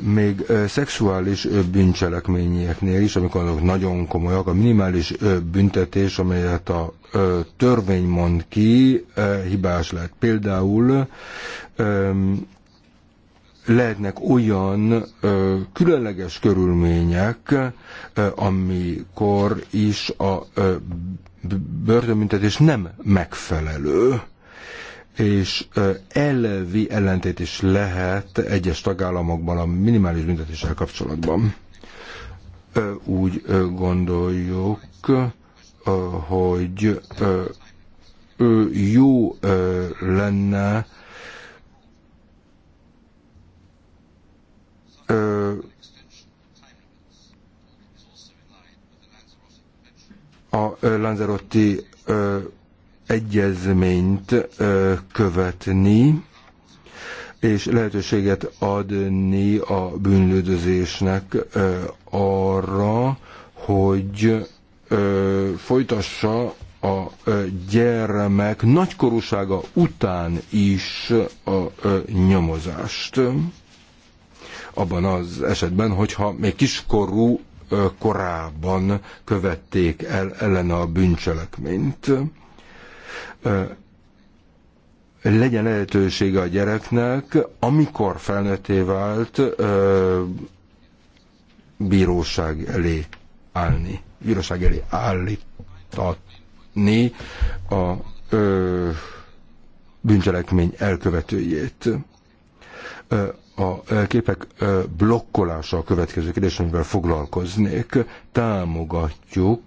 S3: még szexuális bűncselekményeknél is, amikor azok nagyon komolyak, a minimális büntetés, amelyet a törvény mond ki, hibás lehet. Például lehetnek olyan különleges körülmények, amikor is a börtönbüntetés nem megfelelő és elvi ellentét is lehet egyes tagállamokban a minimális büntetéssel kapcsolatban. Úgy gondoljuk, hogy jó lenne a Lanzarotti egyezményt követni, és lehetőséget adni a bűnlődözésnek arra, hogy folytassa a gyermek nagykorúsága után is a nyomozást. Abban az esetben, hogyha még kiskorú korában követték el ellen a bűncselekményt legyen lehetősége a gyereknek, amikor felnőtté vált, bíróság elé állni, bíróság elé állítatni a ö, bűncselekmény elkövetőjét. Ö, a képek blokkolása a következő kérdés, amivel foglalkoznék. Támogatjuk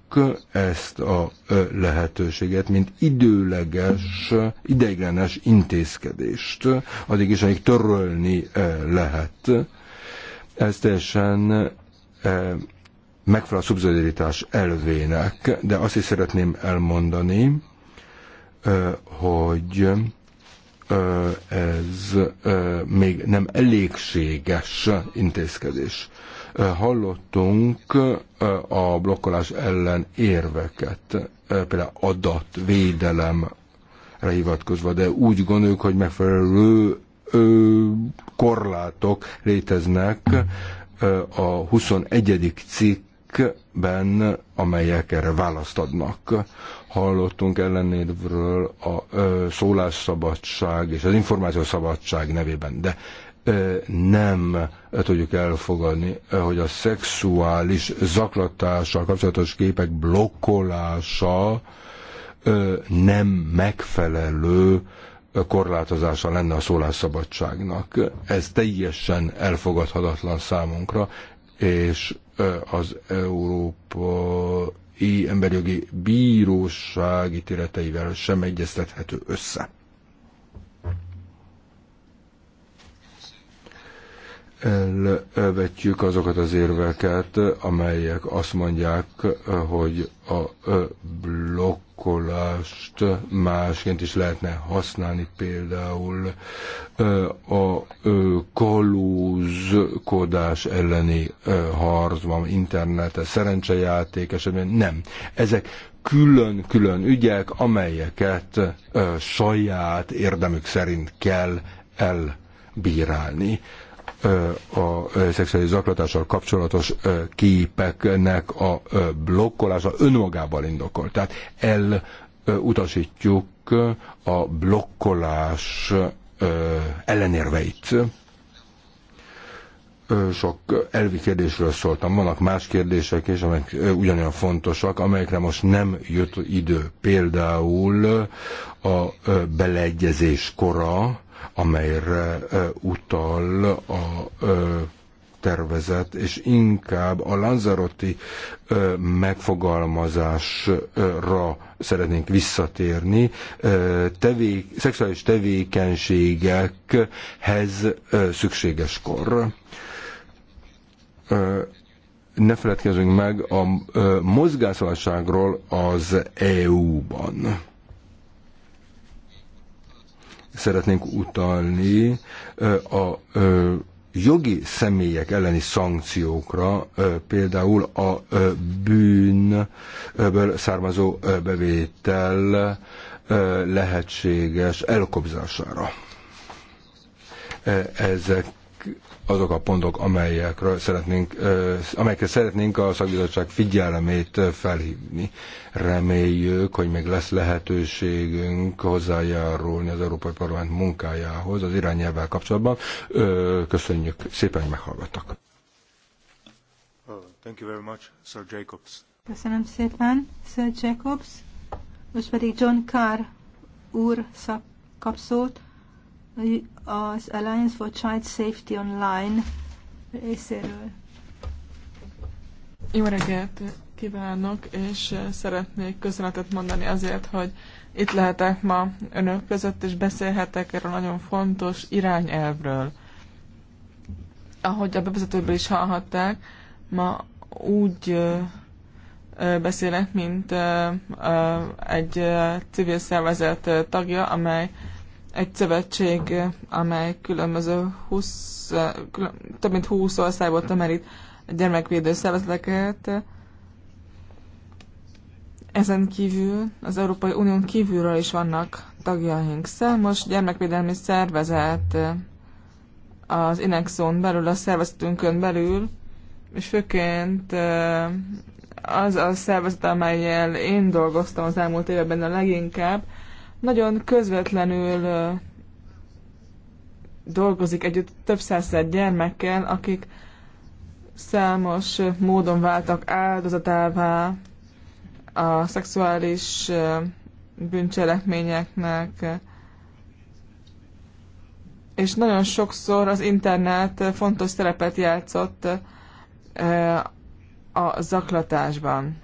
S3: ezt a lehetőséget, mint időleges, ideiglenes intézkedést, addig is, amíg törölni lehet. Ez teljesen megfelel a szubszidiaritás elvének, de azt is szeretném elmondani, hogy ez még nem elégséges intézkedés. Hallottunk a blokkolás ellen érveket, például adatvédelemre hivatkozva, de úgy gondoljuk, hogy megfelelő korlátok léteznek a 21. cikk cikkben, amelyek erre választ adnak. Hallottunk ellenédről a ö, szólásszabadság és az információszabadság nevében, de nem tudjuk elfogadni, hogy a szexuális zaklatással kapcsolatos képek blokkolása nem megfelelő korlátozása lenne a szólásszabadságnak. Ez teljesen elfogadhatatlan számunkra, és az Európai Emberjogi Bíróság ítéleteivel sem egyeztethető össze. elvetjük azokat az érveket, amelyek azt mondják, hogy a blokk parkolást másként is lehetne használni, például a kalózkodás elleni harcban, internet, szerencsejáték esetben nem. Ezek külön-külön ügyek, amelyeket saját érdemük szerint kell elbírálni a szexuális zaklatással kapcsolatos képeknek a blokkolása önmagában indokolt. Tehát elutasítjuk a blokkolás ellenérveit. Sok elvi kérdésről szóltam, vannak más kérdések is, amelyek ugyanolyan fontosak, amelyekre most nem jött idő. Például a beleegyezés kora, amelyre utal a tervezet, és inkább a Lanzarotti megfogalmazásra szeretnénk visszatérni, tevék, szexuális tevékenységekhez szükségeskor ne feledkezzünk meg a mozgásszabadságról az EU-ban szeretnénk utalni a jogi személyek elleni szankciókra, például a bűnből származó bevétel lehetséges elkobzására. Ezek azok a pontok, amelyekre szeretnénk, amelyekre szeretnénk a szakbizottság figyelmét felhívni. Reméljük, hogy még lesz lehetőségünk hozzájárulni az Európai Parlament munkájához az irányelvvel kapcsolatban. Köszönjük szépen, hogy meghallgattak. Oh, thank you very much, Sir Jacobs.
S1: Köszönöm szépen, Sir Jacobs. Most pedig John Carr úr szak, az Alliance for Child Safety Online részéről.
S2: Jó reggelt kívánok, és szeretnék köszönetet mondani azért, hogy itt lehetek ma önök között, és beszélhetek erről nagyon fontos irányelvről. Ahogy a bevezetőből is hallhatták, ma úgy beszélek, mint egy civil szervezet tagja, amely egy szövetség, amely különböző 20, külön, több mint 20 országból a gyermekvédő szervezeteket. Ezen kívül az Európai Unión kívülről is vannak tagjaink. Számos gyermekvédelmi szervezet az Inexon belül, a szervezetünkön belül, és főként az a szervezet, amelyel én dolgoztam az elmúlt években a leginkább, nagyon közvetlenül dolgozik együtt több százszer gyermekkel, akik számos módon váltak áldozatává a szexuális bűncselekményeknek, és nagyon sokszor az internet fontos szerepet játszott a zaklatásban.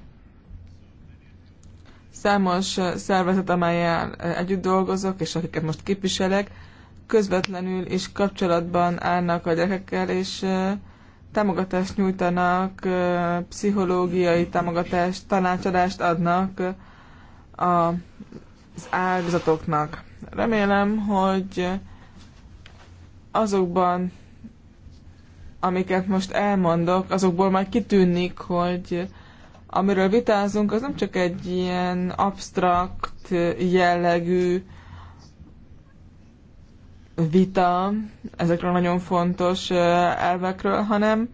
S2: Számos szervezet, amelyel együtt dolgozok, és akiket most képviselek, közvetlenül és kapcsolatban állnak a gyerekekkel, és támogatást nyújtanak, pszichológiai támogatást, tanácsadást adnak az áldozatoknak. Remélem, hogy azokban, amiket most elmondok, azokból majd kitűnik, hogy amiről vitázunk, az nem csak egy ilyen absztrakt jellegű vita ezekről nagyon fontos elvekről, hanem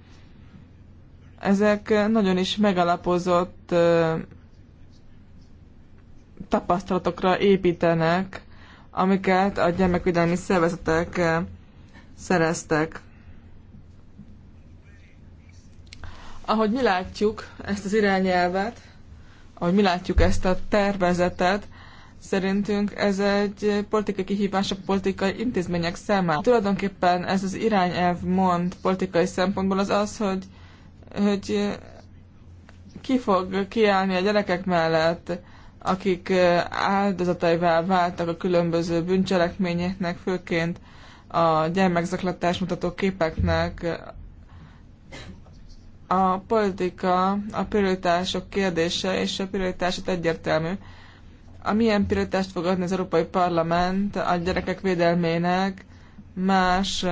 S2: ezek nagyon is megalapozott tapasztalatokra építenek, amiket a gyermekvédelmi szervezetek szereztek. Ahogy mi látjuk ezt az irányelvet, ahogy mi látjuk ezt a tervezetet, szerintünk ez egy politikai kihívás a politikai intézmények számára. Tulajdonképpen ez az irányelv mond politikai szempontból az az, hogy, hogy ki fog kiállni a gyerekek mellett, akik áldozataivá váltak a különböző bűncselekményeknek, főként a gyermekzaklatás mutató képeknek, a politika, a prioritások kérdése és a prioritások egyértelmű. A milyen prioritást fog adni az Európai Parlament a gyerekek védelmének más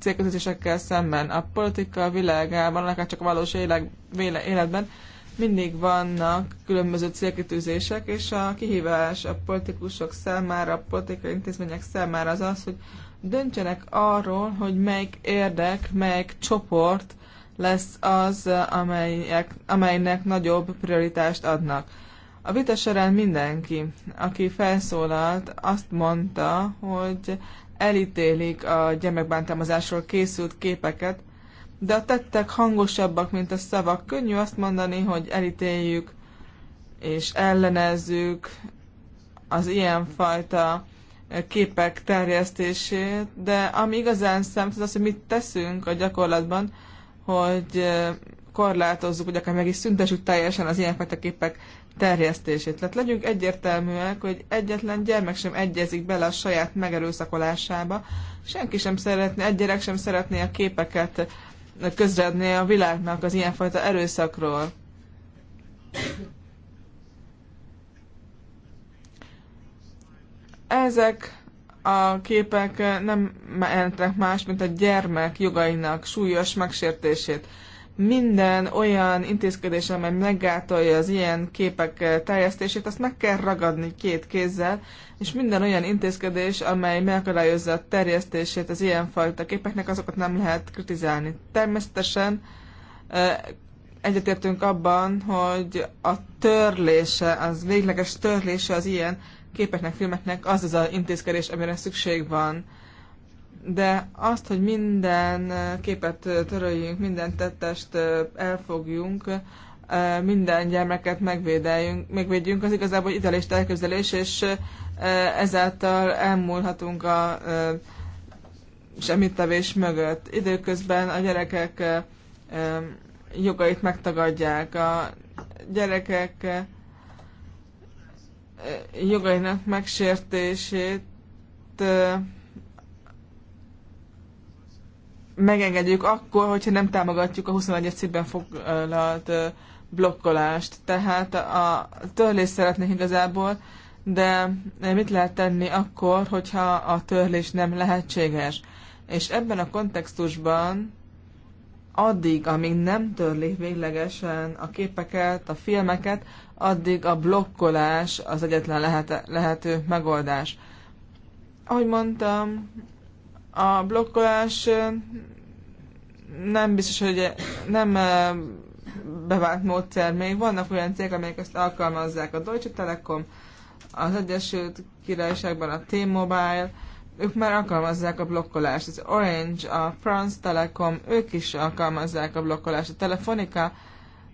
S2: célközösségekkel szemben? A politika világában, akár csak a valós életben mindig vannak különböző célkitűzések, és a kihívás a politikusok számára, a politikai intézmények számára az az, hogy döntsenek arról, hogy melyik érdek, melyik csoport, lesz az, amelyek, amelynek nagyobb prioritást adnak. A vita során mindenki, aki felszólalt, azt mondta, hogy elítélik a gyermekbántalmazásról készült képeket, de a tettek hangosabbak, mint a szavak. Könnyű azt mondani, hogy elítéljük és ellenezzük az ilyenfajta képek terjesztését, de ami igazán számít, az az, hogy mit teszünk a gyakorlatban, hogy korlátozzuk, vagy akár meg is szüntessük teljesen az ilyenfajta képek terjesztését. Tehát legyünk egyértelműek, hogy egyetlen gyermek sem egyezik bele a saját megerőszakolásába. Senki sem szeretné, egy gyerek sem szeretné a képeket közredni a világnak az ilyenfajta erőszakról. Ezek a képek nem mentek más, mint a gyermek jogainak súlyos megsértését. Minden olyan intézkedés, amely meggátolja az ilyen képek terjesztését, azt meg kell ragadni két kézzel, és minden olyan intézkedés, amely megakadályozza a terjesztését az ilyenfajta képeknek, azokat nem lehet kritizálni. Természetesen egyetértünk abban, hogy a törlése, az végleges törlése az ilyen képeknek, filmeknek az az a intézkedés, amire szükség van. De azt, hogy minden képet töröljünk, minden tettest elfogjunk, minden gyermeket megvédeljünk, megvédjünk, az igazából idealista elképzelés, és ezáltal elmúlhatunk a semmittevés mögött. Időközben a gyerekek jogait megtagadják. A gyerekek jogainak megsértését megengedjük akkor, hogyha nem támogatjuk a 21. cikkben foglalt blokkolást. Tehát a törlést szeretnék igazából, de mit lehet tenni akkor, hogyha a törlés nem lehetséges? És ebben a kontextusban addig, amíg nem törlik véglegesen a képeket, a filmeket, addig a blokkolás az egyetlen lehet, lehető megoldás. Ahogy mondtam, a blokkolás nem biztos, hogy nem bevált módszer. Még vannak olyan cégek, amelyek ezt alkalmazzák. A Deutsche Telekom, az Egyesült Királyságban a T-Mobile, ők már alkalmazzák a blokkolást. Az Orange, a France Telekom, ők is alkalmazzák a blokkolást. A Telefonica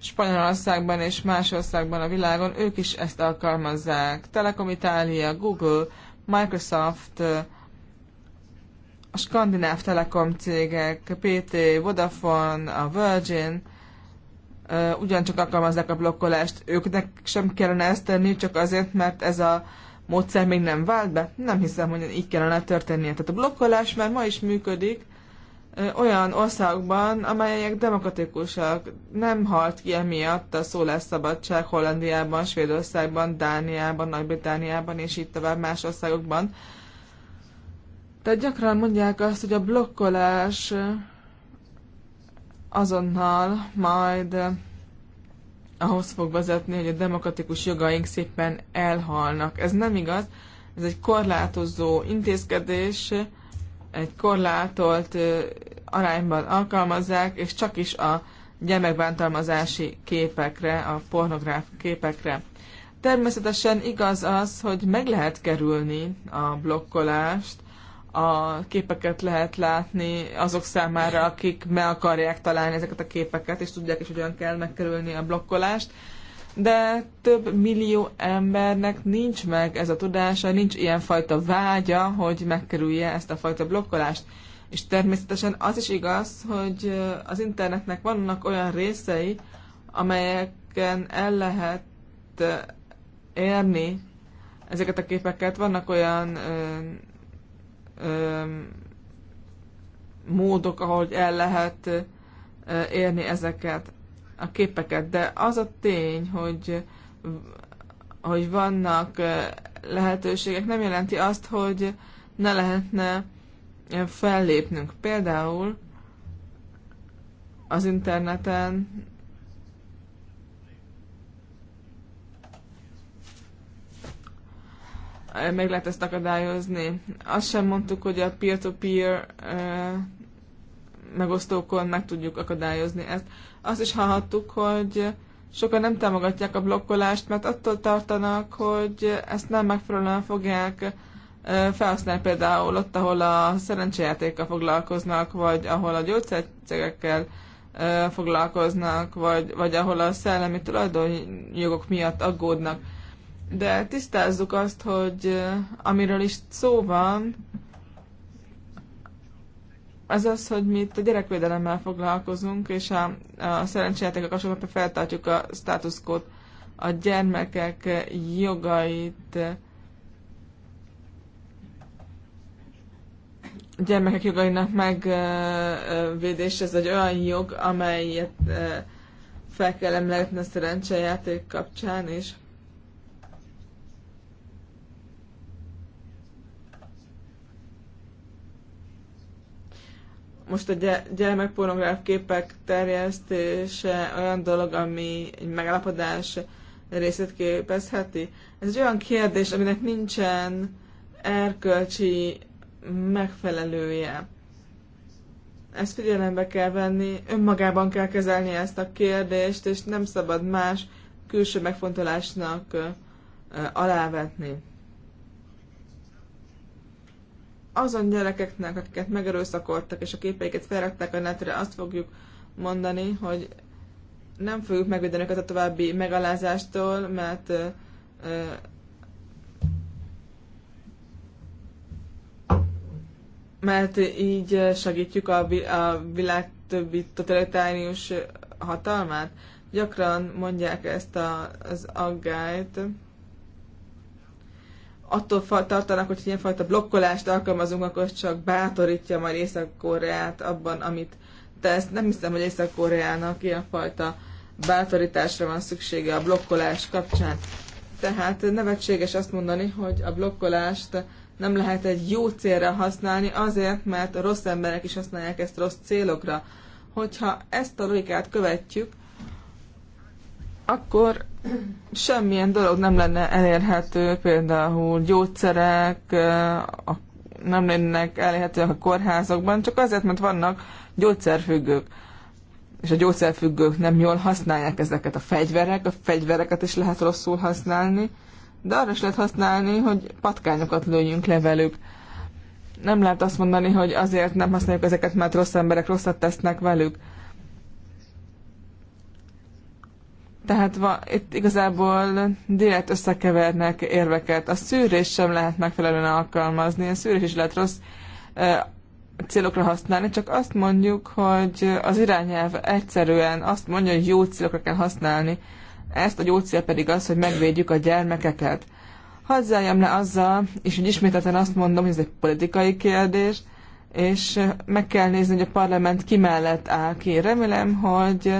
S2: Spanyolországban és más országban a világon, ők is ezt alkalmazzák. Telekom Italia, Google, Microsoft, a skandináv telekom cégek, PT, Vodafone, a Virgin, ugyancsak alkalmazzák a blokkolást. Őknek sem kellene ezt tenni, csak azért, mert ez a módszer még nem vált be. Nem hiszem, hogy így kellene történnie. Tehát a blokkolás már ma is működik, olyan országban, amelyek demokratikusak. Nem halt ki emiatt a szólásszabadság Hollandiában, Svédországban, Dániában, Nagy-Britániában és így tovább más országokban. Tehát gyakran mondják azt, hogy a blokkolás azonnal majd ahhoz fog vezetni, hogy a demokratikus jogaink szépen elhalnak. Ez nem igaz, ez egy korlátozó intézkedés, egy korlátolt arányban alkalmazzák, és csak is a gyermekbántalmazási képekre, a pornográf képekre. Természetesen igaz az, hogy meg lehet kerülni a blokkolást, a képeket lehet látni azok számára, akik meg akarják találni ezeket a képeket, és tudják is, hogyan kell megkerülni a blokkolást de több millió embernek nincs meg ez a tudása, nincs ilyen fajta vágya, hogy megkerülje ezt a fajta blokkolást. És természetesen az is igaz, hogy az internetnek vannak olyan részei, amelyeken el lehet érni ezeket a képeket. Vannak olyan ö, ö, módok, ahogy el lehet érni ezeket a képeket, de az a tény, hogy, hogy vannak lehetőségek, nem jelenti azt, hogy ne lehetne fellépnünk. Például az interneten meg lehet ezt akadályozni. Azt sem mondtuk, hogy a peer-to-peer -peer, megosztókon meg tudjuk akadályozni ezt. Azt is hallhattuk, hogy sokan nem támogatják a blokkolást, mert attól tartanak, hogy ezt nem megfelelően fogják felhasználni például ott, ahol a szerencsejátékkal foglalkoznak, vagy ahol a gyógyszercegekkel foglalkoznak, vagy, vagy ahol a szellemi tulajdonjogok miatt aggódnak. De tisztázzuk azt, hogy amiről is szó van, az az, hogy mi itt a gyerekvédelemmel foglalkozunk, és a, a szerencsejátékkal kapcsolatban feltartjuk a státuszkót, a gyermekek jogait, a gyermekek jogainak megvédés, ez egy olyan jog, amelyet eh, fel kell emlegetni a szerencsejáték kapcsán, és Most a gyermekpornográf képek terjesztése olyan dolog, ami egy megállapodás részét képezheti. Ez egy olyan kérdés, aminek nincsen erkölcsi megfelelője. Ezt figyelembe kell venni, önmagában kell kezelni ezt a kérdést, és nem szabad más külső megfontolásnak alávetni azon gyerekeknek, akiket megerőszakoltak, és a képeiket felrakták a netre, azt fogjuk mondani, hogy nem fogjuk megvédeni őket a további megalázástól, mert ö, ö, mert így segítjük a, a világ többi totalitárius hatalmát. Gyakran mondják ezt a, az aggályt, attól tartanak, hogy ilyenfajta blokkolást alkalmazunk, akkor csak bátorítja majd Észak-Koreát abban, amit ezt Nem hiszem, hogy Észak-Koreának ilyenfajta bátorításra van szüksége a blokkolás kapcsán. Tehát nevetséges azt mondani, hogy a blokkolást nem lehet egy jó célra használni, azért, mert a rossz emberek is használják ezt rossz célokra. Hogyha ezt a logikát követjük, akkor semmilyen dolog nem lenne elérhető, például gyógyszerek nem lennének elérhetőek a kórházakban, csak azért, mert vannak gyógyszerfüggők. És a gyógyszerfüggők nem jól használják ezeket a fegyverek, a fegyvereket is lehet rosszul használni, de arra is lehet használni, hogy patkányokat lőjünk le velük. Nem lehet azt mondani, hogy azért nem használjuk ezeket, mert rossz emberek rosszat tesznek velük Tehát va, itt igazából direkt összekevernek érveket. A szűrés sem lehet megfelelően alkalmazni, a szűrés is lehet rossz e, célokra használni, csak azt mondjuk, hogy az irányelv egyszerűen azt mondja, hogy jó célokra kell használni, ezt a jó cél pedig az, hogy megvédjük a gyermekeket. Hadd zárjam le azzal, és hogy ismételten azt mondom, hogy ez egy politikai kérdés, és meg kell nézni, hogy a parlament ki mellett áll ki. Remélem, hogy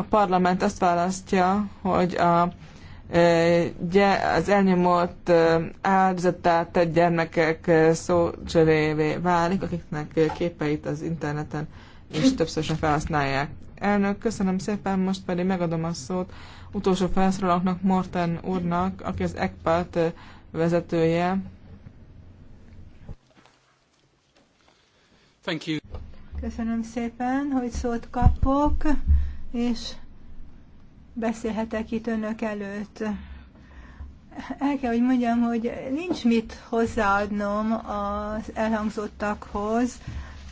S2: a parlament azt választja, hogy a, az elnyomott áldozatát egy gyermekek szócserévé válik, akiknek képeit az interneten is sem felhasználják. Elnök, köszönöm szépen, most pedig megadom a szót utolsó felszólalóknak Morten úrnak, aki az ECPAT vezetője. Thank you. Köszönöm szépen,
S1: hogy szót kapok és beszélhetek itt önök előtt. El kell, hogy mondjam, hogy nincs mit hozzáadnom az elhangzottakhoz.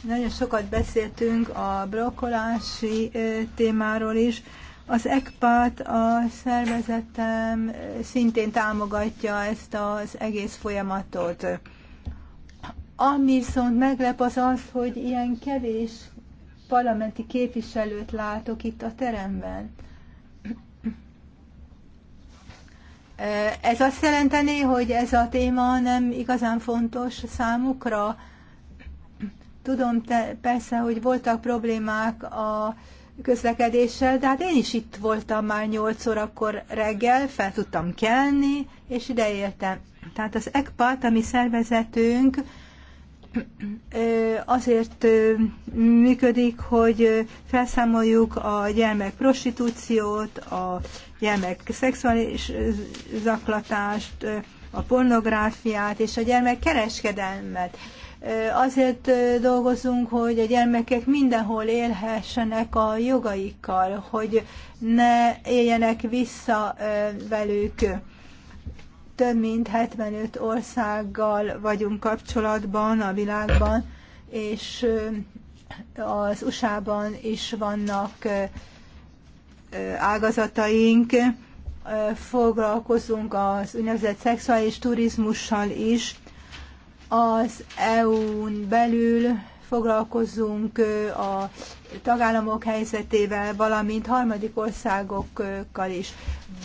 S1: Nagyon sokat beszéltünk a brokkolási témáról is. Az ECPAT, a szervezetem szintén támogatja ezt az egész folyamatot. Ami viszont meglep az az, hogy ilyen kevés parlamenti képviselőt látok itt a teremben. Ez azt jelenteni, hogy ez a téma nem igazán fontos számukra. Tudom te, persze, hogy voltak problémák a közlekedéssel, de hát én is itt voltam már 8 órakor reggel, fel tudtam kelni, és ide értem. Tehát az ECPAT, ami szervezetünk, azért működik, hogy felszámoljuk a gyermek prostitúciót, a gyermek szexuális zaklatást, a pornográfiát és a gyermek kereskedelmet. Azért dolgozunk, hogy a gyermekek mindenhol élhessenek a jogaikkal, hogy ne éljenek vissza velük több mint 75 országgal vagyunk kapcsolatban a világban, és az USA-ban is vannak ágazataink, foglalkozunk az úgynevezett szexuális turizmussal is. Az EU-n belül foglalkozunk a tagállamok helyzetével, valamint harmadik országokkal is.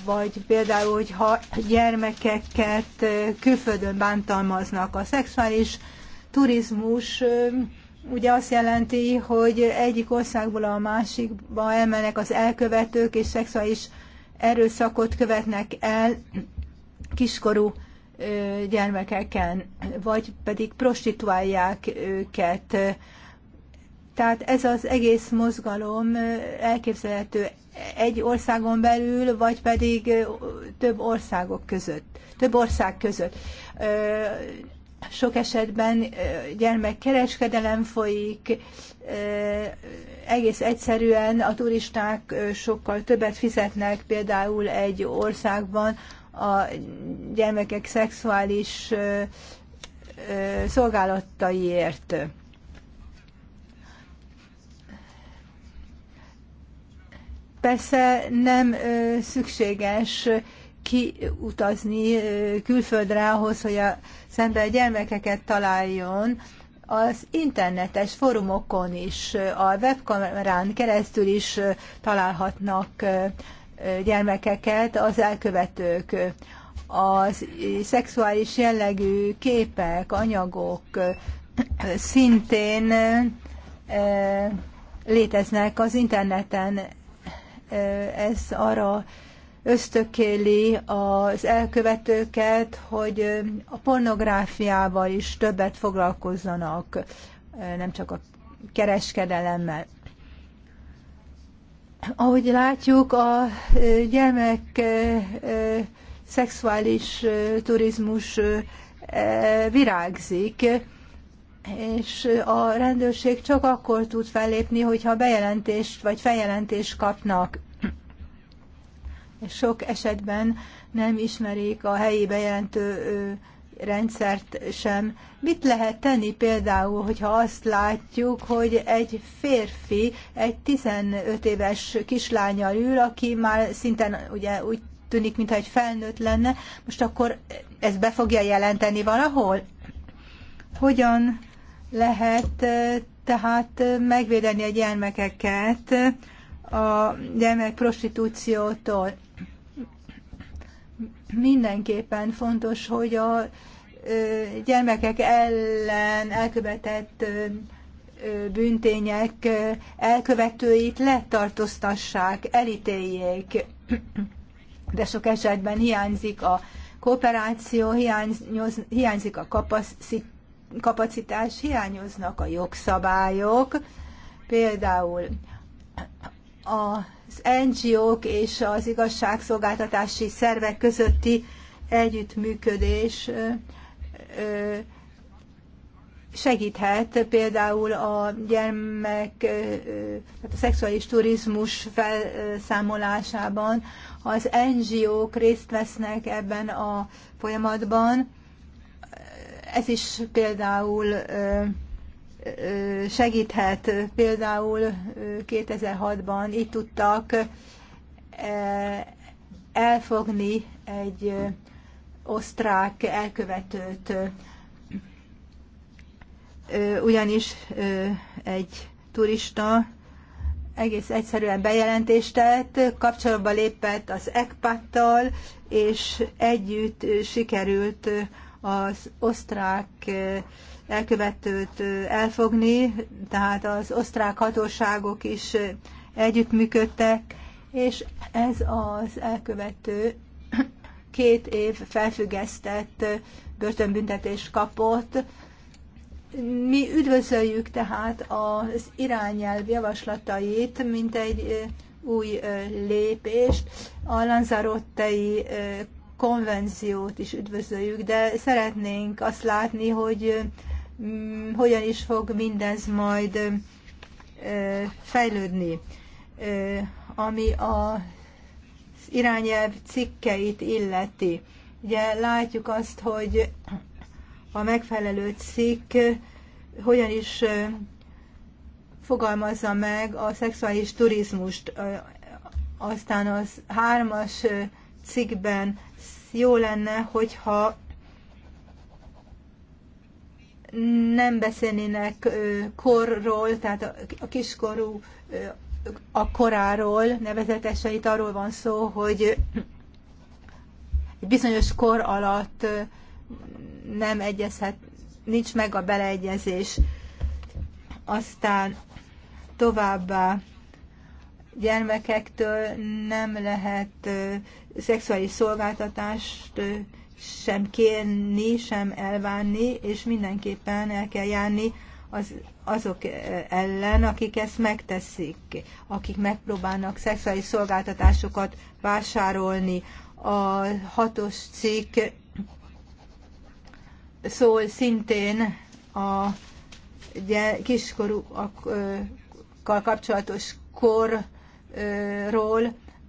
S1: Vagy például, hogyha gyermekeket külföldön bántalmaznak. A szexuális turizmus ugye azt jelenti, hogy egyik országból a másikba elmennek az elkövetők, és szexuális erőszakot követnek el kiskorú gyermekeken, vagy pedig prostituálják őket tehát ez az egész mozgalom elképzelhető egy országon belül, vagy pedig több országok között, több ország között. Sok esetben gyermekkereskedelem folyik, egész egyszerűen a turisták sokkal többet fizetnek például egy országban a gyermekek szexuális szolgálataiért. Persze nem szükséges kiutazni külföldre ahhoz, hogy a szemben gyermekeket találjon, az internetes fórumokon is, a webkamerán keresztül is találhatnak gyermekeket az elkövetők. Az szexuális jellegű képek, anyagok szintén léteznek az interneten ez arra ösztökéli az elkövetőket, hogy a pornográfiával is többet foglalkozzanak, nem csak a kereskedelemmel. Ahogy látjuk, a gyermek szexuális turizmus virágzik, és a rendőrség csak akkor tud fellépni, hogyha bejelentést vagy feljelentést kapnak. Sok esetben nem ismerik a helyi bejelentő rendszert sem. Mit lehet tenni például, hogyha azt látjuk, hogy egy férfi egy 15 éves kislányal ül, aki már szinten ugye úgy tűnik, mintha egy felnőtt lenne, most akkor ez be fogja jelenteni valahol? Hogyan lehet tehát megvédeni a gyermekeket a gyermek prostitúciótól. Mindenképpen fontos, hogy a gyermekek ellen elkövetett büntények elkövetőit letartóztassák, elítéljék. De sok esetben hiányzik a kooperáció, hiányzik a kapacitás, kapacitás, hiányoznak a jogszabályok, például az NGO-k és az igazságszolgáltatási szervek közötti együttműködés segíthet például a gyermek, tehát a szexuális turizmus felszámolásában, ha az NGO-k részt vesznek ebben a folyamatban, ez is például segíthet. Például 2006-ban itt tudtak elfogni egy osztrák elkövetőt, ugyanis egy turista egész egyszerűen bejelentést tett, kapcsolatba lépett az ECPAT-tal, és együtt sikerült az osztrák eh, elkövetőt eh, elfogni, tehát az osztrák hatóságok is eh, együttműködtek, és ez az elkövető két év felfüggesztett börtönbüntetést kapott. Mi üdvözöljük tehát az irányelv javaslatait, mint egy új lépést. A Lanzarottei konvenciót is üdvözöljük, de szeretnénk azt látni, hogy mm, hogyan is fog mindez majd fejlődni, ami a irányelv cikkeit illeti. Ugye látjuk azt, hogy a megfelelő cikk hogyan is fogalmazza meg a szexuális turizmust. Aztán az hármas cikkben jó lenne, hogyha nem beszélnének korról, tehát a kiskorú a koráról, nevezetesen arról van szó, hogy egy bizonyos kor alatt nem egyezhet, nincs meg a beleegyezés. Aztán továbbá gyermekektől nem lehet szexuális szolgáltatást sem kérni, sem elvánni, és mindenképpen el kell járni az, azok ellen, akik ezt megteszik, akik megpróbálnak szexuális szolgáltatásokat vásárolni. A hatos cikk szól szintén a kiskorúakkal kapcsolatos korról,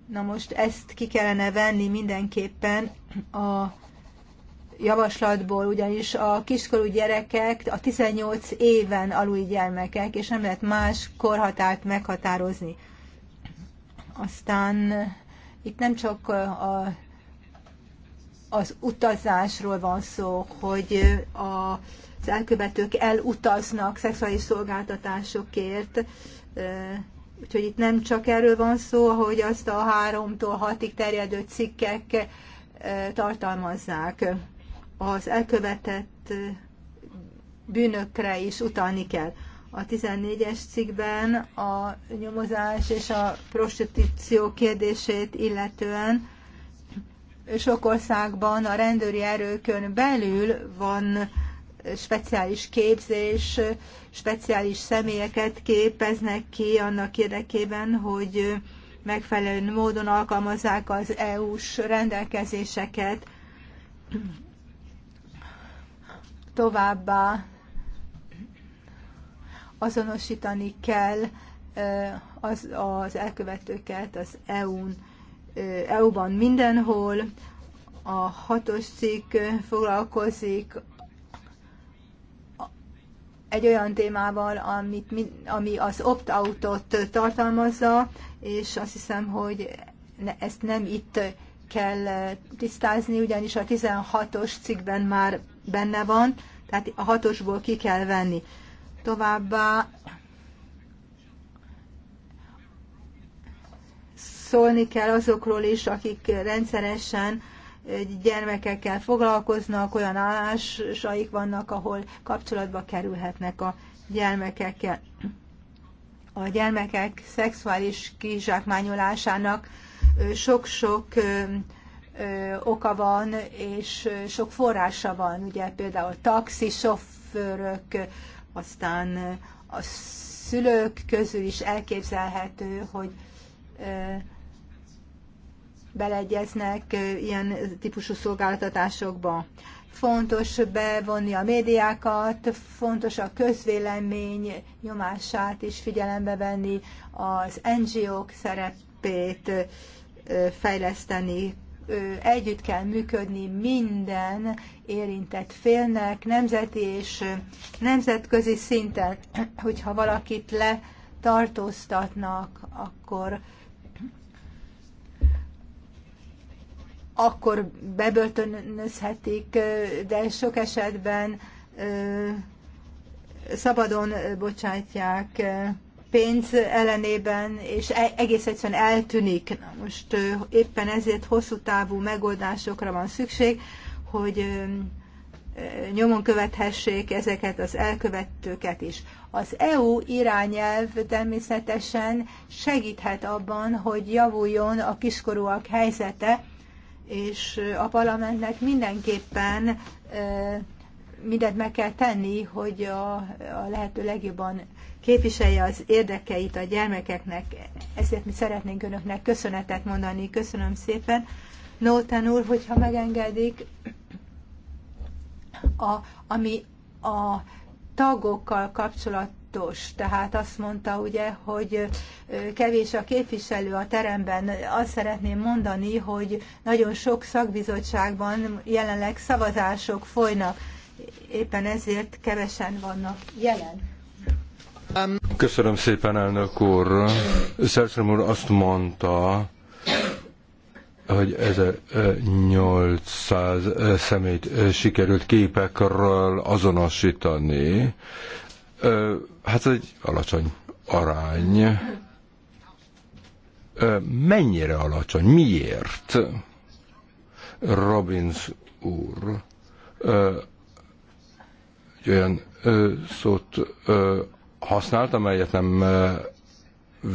S1: Na most ezt ki kellene venni mindenképpen a javaslatból, ugyanis a kiskorú gyerekek a 18 éven aluli gyermekek, és nem lehet más korhatárt meghatározni. Aztán eh, itt nem csak eh, a, az utazásról van szó, hogy a, eh, az elkövetők elutaznak szexuális szolgáltatásokért, Úgyhogy itt nem csak erről van szó, hogy azt a háromtól hatig terjedő cikkek eh, tartalmazzák. Az elkövetett eh, bűnökre is utalni kell. A 14-es cikkben a nyomozás és a prostitúció kérdését illetően sok országban a rendőri erőkön belül van speciális képzés, speciális személyeket képeznek ki annak érdekében, hogy megfelelő módon alkalmazzák az EU-s rendelkezéseket. Továbbá azonosítani kell az, az elkövetőket az EU-n, EU-ban mindenhol. A hatos cikk foglalkozik egy olyan témával, amit, ami az opt-outot tartalmazza, és azt hiszem, hogy ezt nem itt kell tisztázni, ugyanis a 16-os cikkben már benne van, tehát a hatosból ki kell venni. Továbbá szólni kell azokról is, akik rendszeresen gyermekekkel foglalkoznak, olyan állásaik vannak, ahol kapcsolatba kerülhetnek a gyermekekkel. A gyermekek szexuális kizsákmányolásának sok-sok oka van, és sok forrása van, ugye például taxisofőrök, aztán a szülők közül is elképzelhető, hogy beleegyeznek ilyen típusú szolgáltatásokba. Fontos bevonni a médiákat, fontos a közvélemény nyomását is figyelembe venni, az NGO-k szerepét fejleszteni, együtt kell működni minden érintett félnek, nemzeti és nemzetközi szinten, hogyha valakit letartóztatnak, akkor akkor bebörtönözhetik, de sok esetben szabadon bocsátják pénz ellenében, és e-, egész egyszerűen eltűnik. Na most éppen ezért hosszú távú megoldásokra van szükség, hogy nyomon követhessék ezeket az elkövetőket is. Az EU irányelv természetesen segíthet abban, hogy javuljon a kiskorúak helyzete, és a parlamentnek mindenképpen mindent meg kell tenni, hogy a, a lehető legjobban képviselje az érdekeit a gyermekeknek. Ezért mi szeretnénk önöknek köszönetet mondani. Köszönöm szépen. Nóten úr, hogyha megengedik, a, ami a tagokkal kapcsolat pontos. Tehát azt mondta ugye, hogy kevés a képviselő a teremben. Azt szeretném mondani, hogy nagyon sok szakbizottságban jelenleg szavazások folynak. Éppen ezért kevesen vannak jelen.
S3: Köszönöm szépen, elnök úr. Szerszem úr azt mondta, hogy 1800 szemét sikerült képekről azonosítani, hát egy alacsony arány. Mennyire alacsony? Miért? Robbins úr egy olyan szót használt, amelyet nem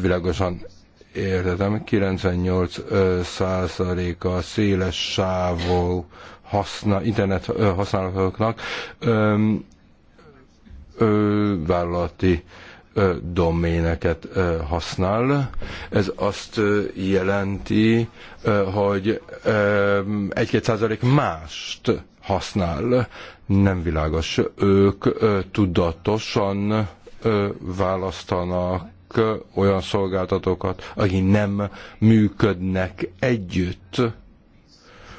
S3: világosan értetem. 98 százaléka széles sávú haszna, internet használatoknak ö, vállalati ö, doméneket ö, használ. Ez azt ö, jelenti, ö, hogy egy-két százalék mást használ. Nem világos. Ők ö, tudatosan ö, választanak olyan szolgáltatókat, akik nem működnek együtt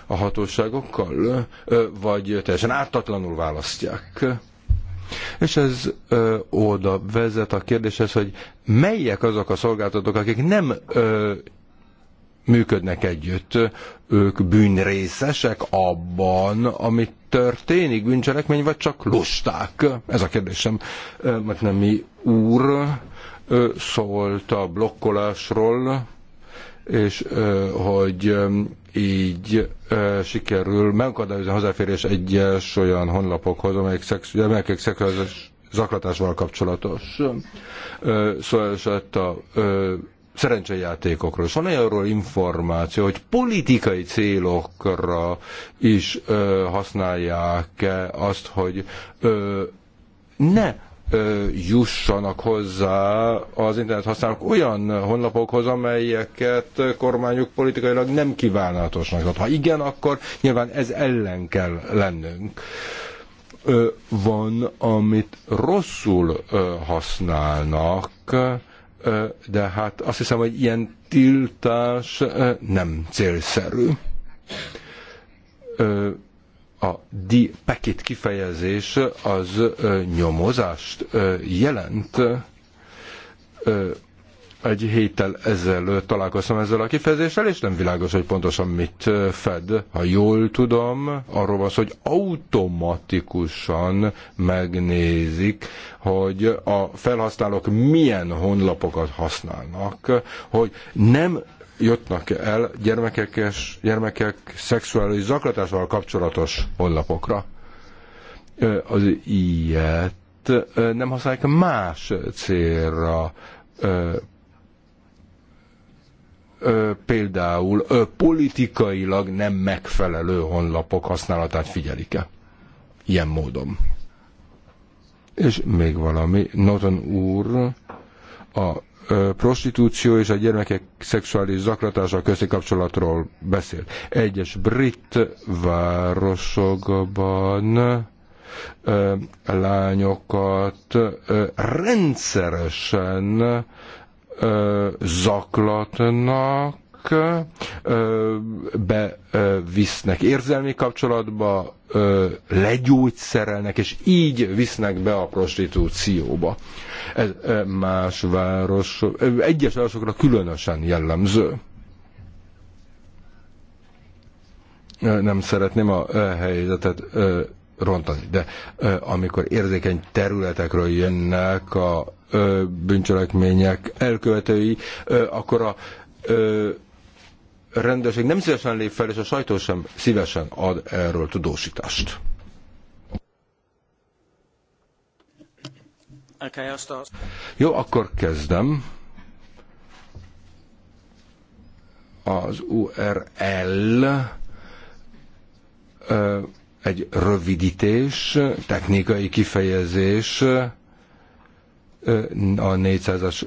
S3: a hatóságokkal, vagy teljesen ártatlanul választják. És ez ö, oda vezet a kérdéshez, hogy melyek azok a szolgáltatók, akik nem ö, működnek együtt, ők bűnrészesek abban, amit történik, bűncselekmény, vagy csak lusták? Ez a kérdésem. Mert nem mi úr szólt a blokkolásról, és hogy így e, sikerül megakadályozni a hozzáférés egyes olyan honlapokhoz, amelyek, szexuális szexu- zaklatásval kapcsolatos. E, szóval esett a e, szerencsejátékokról. És van arról információ, hogy politikai célokra is e, használják -e azt, hogy e, ne jussanak hozzá az internet használók olyan honlapokhoz, amelyeket kormányuk politikailag nem kívánatosnak ad. Ha igen, akkor nyilván ez ellen kell lennünk. Van, amit rosszul használnak, de hát azt hiszem, hogy ilyen tiltás nem célszerű a di packet kifejezés az nyomozást jelent. Egy héttel ezelőtt találkoztam ezzel a kifejezéssel, és nem világos, hogy pontosan mit fed. Ha jól tudom, arról van hogy automatikusan megnézik, hogy a felhasználók milyen honlapokat használnak, hogy nem jutnak el gyermekekes, gyermekek szexuális zaklatással kapcsolatos honlapokra. Az ilyet nem használják más célra, például politikailag nem megfelelő honlapok használatát figyelik-e ilyen módon. És még valami, Norton úr a prostitúció és a gyermekek szexuális zaklatása közti kapcsolatról beszél. Egyes brit városokban lányokat rendszeresen zaklatnak, bevisznek érzelmi kapcsolatba, legyógyszerelnek, és így visznek be a prostitúcióba. Ez más város, egyes városokra különösen jellemző. Nem szeretném a helyzetet rontani, de amikor érzékeny területekről jönnek a bűncselekmények elkövetői, akkor a rendőrség nem szívesen lép fel, és a sajtó sem szívesen ad erről tudósítást. Jó, akkor kezdem. Az URL egy rövidítés, technikai kifejezés, a 400-as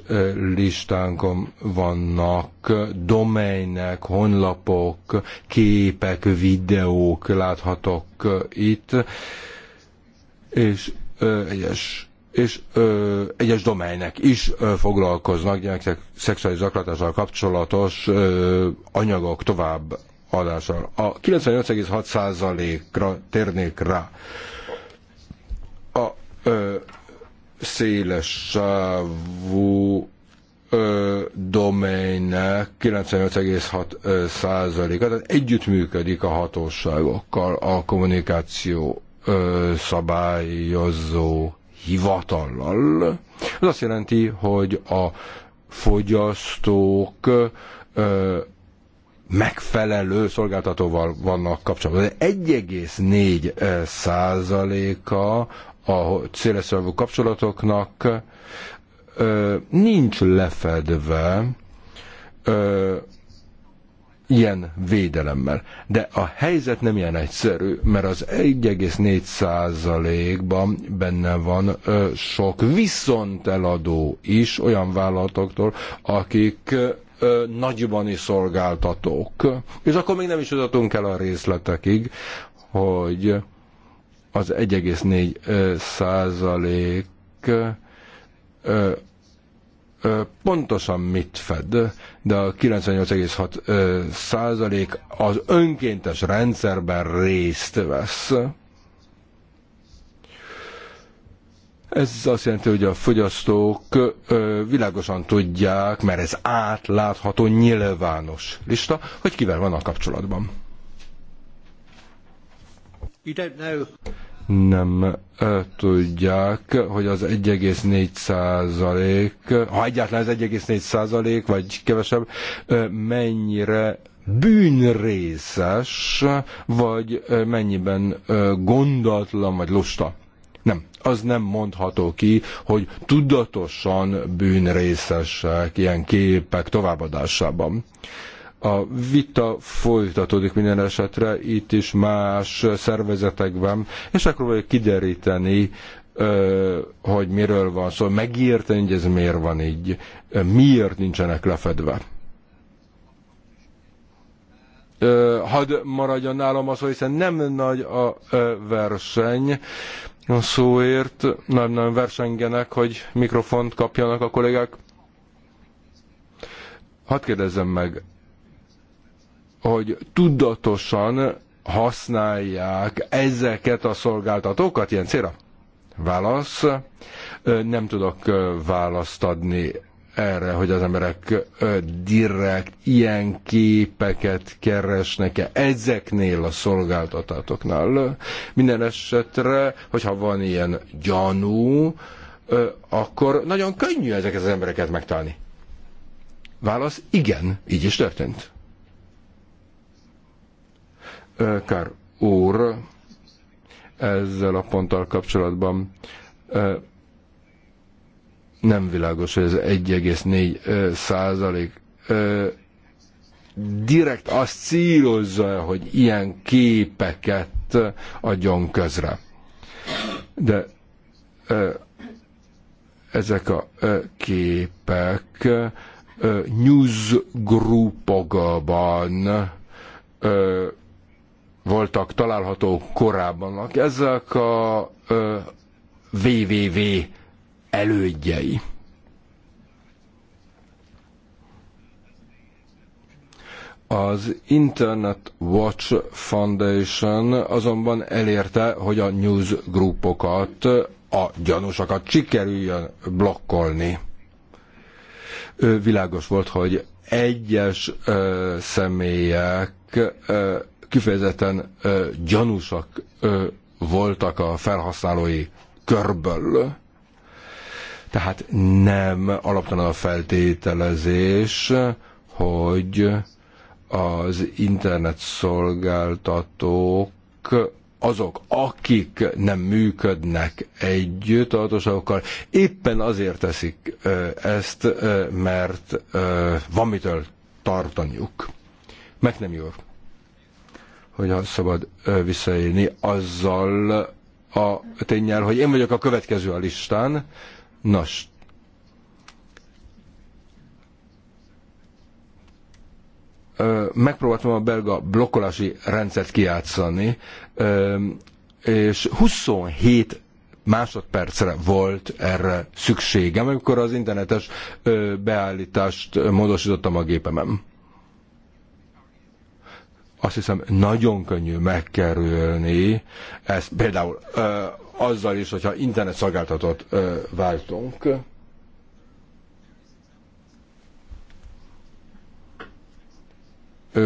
S3: listánkon vannak domainek, honlapok, képek, videók láthatok itt, és egyes és ö, egyes domainek is ö, foglalkoznak gyerek szexuális zaklatással kapcsolatos ö, anyagok tovább adással. A 98,6%-ra térnék rá. A ö, széles sávú domainnek 95,6 százaléka, tehát együttműködik a hatóságokkal a kommunikáció ö, szabályozó hivatallal. Ez azt jelenti, hogy a fogyasztók ö, megfelelő szolgáltatóval vannak kapcsolatban. 1,4 százaléka a széleszalvú kapcsolatoknak nincs lefedve ilyen védelemmel. De a helyzet nem ilyen egyszerű, mert az 1,4%-ban benne van ö, sok viszont eladó is olyan vállalatoktól, akik ö, nagyban is szolgáltatók. És akkor még nem is jutottunk el a részletekig, hogy az 1,4 százalék pontosan mit fed, de a 98,6 százalék az önkéntes rendszerben részt vesz. Ez azt jelenti, hogy a fogyasztók világosan tudják, mert ez átlátható, nyilvános lista, hogy kivel van a kapcsolatban. Nem tudják, hogy az 1,4 százalék, ha egyáltalán az 1,4 százalék, vagy kevesebb, mennyire bűnrészes, vagy mennyiben gondatlan, vagy lusta. Nem, az nem mondható ki, hogy tudatosan bűnrészesek ilyen képek továbbadásában. A vita folytatódik minden esetre, itt is más szervezetekben, és akkor vagyok kideríteni, hogy miről van szó, szóval megérteni, hogy ez miért van így, miért nincsenek lefedve. Hadd maradjon nálam az, hiszen nem nagy a verseny, a szóért nem-nem versengenek, hogy mikrofont kapjanak a kollégák. Hadd kérdezzem meg, hogy tudatosan használják ezeket a szolgáltatókat ilyen célra? Válasz. Nem tudok választ adni erre, hogy az emberek direkt ilyen képeket keresnek-e ezeknél a szolgáltatóknál. Minden esetre, hogyha van ilyen gyanú, akkor nagyon könnyű ezeket az embereket megtalálni. Válasz, igen, így is történt. Kár úr ezzel a ponttal kapcsolatban nem világos, hogy ez 1,4 százalék direkt azt célozza, hogy ilyen képeket adjon közre. De ezek a képek newsgroupokban voltak találhatók korábban. Ezek a ö, WWW elődjei. Az Internet Watch Foundation azonban elérte, hogy a newsgroupokat, a gyanúsakat sikerüljön blokkolni. Ő világos volt, hogy egyes ö, személyek ö, kifejezetten gyanúsak voltak a felhasználói körből. Tehát nem alaptalan a feltételezés, hogy az internet szolgáltatók azok, akik nem működnek együtt a hatóságokkal, éppen azért teszik ezt, mert van mitől tartaniuk. Meg nem jó hogyan szabad visszaélni azzal a tényel, hogy én vagyok a következő a listán. Nos, megpróbáltam a belga blokkolási rendszert kiátszani, és 27 másodpercre volt erre szükségem, amikor az internetes beállítást módosítottam a gépemem. Azt hiszem, nagyon könnyű megkerülni ezt például ö, azzal is, hogyha internet szolgáltatót ö, váltunk.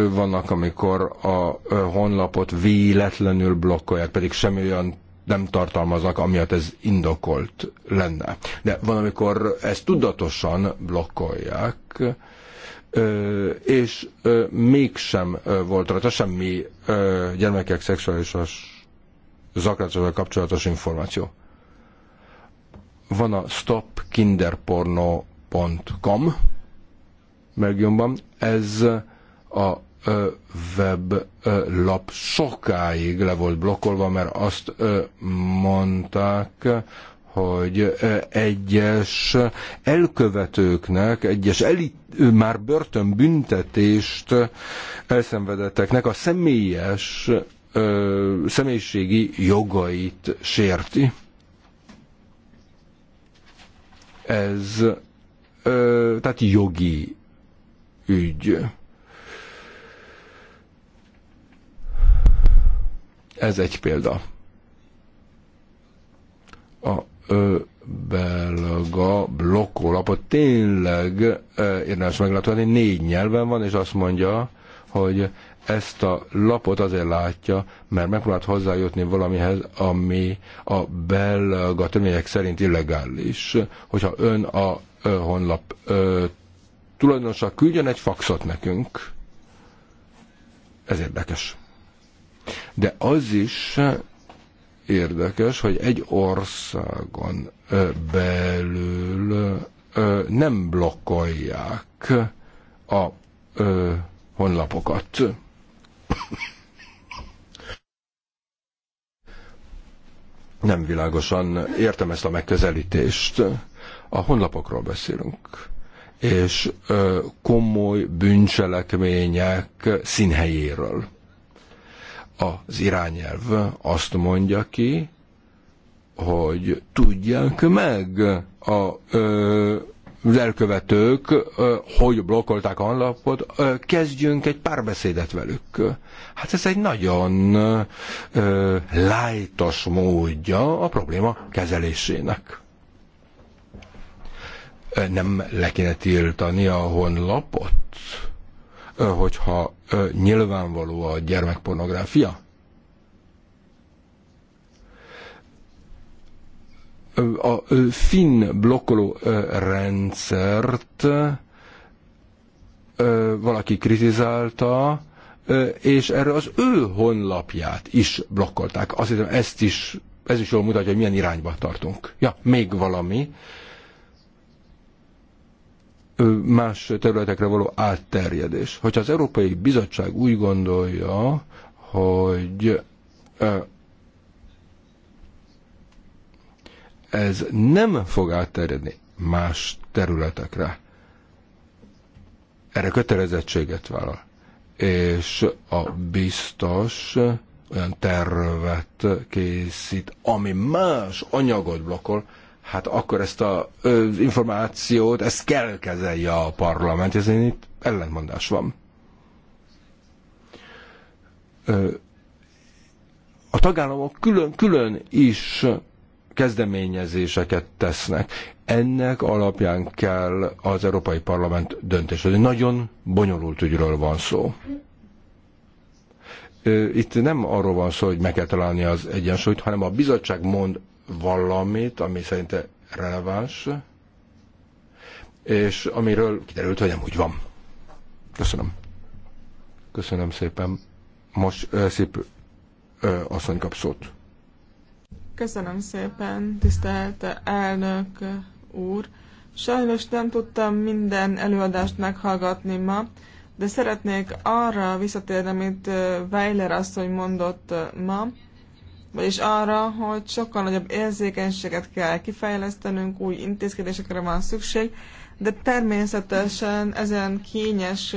S3: vannak, amikor a honlapot véletlenül blokkolják, pedig semmi olyan nem tartalmaznak, amiatt ez indokolt lenne. De van, amikor ezt tudatosan blokkolják, és mégsem volt rajta semmi gyermekek szexuális zaklatásával kapcsolatos információ. Van a stopkinderporno.com megjönben. Ez a lap sokáig le volt blokkolva, mert azt mondták, hogy egyes elkövetőknek, egyes elit, már börtönbüntetést elszenvedetteknek a személyes ö, személyiségi jogait sérti. Ez ö, tehát jogi ügy. Ez egy példa. A belga blokkolapot tényleg érdemes meglátogatni, négy nyelven van, és azt mondja, hogy ezt a lapot azért látja, mert megpróbált hozzájutni valamihez, ami a belga törvények szerint illegális. Hogyha ön a ö, honlap ö, tulajdonosa küldjön egy faxot nekünk, ez érdekes. De az is érdekes, hogy egy országon belül nem blokkolják a honlapokat. Nem világosan értem ezt a megközelítést. A honlapokról beszélünk és komoly bűncselekmények színhelyéről. Az irányelv azt mondja ki, hogy tudják meg a, ö, az elkövetők, ö, hogy blokkolták a honlapot, ö, kezdjünk egy párbeszédet velük. Hát ez egy nagyon ö, lájtos módja a probléma kezelésének. Nem le kéne tiltani a honlapot, hogyha nyilvánvaló a gyermekpornográfia? a finn blokkoló rendszert valaki kritizálta, és erre az ő honlapját is blokkolták. Azt hiszem, ezt is, ez is jól mutatja, hogy milyen irányba tartunk. Ja, még valami más területekre való átterjedés. Hogyha az Európai Bizottság úgy gondolja, hogy ez nem fog átterjedni más területekre, erre kötelezettséget vállal. És a biztos olyan tervet készít, ami más anyagot blokkol, hát akkor ezt az információt, ezt kell kezelje a parlament, ezért itt ellentmondás van. Ö, a tagállamok külön-külön is kezdeményezéseket tesznek. Ennek alapján kell az Európai Parlament döntés. Ez nagyon bonyolult ügyről van szó. Itt nem arról van szó, hogy meg kell találni az egyensúlyt, hanem a bizottság mond valamit, ami szerinte releváns, és amiről kiderült, hogy nem úgy van. Köszönöm. Köszönöm szépen. Most uh, szép uh, asszony kap szót.
S2: Köszönöm szépen, tisztelt elnök úr. Sajnos nem tudtam minden előadást meghallgatni ma, de szeretnék arra visszatérni, amit Weiler asszony mondott ma, vagyis arra, hogy sokkal nagyobb érzékenységet kell kifejlesztenünk, új intézkedésekre van szükség, de természetesen ezen kényes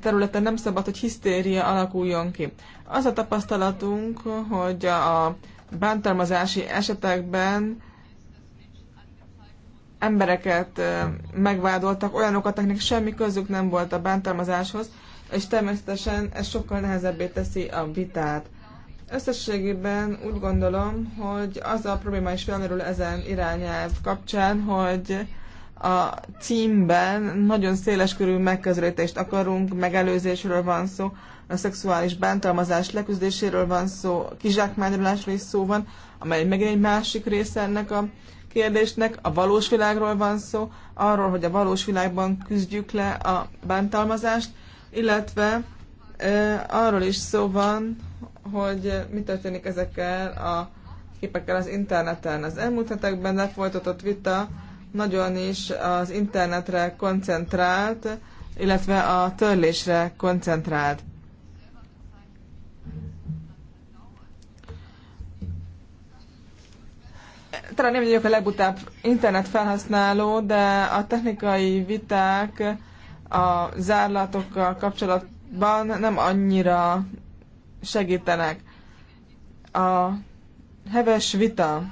S2: területen nem szabad, hogy hisztéria alakuljon ki. Az a tapasztalatunk, hogy a bántalmazási esetekben embereket megvádoltak, olyanokat, akiknek semmi közük nem volt a bántalmazáshoz, és természetesen ez sokkal nehezebbé teszi a vitát. Összességében úgy gondolom, hogy az a probléma is felmerül ezen irányelv kapcsán, hogy a címben nagyon széles körű megközelítést akarunk, megelőzésről van szó, a szexuális bántalmazás leküzdéséről van szó, kizsákmányolásról is szó van, amely megint egy másik része ennek a kérdésnek, a valós világról van szó, arról, hogy a valós világban küzdjük le a bántalmazást, illetve e, arról is szó van, hogy mi történik ezekkel a képekkel az interneten. Az elmúlt hetekben lefolytatott vita nagyon is az internetre koncentrált, illetve a törlésre koncentrált. Talán nem vagyok a legutább internet felhasználó, de a technikai viták a zárlatokkal kapcsolatban nem annyira segítenek. A heves vita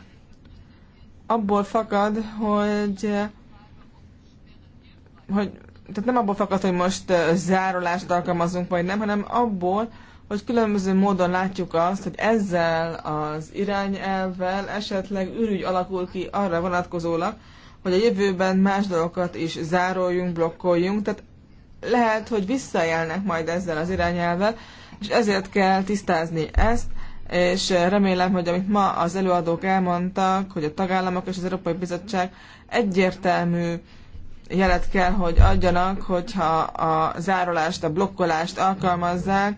S2: abból fakad, hogy, hogy tehát nem abból fakad, hogy most zárolást alkalmazunk, vagy nem, hanem abból, hogy különböző módon látjuk azt, hogy ezzel az irányelvvel esetleg ürügy alakul ki arra vonatkozólag, hogy a jövőben más dolgokat is zároljunk, blokkoljunk, tehát lehet, hogy visszajelnek majd ezzel az irányelvvel, és ezért kell tisztázni ezt, és remélem, hogy amit ma az előadók elmondtak, hogy a tagállamok és az Európai Bizottság egyértelmű jelet kell, hogy adjanak, hogyha a zárolást, a blokkolást alkalmazzák.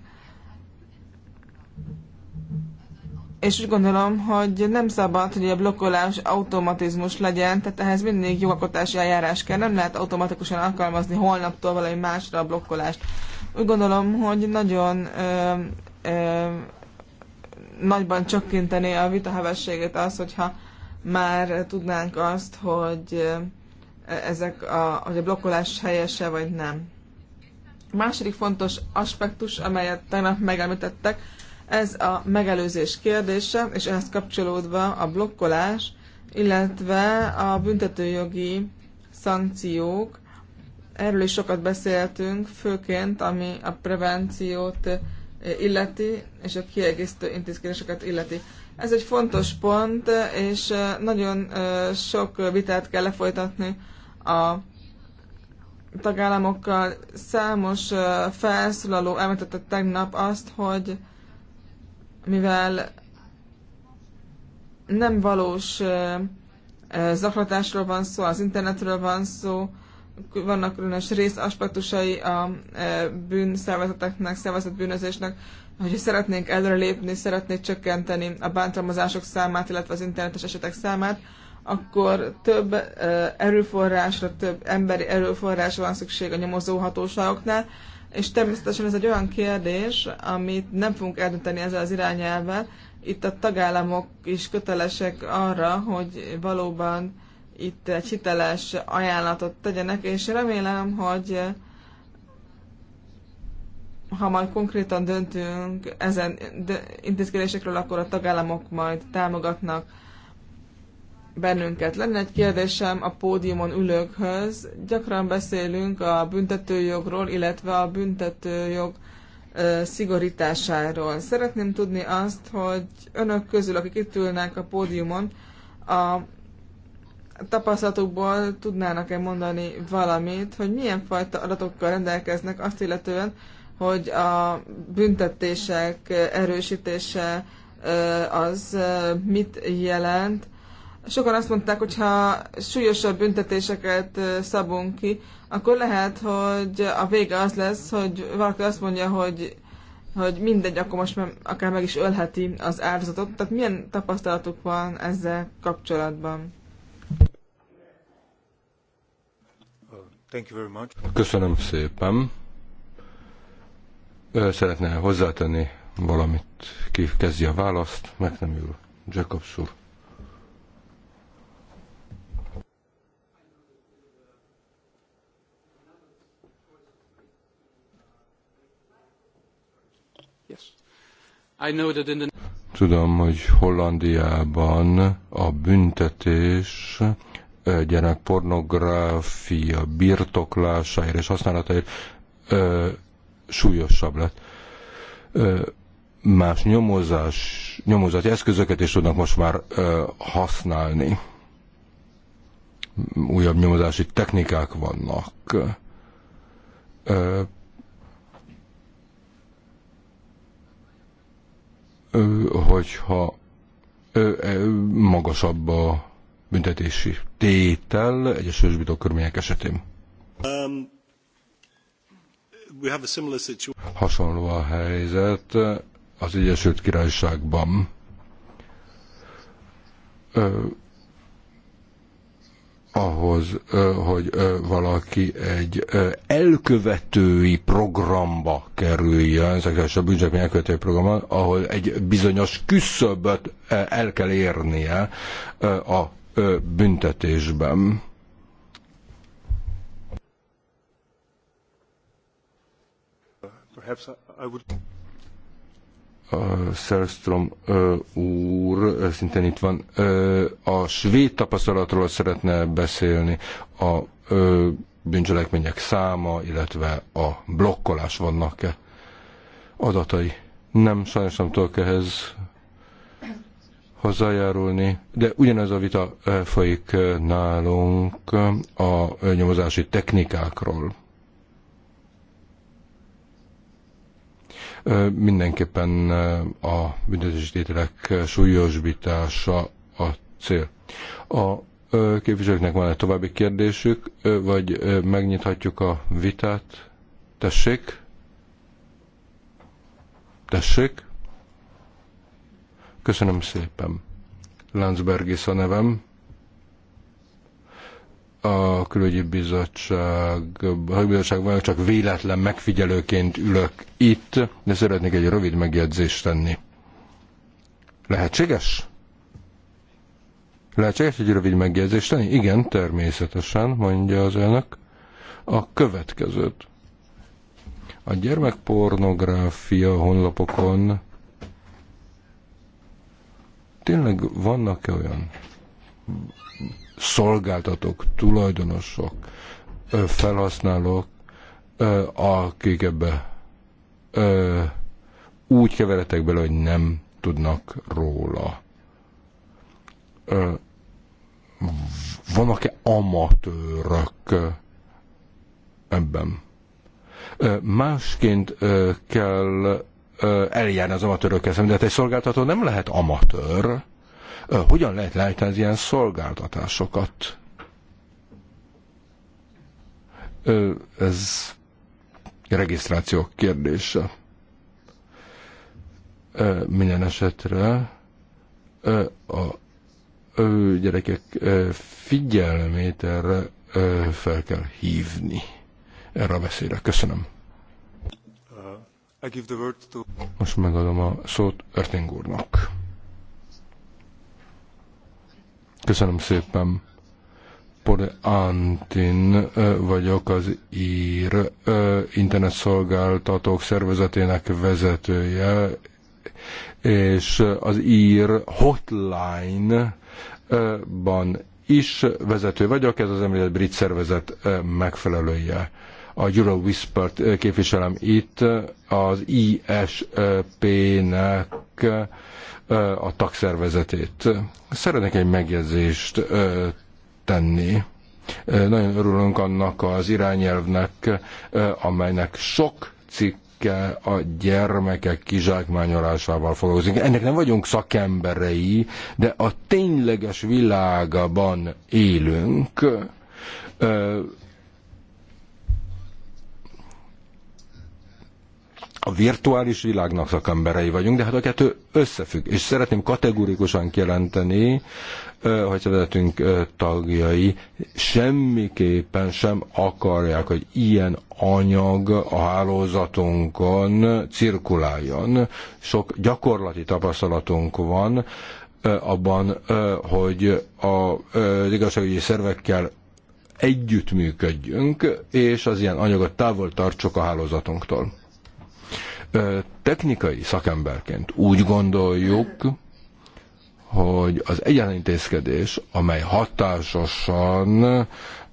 S2: És úgy gondolom, hogy nem szabad, hogy a blokkolás automatizmus legyen, tehát ehhez mindig jogalkotási eljárás kell, nem lehet automatikusan alkalmazni holnaptól valami másra a blokkolást. Úgy gondolom, hogy nagyon ö, ö, nagyban csökkenteni a vitahevességét az, hogyha már tudnánk azt, hogy ezek a, hogy a blokkolás helyese vagy nem. A második fontos aspektus, amelyet tegnap megemlítettek, ez a megelőzés kérdése, és ehhez kapcsolódva a blokkolás, illetve a büntetőjogi szankciók, Erről is sokat beszéltünk, főként ami a prevenciót eh, illeti, és a kiegészítő intézkedéseket illeti. Ez egy fontos pont, és eh, nagyon eh, sok vitát kell lefolytatni a tagállamokkal. Számos felszólaló elmentette tegnap azt, hogy mivel nem valós zaklatásról van szó, az internetről van szó, vannak különös részaspektusai a e, bűnszervezeteknek, szervezett bűnözésnek, hogyha szeretnénk előrelépni, szeretnék csökkenteni a bántalmazások számát, illetve az internetes esetek számát, akkor több e, erőforrásra, több emberi erőforrásra van szükség a nyomozó hatóságoknál, és természetesen ez egy olyan kérdés, amit nem fogunk eldönteni ezzel az irányelvel. Itt a tagállamok is kötelesek arra, hogy valóban itt egy hiteles ajánlatot tegyenek, és remélem, hogy eh, ha majd konkrétan döntünk ezen intézkedésekről, akkor a tagállamok majd támogatnak bennünket. Lenne egy kérdésem a pódiumon ülőkhöz. Gyakran beszélünk a büntetőjogról, illetve a büntetőjog eh, szigorításáról. Szeretném tudni azt, hogy önök közül, akik itt ülnek a pódiumon, a Tapasztalatokból tudnának-e mondani valamit, hogy milyen fajta adatokkal rendelkeznek azt illetően, hogy a büntetések erősítése az mit jelent. Sokan azt mondták, hogy ha súlyosabb büntetéseket szabunk ki, akkor lehet, hogy a vége az lesz, hogy valaki azt mondja, hogy hogy mindegy, akkor most már akár meg is ölheti az áldozatot. Tehát milyen tapasztalatuk van ezzel kapcsolatban?
S3: Köszönöm szépen. Ő szeretne hozzátenni valamit, ki kezdi a választ, meg nem ül. Jacobs úr. Tudom, hogy Hollandiában a büntetés gyermek pornográfia birtoklásáért és használatáért súlyosabb lett. Más nyomozás, nyomozati eszközöket is tudnak most már használni. Újabb nyomozási technikák vannak hogyha magasabb a büntetési tétel egyes ősbító körülmények esetén.
S2: Um, we have a similar situation.
S3: Hasonló a helyzet az Egyesült Királyságban. Ö, ahhoz, hogy valaki egy elkövetői programba kerüljön, szexuális a bűncselekmény elkövetői programba, ahol egy bizonyos küszöböt el kell érnie a büntetésben. Szerström úr, szintén itt van, a svéd tapasztalatról szeretne beszélni a bűncselekmények száma, illetve a blokkolás vannak-e adatai. Nem, sajnos nem tudok ehhez hozzájárulni, de ugyanez a vita eh, folyik eh, nálunk eh, a nyomozási technikákról. Mindenképpen a büntetésítételek súlyosbítása a cél. A képviselőknek van egy további kérdésük, vagy megnyithatjuk a vitát? Tessék? Tessék? Köszönöm szépen. Landsbergis a nevem. A külügyi bizottság, a bizottságban csak véletlen megfigyelőként ülök itt, de szeretnék egy rövid megjegyzést tenni. Lehetséges? Lehetséges egy rövid megjegyzést tenni? Igen, természetesen, mondja az elnök. A következőt. A gyermekpornográfia honlapokon tényleg vannak-e olyan szolgáltatók, tulajdonosok, felhasználók, akik ebbe úgy keveretek bele, hogy nem tudnak róla. Vannak-e amatőrök ebben? Másként kell eljárni az amatőrökkel szemben, de hát egy szolgáltató nem lehet amatőr. Hogyan lehet lejteni az ilyen szolgáltatásokat? Ez regisztráció kérdése. Minden esetre a gyerekek figyelmét erre fel kell hívni erre a beszélre. Köszönöm. Most megadom a szót Örting úrnak. Köszönöm szépen. Pore Antin vagyok, az ír internetszolgáltatók szervezetének vezetője, és az ír hotline-ban is vezető vagyok, ez az említett brit szervezet megfelelője a Euro Whispert képviselem itt, az ISP-nek a tagszervezetét. Szeretnék egy megjegyzést tenni. Nagyon örülünk annak az irányelvnek, amelynek sok cikk a gyermekek kizsákmányolásával foglalkozik. Ennek nem vagyunk szakemberei, de a tényleges világban élünk. a virtuális világnak szakemberei vagyunk, de hát a kettő összefügg. És szeretném kategórikusan kijelenteni, hogy vezetünk tagjai semmiképpen sem akarják, hogy ilyen anyag a hálózatunkon cirkuláljon. Sok gyakorlati tapasztalatunk van abban, hogy az igazságügyi szervekkel együttműködjünk, és az ilyen anyagot távol tartsuk a hálózatunktól Technikai szakemberként úgy gondoljuk, hogy az egyenintézkedés, amely hatásosan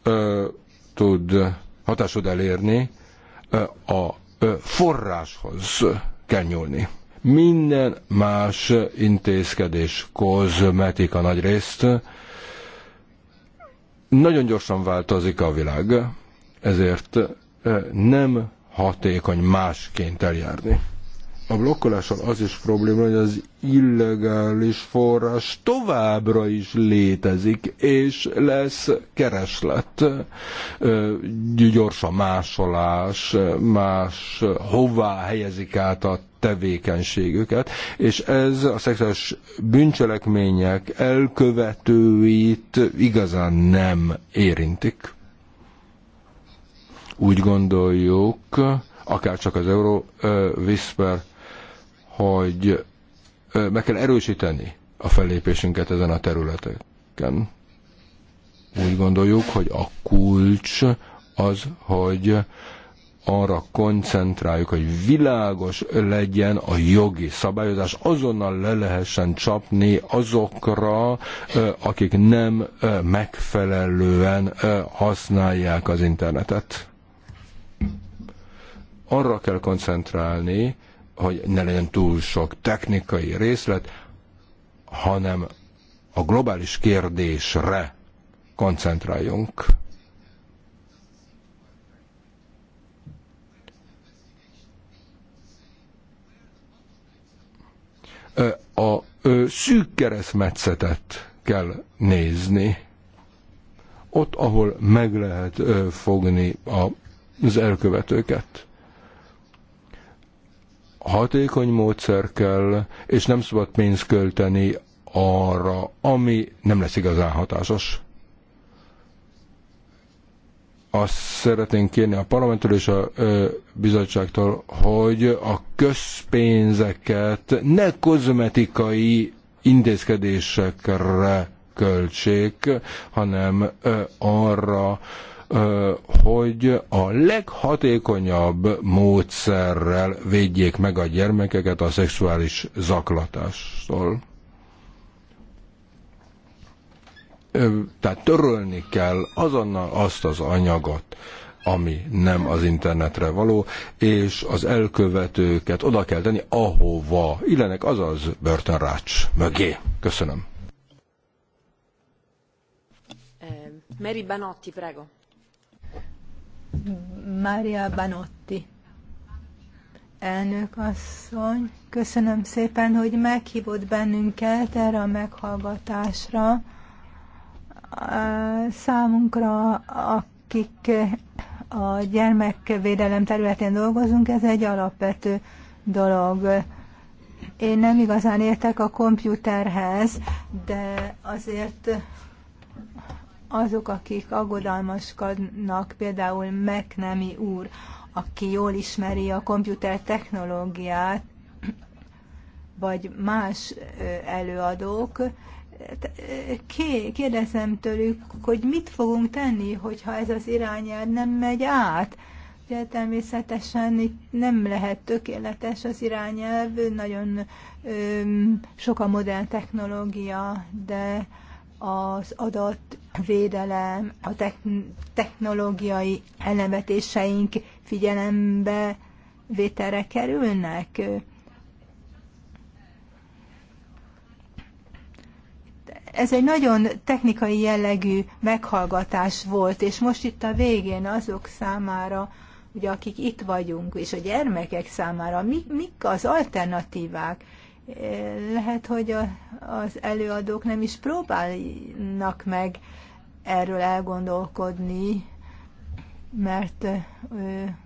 S3: ö, tud hatásod elérni, ö, a ö, forráshoz kell nyúlni. Minden más intézkedés, kozmetika nagy részt, nagyon gyorsan változik a világ, ezért nem hatékony másként eljárni. A blokkolással az is probléma, hogy az illegális forrás továbbra is létezik, és lesz kereslet, gyorsan másolás, más hová helyezik át a tevékenységüket, és ez a szexuális bűncselekmények elkövetőit igazán nem érintik. Úgy gondoljuk, akár csak az Euró Whisper, hogy meg kell erősíteni a fellépésünket ezen a területeken. Úgy gondoljuk, hogy a kulcs az, hogy arra koncentráljuk, hogy világos legyen a jogi szabályozás, azonnal le lehessen csapni azokra, akik nem megfelelően használják az internetet arra kell koncentrálni, hogy ne legyen túl sok technikai részlet, hanem a globális kérdésre koncentráljunk. A szűk keresztmetszetet kell nézni, ott, ahol meg lehet fogni az elkövetőket. Hatékony módszer kell, és nem szabad pénzt költeni arra, ami nem lesz igazán hatásos. Azt szeretnénk kérni a parlamenttől és a ö, bizottságtól, hogy a közpénzeket ne kozmetikai intézkedésekre költsék, hanem ö, arra, hogy a leghatékonyabb módszerrel védjék meg a gyermekeket a szexuális zaklatástól. Tehát törölni kell azonnal azt az anyagot, ami nem az internetre való, és az elkövetőket oda kell tenni, ahova illenek, azaz börtönrács mögé. Köszönöm.
S1: Mary Banotti, prego. Mária Banotti. Elnök asszony, köszönöm szépen, hogy meghívott bennünket erre a meghallgatásra. Számunkra, akik a gyermekvédelem területén dolgozunk, ez egy alapvető dolog. Én nem igazán értek a kompjúterhez, de azért azok, akik aggodalmaskodnak, például Meknemi úr, aki jól ismeri a komputer technológiát, vagy más előadók, kérdezem tőlük, hogy mit fogunk tenni, hogyha ez az irányelv nem megy át. Ugye természetesen itt nem lehet tökéletes az irányelv, nagyon öm, sok a modern technológia, de az adat védelem, a technológiai elemetéseink figyelembe vételre kerülnek. Ez egy nagyon technikai jellegű meghallgatás volt, és most itt a végén azok számára, ugye akik itt vagyunk, és a gyermekek számára, mi, mik az alternatívák? Lehet, hogy a, az előadók nem is próbálnak meg erről elgondolkodni, mert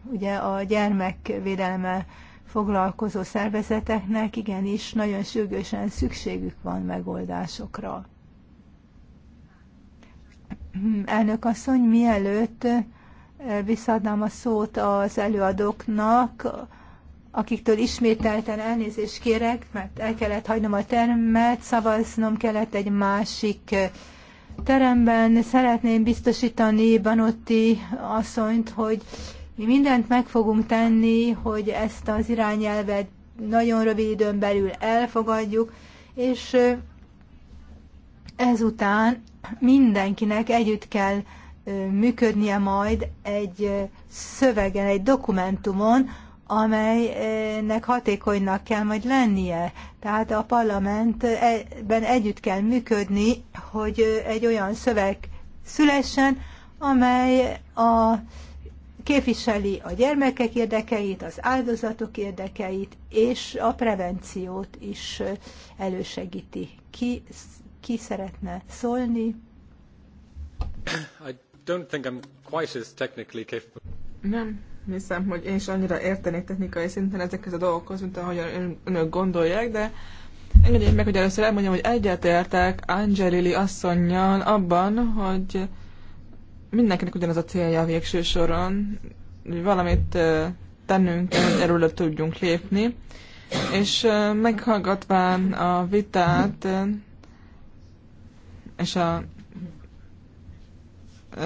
S1: ugye a gyermekvédelemmel foglalkozó szervezeteknek igenis nagyon sürgősen szükségük van megoldásokra. Elnök asszony, mielőtt visszaadnám a szót az előadóknak, akiktől ismételten elnézést kérek, mert el kellett hagynom a termet, szavaznom kellett egy másik teremben. Szeretném biztosítani Banotti asszonyt, hogy mi mindent meg fogunk tenni, hogy ezt az irányelvet nagyon rövid időn belül elfogadjuk, és ezután mindenkinek együtt kell működnie majd egy szövegen, egy dokumentumon, amelynek hatékonynak kell majd lennie. Tehát a parlamentben együtt kell működni, hogy egy olyan szöveg szülessen, amely a, képviseli a gyermekek érdekeit, az áldozatok érdekeit, és a prevenciót is elősegíti. Ki, ki szeretne szólni?
S3: I don't think I'm quite as technically capable.
S2: Nem hiszem, hogy én is annyira értenék technikai szinten ezekhez a dolgokhoz, mint ahogy önök gondolják, de engedjék meg, hogy először elmondjam, hogy egyetértek Angelili asszonyjal abban, hogy mindenkinek ugyanaz a célja a végső soron, hogy valamit tennünk kell, hogy erről tudjunk lépni. És meghallgatván a vitát és a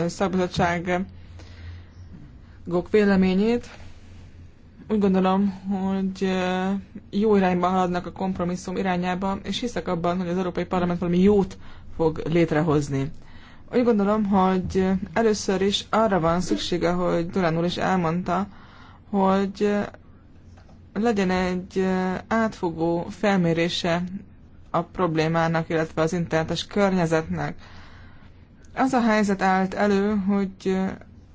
S2: szabadság. Gok véleményét. Úgy gondolom, hogy jó irányba haladnak a kompromisszum irányába, és hiszek abban, hogy az Európai Parlament valami jót fog létrehozni. Úgy gondolom, hogy először is arra van szüksége, hogy Durán úr is elmondta, hogy legyen egy átfogó felmérése a problémának, illetve az internetes környezetnek. Az a helyzet állt elő, hogy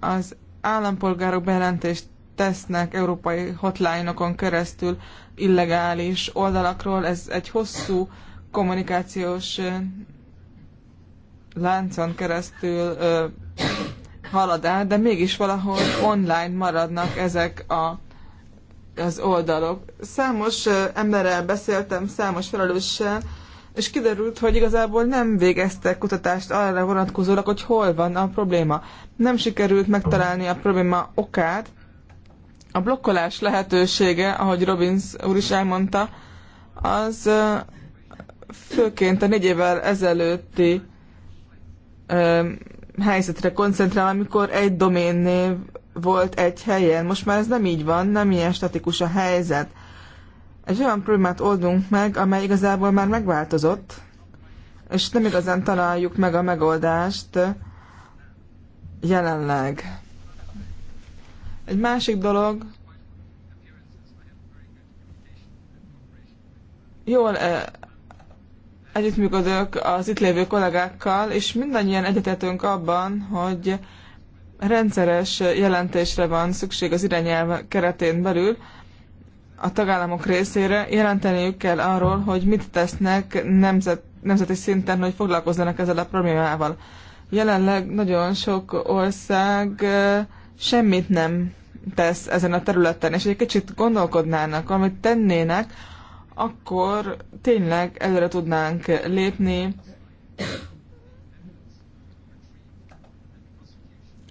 S2: az állampolgárok bejelentést tesznek európai hotline-okon keresztül illegális oldalakról, ez egy hosszú kommunikációs láncon keresztül ö, halad át, de mégis valahol online maradnak ezek a, az oldalok. Számos ö, emberrel beszéltem, számos felelőssel, és kiderült, hogy igazából nem végeztek kutatást arra vonatkozólag, hogy hol van a probléma. Nem sikerült megtalálni a probléma okát. A blokkolás lehetősége, ahogy Robbins úr is elmondta, az főként a négy évvel ezelőtti helyzetre koncentrál, amikor egy doménnév volt egy helyen. Most már ez nem így van, nem ilyen statikus a helyzet egy olyan problémát oldunk meg, amely igazából már megváltozott, és nem igazán találjuk meg a megoldást jelenleg. Egy másik dolog, jól eh, együttműködök az itt lévő kollégákkal, és mindannyian egyetetünk abban, hogy rendszeres jelentésre van szükség az irányelv keretén belül, a tagállamok részére jelenteniük kell arról, hogy mit tesznek nemzet, nemzeti szinten, hogy foglalkozzanak ezzel a problémával. Jelenleg nagyon sok ország semmit nem tesz ezen a területen, és egy kicsit gondolkodnának, amit tennének, akkor tényleg előre tudnánk lépni.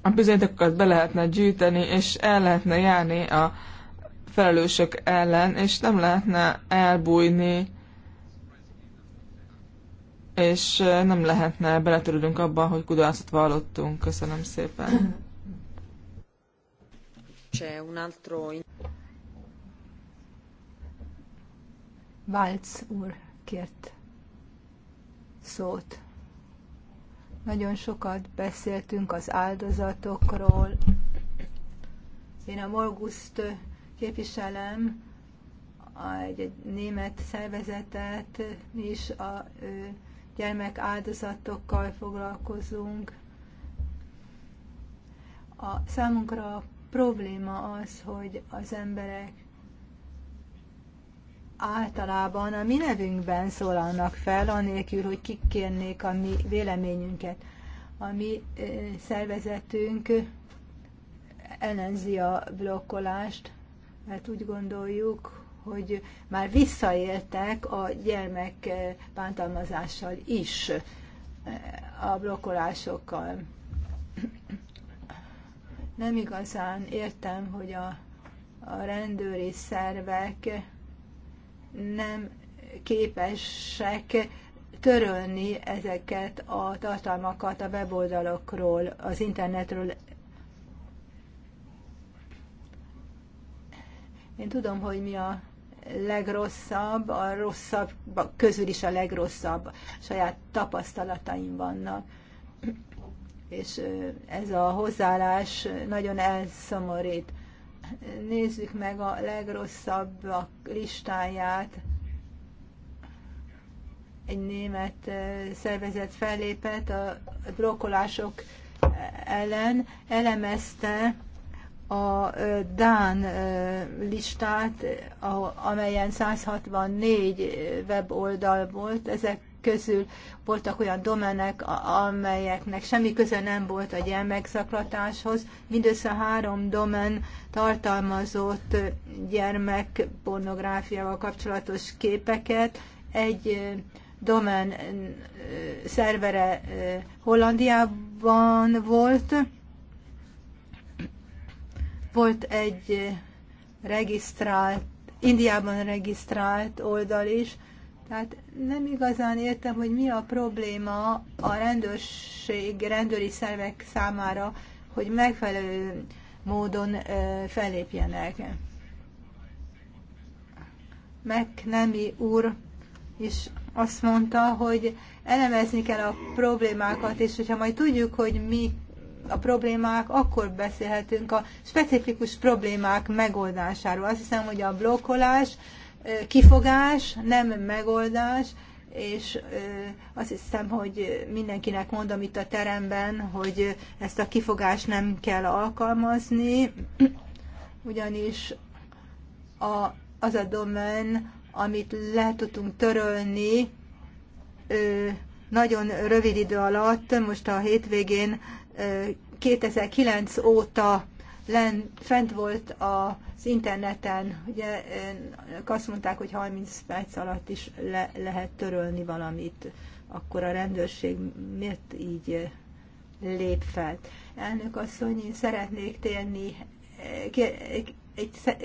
S2: A bizonyítékokat be lehetne gyűjteni, és el lehetne járni a felelősök ellen, és nem lehetne elbújni, és nem lehetne beletörülünk abban, hogy kudarcot vallottunk. Köszönöm szépen. C'è un altro...
S1: Válc úr kért szót. Nagyon sokat beszéltünk az áldozatokról. Én a Morguszt képviselem egy, egy német szervezetet, mi is a gyermek áldozatokkal foglalkozunk. A számunkra a probléma az, hogy az emberek általában a mi nevünkben szólalnak fel, anélkül, hogy kikérnék a mi véleményünket. A mi szervezetünk ellenzi a blokkolást, mert hát úgy gondoljuk, hogy már visszaéltek a gyermek eh, bántalmazással is, eh, a blokkolásokkal. Nem igazán értem, hogy a, a rendőri szervek nem képesek törölni ezeket a tartalmakat a weboldalokról, az internetről Én tudom, hogy mi a legrosszabb, a rosszabb közül is a legrosszabb a saját tapasztalataim vannak. És ez a hozzáállás nagyon elszomorít. Nézzük meg a legrosszabbak listáját. Egy német szervezet fellépett a blokkolások ellen, elemezte a Dán listát, amelyen 164 weboldal volt, ezek közül voltak olyan domenek, amelyeknek semmi köze nem volt a gyermekszaklatáshoz. Mindössze három domen tartalmazott gyermekpornográfiával kapcsolatos képeket. Egy domen szervere Hollandiában volt, volt egy eh, regisztrált, Indiában regisztrált oldal is, tehát nem igazán értem, hogy mi a probléma a rendőrség, rendőri szervek számára, hogy megfelelő módon eh, fellépjenek. McNemi úr is azt mondta, hogy elemezni kell a problémákat, és hogyha majd tudjuk, hogy mi a problémák, akkor beszélhetünk a specifikus problémák megoldásáról. Azt hiszem, hogy a blokkolás kifogás, nem megoldás, és azt hiszem, hogy mindenkinek mondom itt a teremben, hogy ezt a kifogást nem kell alkalmazni, ugyanis a, az a domen, amit le tudtunk törölni, nagyon rövid idő alatt, most a hétvégén 2009 óta len, fent volt az interneten, ugye azt mondták, hogy 30 perc alatt is le, lehet törölni valamit, akkor a rendőrség miért így lép fel? Elnök asszony, én szeretnék térni, egy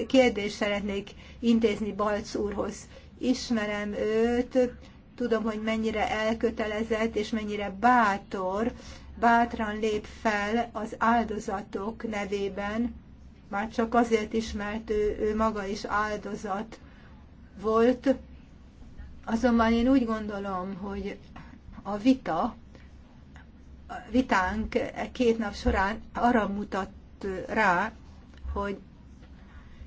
S1: kérdést szeretnék intézni Balc úrhoz. Ismerem őt, tudom, hogy mennyire elkötelezett és mennyire bátor, bátran lép fel az áldozatok nevében, már csak azért is, mert ő, ő maga is áldozat volt. Azonban én úgy gondolom, hogy a vita, a vitánk e két nap során arra mutat rá, hogy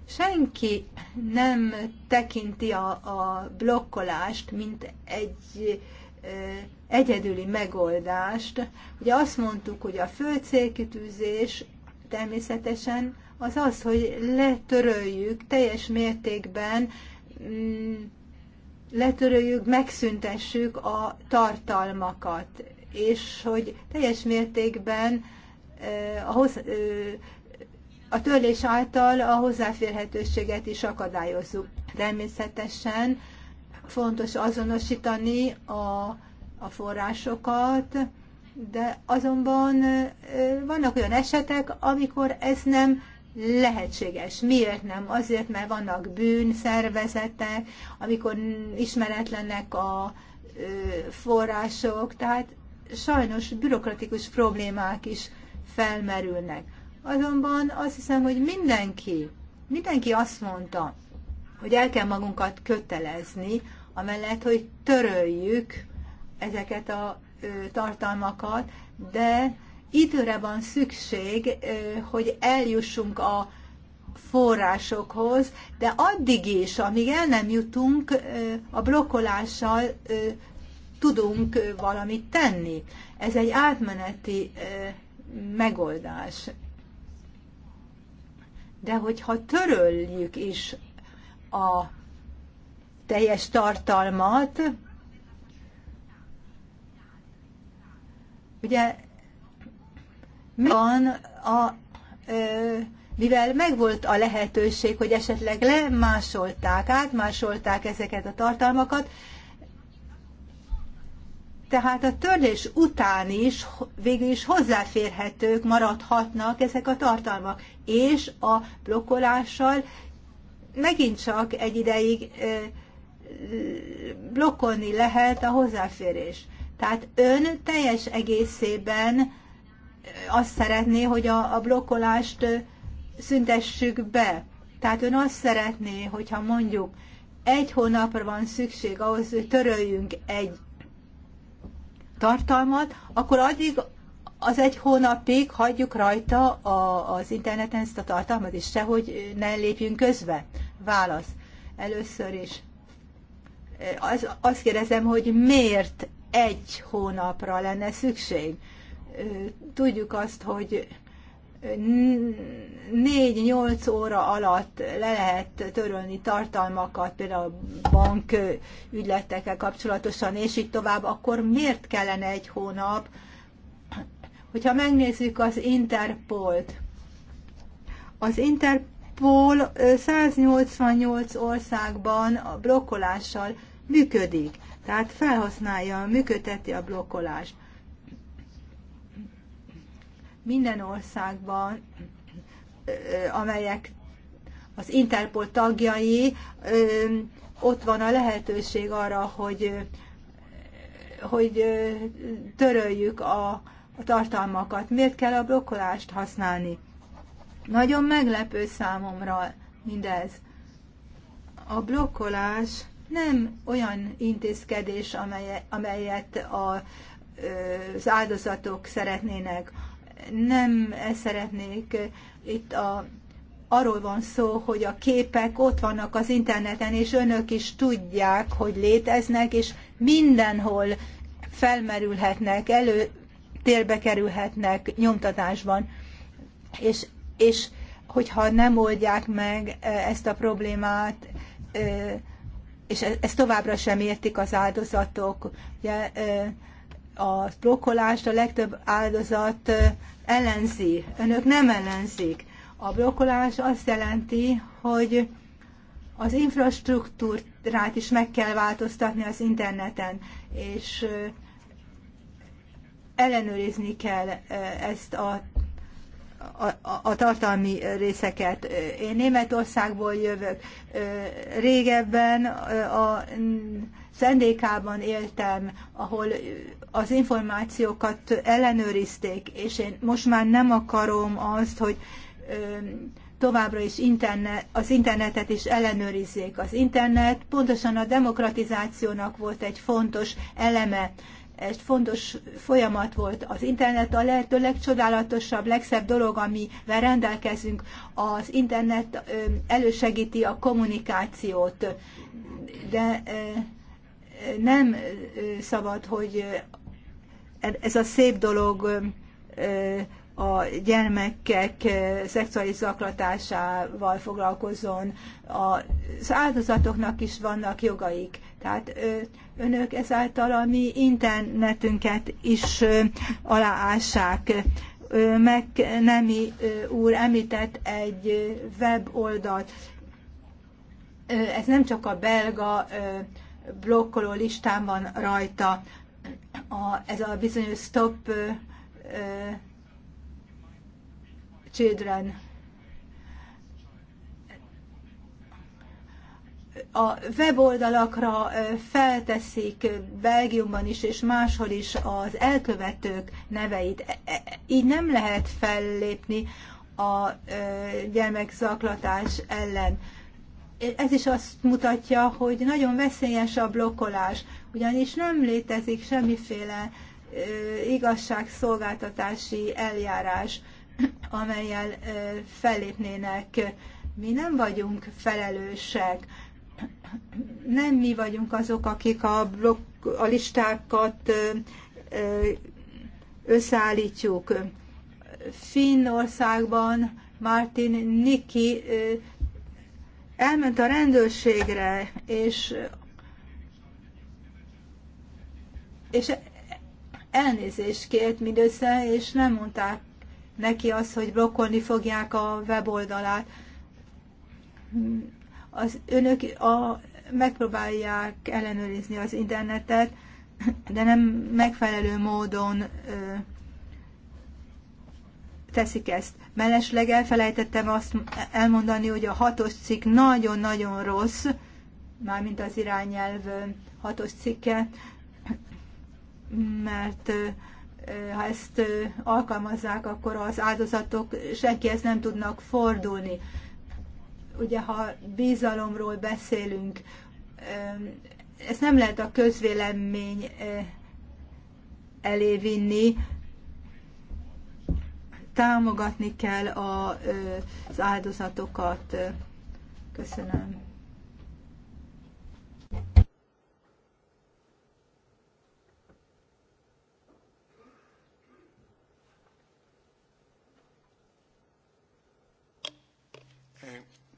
S1: senki nem tekinti a, a blokkolást, mint egy egyedüli megoldást. Ugye azt mondtuk, hogy a fő célkitűzés természetesen az az, hogy letöröljük teljes mértékben, mm, letöröljük, megszüntessük a tartalmakat, és hogy teljes mértékben a, hossz, a törlés által a hozzáférhetőséget is akadályozzuk. Természetesen fontos azonosítani a, a forrásokat, de azonban vannak olyan esetek, amikor ez nem lehetséges. Miért nem? Azért, mert vannak bűnszervezetek, amikor ismeretlenek a források, tehát sajnos bürokratikus problémák is felmerülnek. Azonban azt hiszem, hogy mindenki, mindenki azt mondta, hogy el kell magunkat kötelezni, amellett, hogy töröljük ezeket a tartalmakat, de időre van szükség, hogy eljussunk a forrásokhoz, de addig is, amíg el nem jutunk, a blokkolással tudunk valamit tenni. Ez egy átmeneti megoldás. De hogyha töröljük is a teljes tartalmat. Ugye van a, mivel megvolt a lehetőség, hogy esetleg lemásolták, átmásolták ezeket a tartalmakat, tehát a törlés után is végül is hozzáférhetők maradhatnak ezek a tartalmak, és a blokkolással megint csak egy ideig blokkolni lehet a hozzáférés. Tehát ön teljes egészében azt szeretné, hogy a, a blokkolást szüntessük be. Tehát ön azt szeretné, hogyha mondjuk egy hónapra van szükség ahhoz, hogy töröljünk egy tartalmat, akkor addig az egy hónapig hagyjuk rajta a, az interneten ezt a tartalmat, és sehogy ne lépjünk közbe válasz. Először is eh, az, azt kérdezem, hogy miért egy hónapra lenne szükség? Eh, tudjuk azt, hogy 4-8 eh, óra alatt le lehet törölni tartalmakat, például bank ügyletekkel kapcsolatosan, és így tovább, akkor miért kellene egy hónap? Hogyha megnézzük az Interpolt, az Interpol Europol 188 országban a blokkolással működik, tehát felhasználja, működteti a blokkolás Minden országban, amelyek az Interpol tagjai, ott van a lehetőség arra, hogy, hogy töröljük a, a tartalmakat. Miért kell a blokkolást használni? Nagyon meglepő számomra mindez. A blokkolás nem olyan intézkedés, amely, amelyet a, az áldozatok szeretnének. Nem ezt szeretnék. Itt a, arról van szó, hogy a képek ott vannak az interneten, és önök is tudják, hogy léteznek, és mindenhol felmerülhetnek, előtérbe kerülhetnek nyomtatásban. És és hogyha nem oldják meg ezt a problémát, és e-, ezt továbbra sem értik az áldozatok. Ugye, a blokkolást a legtöbb áldozat ellenzi. Önök nem ellenzik. A blokkolás azt jelenti, hogy az infrastruktúrát is meg kell változtatni az interneten, és ellenőrizni kell ezt a a, a tartalmi részeket. Én Németországból jövök. Régebben a szendékában éltem, ahol az információkat ellenőrizték, és én most már nem akarom azt, hogy továbbra is internet, az internetet is ellenőrizzék. Az internet pontosan a demokratizációnak volt egy fontos eleme egy fontos folyamat volt. Az internet a lehető legcsodálatosabb, legszebb dolog, amivel rendelkezünk. Az internet elősegíti a kommunikációt, de nem szabad, hogy ez a szép dolog a gyermekek szexuális zaklatásával foglalkozzon, az áldozatoknak is vannak jogaik. Tehát önök ezáltal a mi internetünket is aláássák. Meg Nemi úr említett egy weboldalt. Ez nem csak a belga blokkoló listán van rajta. A, ez a bizonyos stop Children a weboldalakra felteszik Belgiumban is és máshol is az elkövetők neveit. E, e, így nem lehet fellépni a gyermekzaklatás ellen. Ez is azt mutatja, hogy nagyon veszélyes a blokkolás, ugyanis nem létezik semmiféle igazságszolgáltatási eljárás, amelyel fellépnének. Mi nem vagyunk felelősek nem mi vagyunk azok, akik a, blokk, a listákat összeállítjuk. Finnországban Martin Niki elment a rendőrségre, és, és elnézést kért mindössze, és nem mondták neki azt, hogy blokkolni fogják a weboldalát az önök a, megpróbálják ellenőrizni az internetet, de nem megfelelő módon ö, teszik ezt. Mellesleg elfelejtettem azt elmondani, hogy a hatos cikk nagyon-nagyon rossz, mármint az irányelv hatos cikke, mert ha ezt alkalmazzák, akkor az áldozatok senkihez nem tudnak fordulni ugye ha bizalomról beszélünk, ezt nem lehet a közvélemény elé vinni, támogatni kell az áldozatokat. Köszönöm.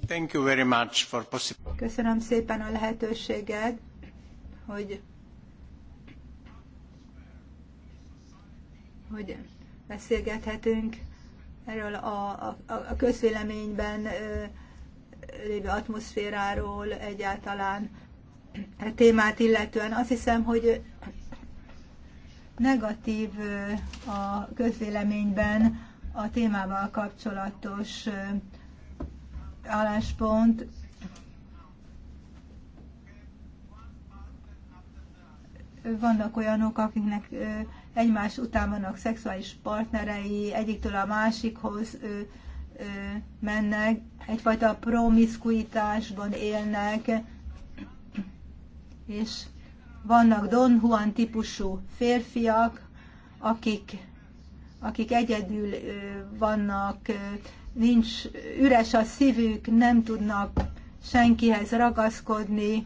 S3: Thank you very much for
S1: Köszönöm szépen a lehetőséget, hogy hogy beszélgethetünk erről a, a, a közvéleményben lévő atmoszféráról egyáltalán a e témát illetően. Azt hiszem, hogy negatív a közvéleményben a témával kapcsolatos álláspont vannak olyanok, akiknek egymás után vannak szexuális partnerei, egyiktől a másikhoz mennek, egyfajta promiszkuitásban élnek, és vannak Don Juan típusú férfiak, akik akik egyedül vannak, nincs üres a szívük, nem tudnak senkihez ragaszkodni,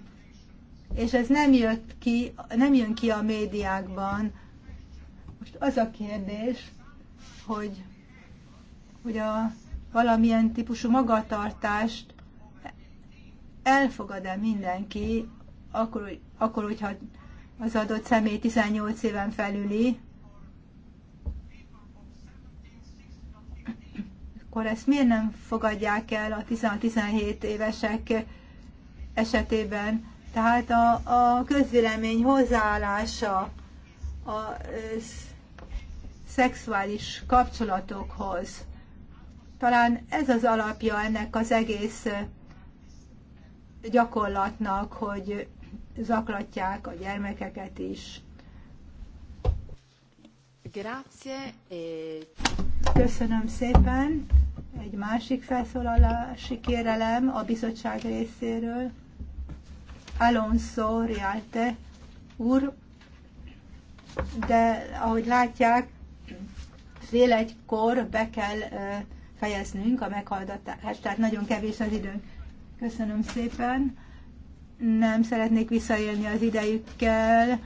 S1: és ez nem, jött ki, nem jön ki a médiákban. Most az a kérdés, hogy, hogy a valamilyen típusú magatartást elfogad-e mindenki, akkor, akkor, hogyha az adott személy 18 éven felüli, akkor ezt miért nem fogadják el a 16-17 évesek esetében? Tehát a, a közvélemény hozzáállása a szexuális kapcsolatokhoz. Talán ez az alapja ennek az egész gyakorlatnak, hogy zaklatják a gyermekeket is. Grazie. Eh. Köszönöm szépen. Egy másik felszólalási kérelem a bizottság részéről. Alonso Rialte úr, de ahogy látják, fél egykor be kell fejeznünk a meghallgatást, tehát nagyon kevés az időnk. Köszönöm szépen. Nem szeretnék visszaélni az idejükkel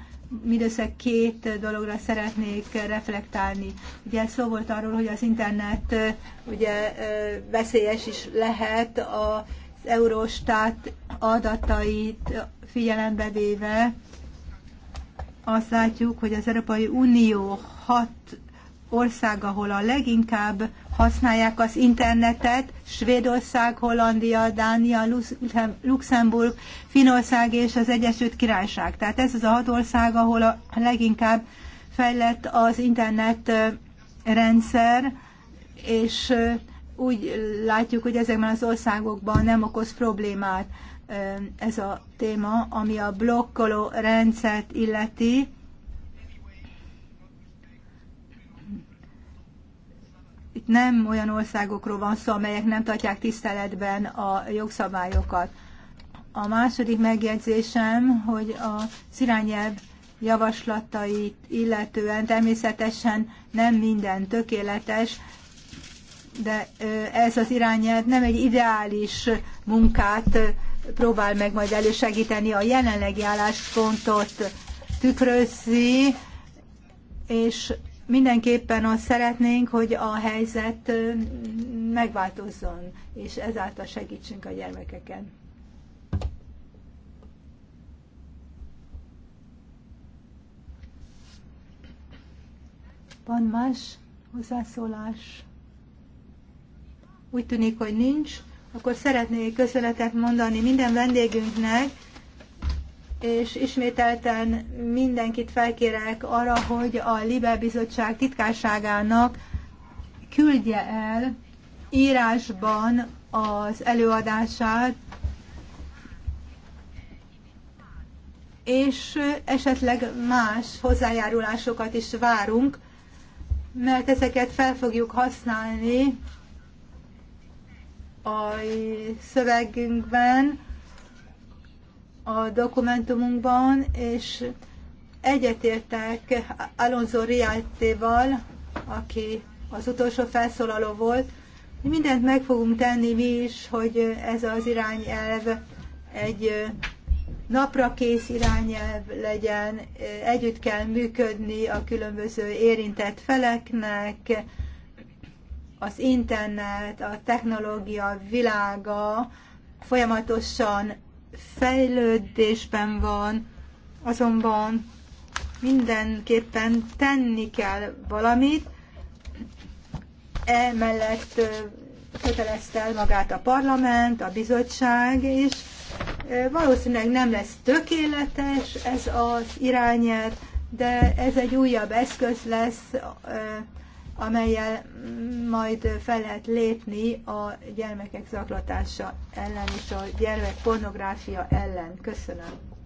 S1: mindössze két dologra szeretnék reflektálni. Ugye szó volt arról, hogy az internet ugye veszélyes is lehet az Eurostat adatait figyelembe véve. Azt látjuk, hogy az Európai Unió hat ország, ahol a leginkább használják az internetet, Svédország, Hollandia, Dánia, Luxemburg, Finország és az Egyesült Királyság. Tehát ez az a hat ország, ahol a leginkább fejlett az internet rendszer, és úgy látjuk, hogy ezekben az országokban nem okoz problémát ez a téma, ami a blokkoló rendszert illeti. Itt nem olyan országokról van szó, amelyek nem tartják tiszteletben a jogszabályokat. A második megjegyzésem, hogy az irányelv javaslatait illetően természetesen nem minden tökéletes, de ez az irányelv nem egy ideális munkát próbál meg majd elősegíteni, a jelenlegi álláspontot tükrözi, és Mindenképpen azt szeretnénk, hogy a helyzet megváltozzon, és ezáltal segítsünk a gyermekeken. Van más hozzászólás? Úgy tűnik, hogy nincs. Akkor szeretnék köszönetet mondani minden vendégünknek, és ismételten mindenkit felkérek arra, hogy a Libe Bizottság titkárságának küldje el írásban az előadását, és esetleg más hozzájárulásokat is várunk, mert ezeket fel fogjuk használni a szövegünkben, a dokumentumunkban, és egyetértek Alonso Rialtéval, aki az utolsó felszólaló volt, hogy mindent meg fogunk tenni mi is, hogy ez az irányelv egy napra kész irányelv legyen, együtt kell működni a különböző érintett feleknek, az internet, a technológia világa folyamatosan fejlődésben van, azonban mindenképpen tenni kell valamit, emellett kötelezte el magát a parlament, a bizottság, és valószínűleg nem lesz tökéletes ez az irányelv, de ez egy újabb eszköz lesz amelyel majd fel lehet lépni a gyermekek zaklatása ellen és a gyermekpornográfia ellen. Köszönöm.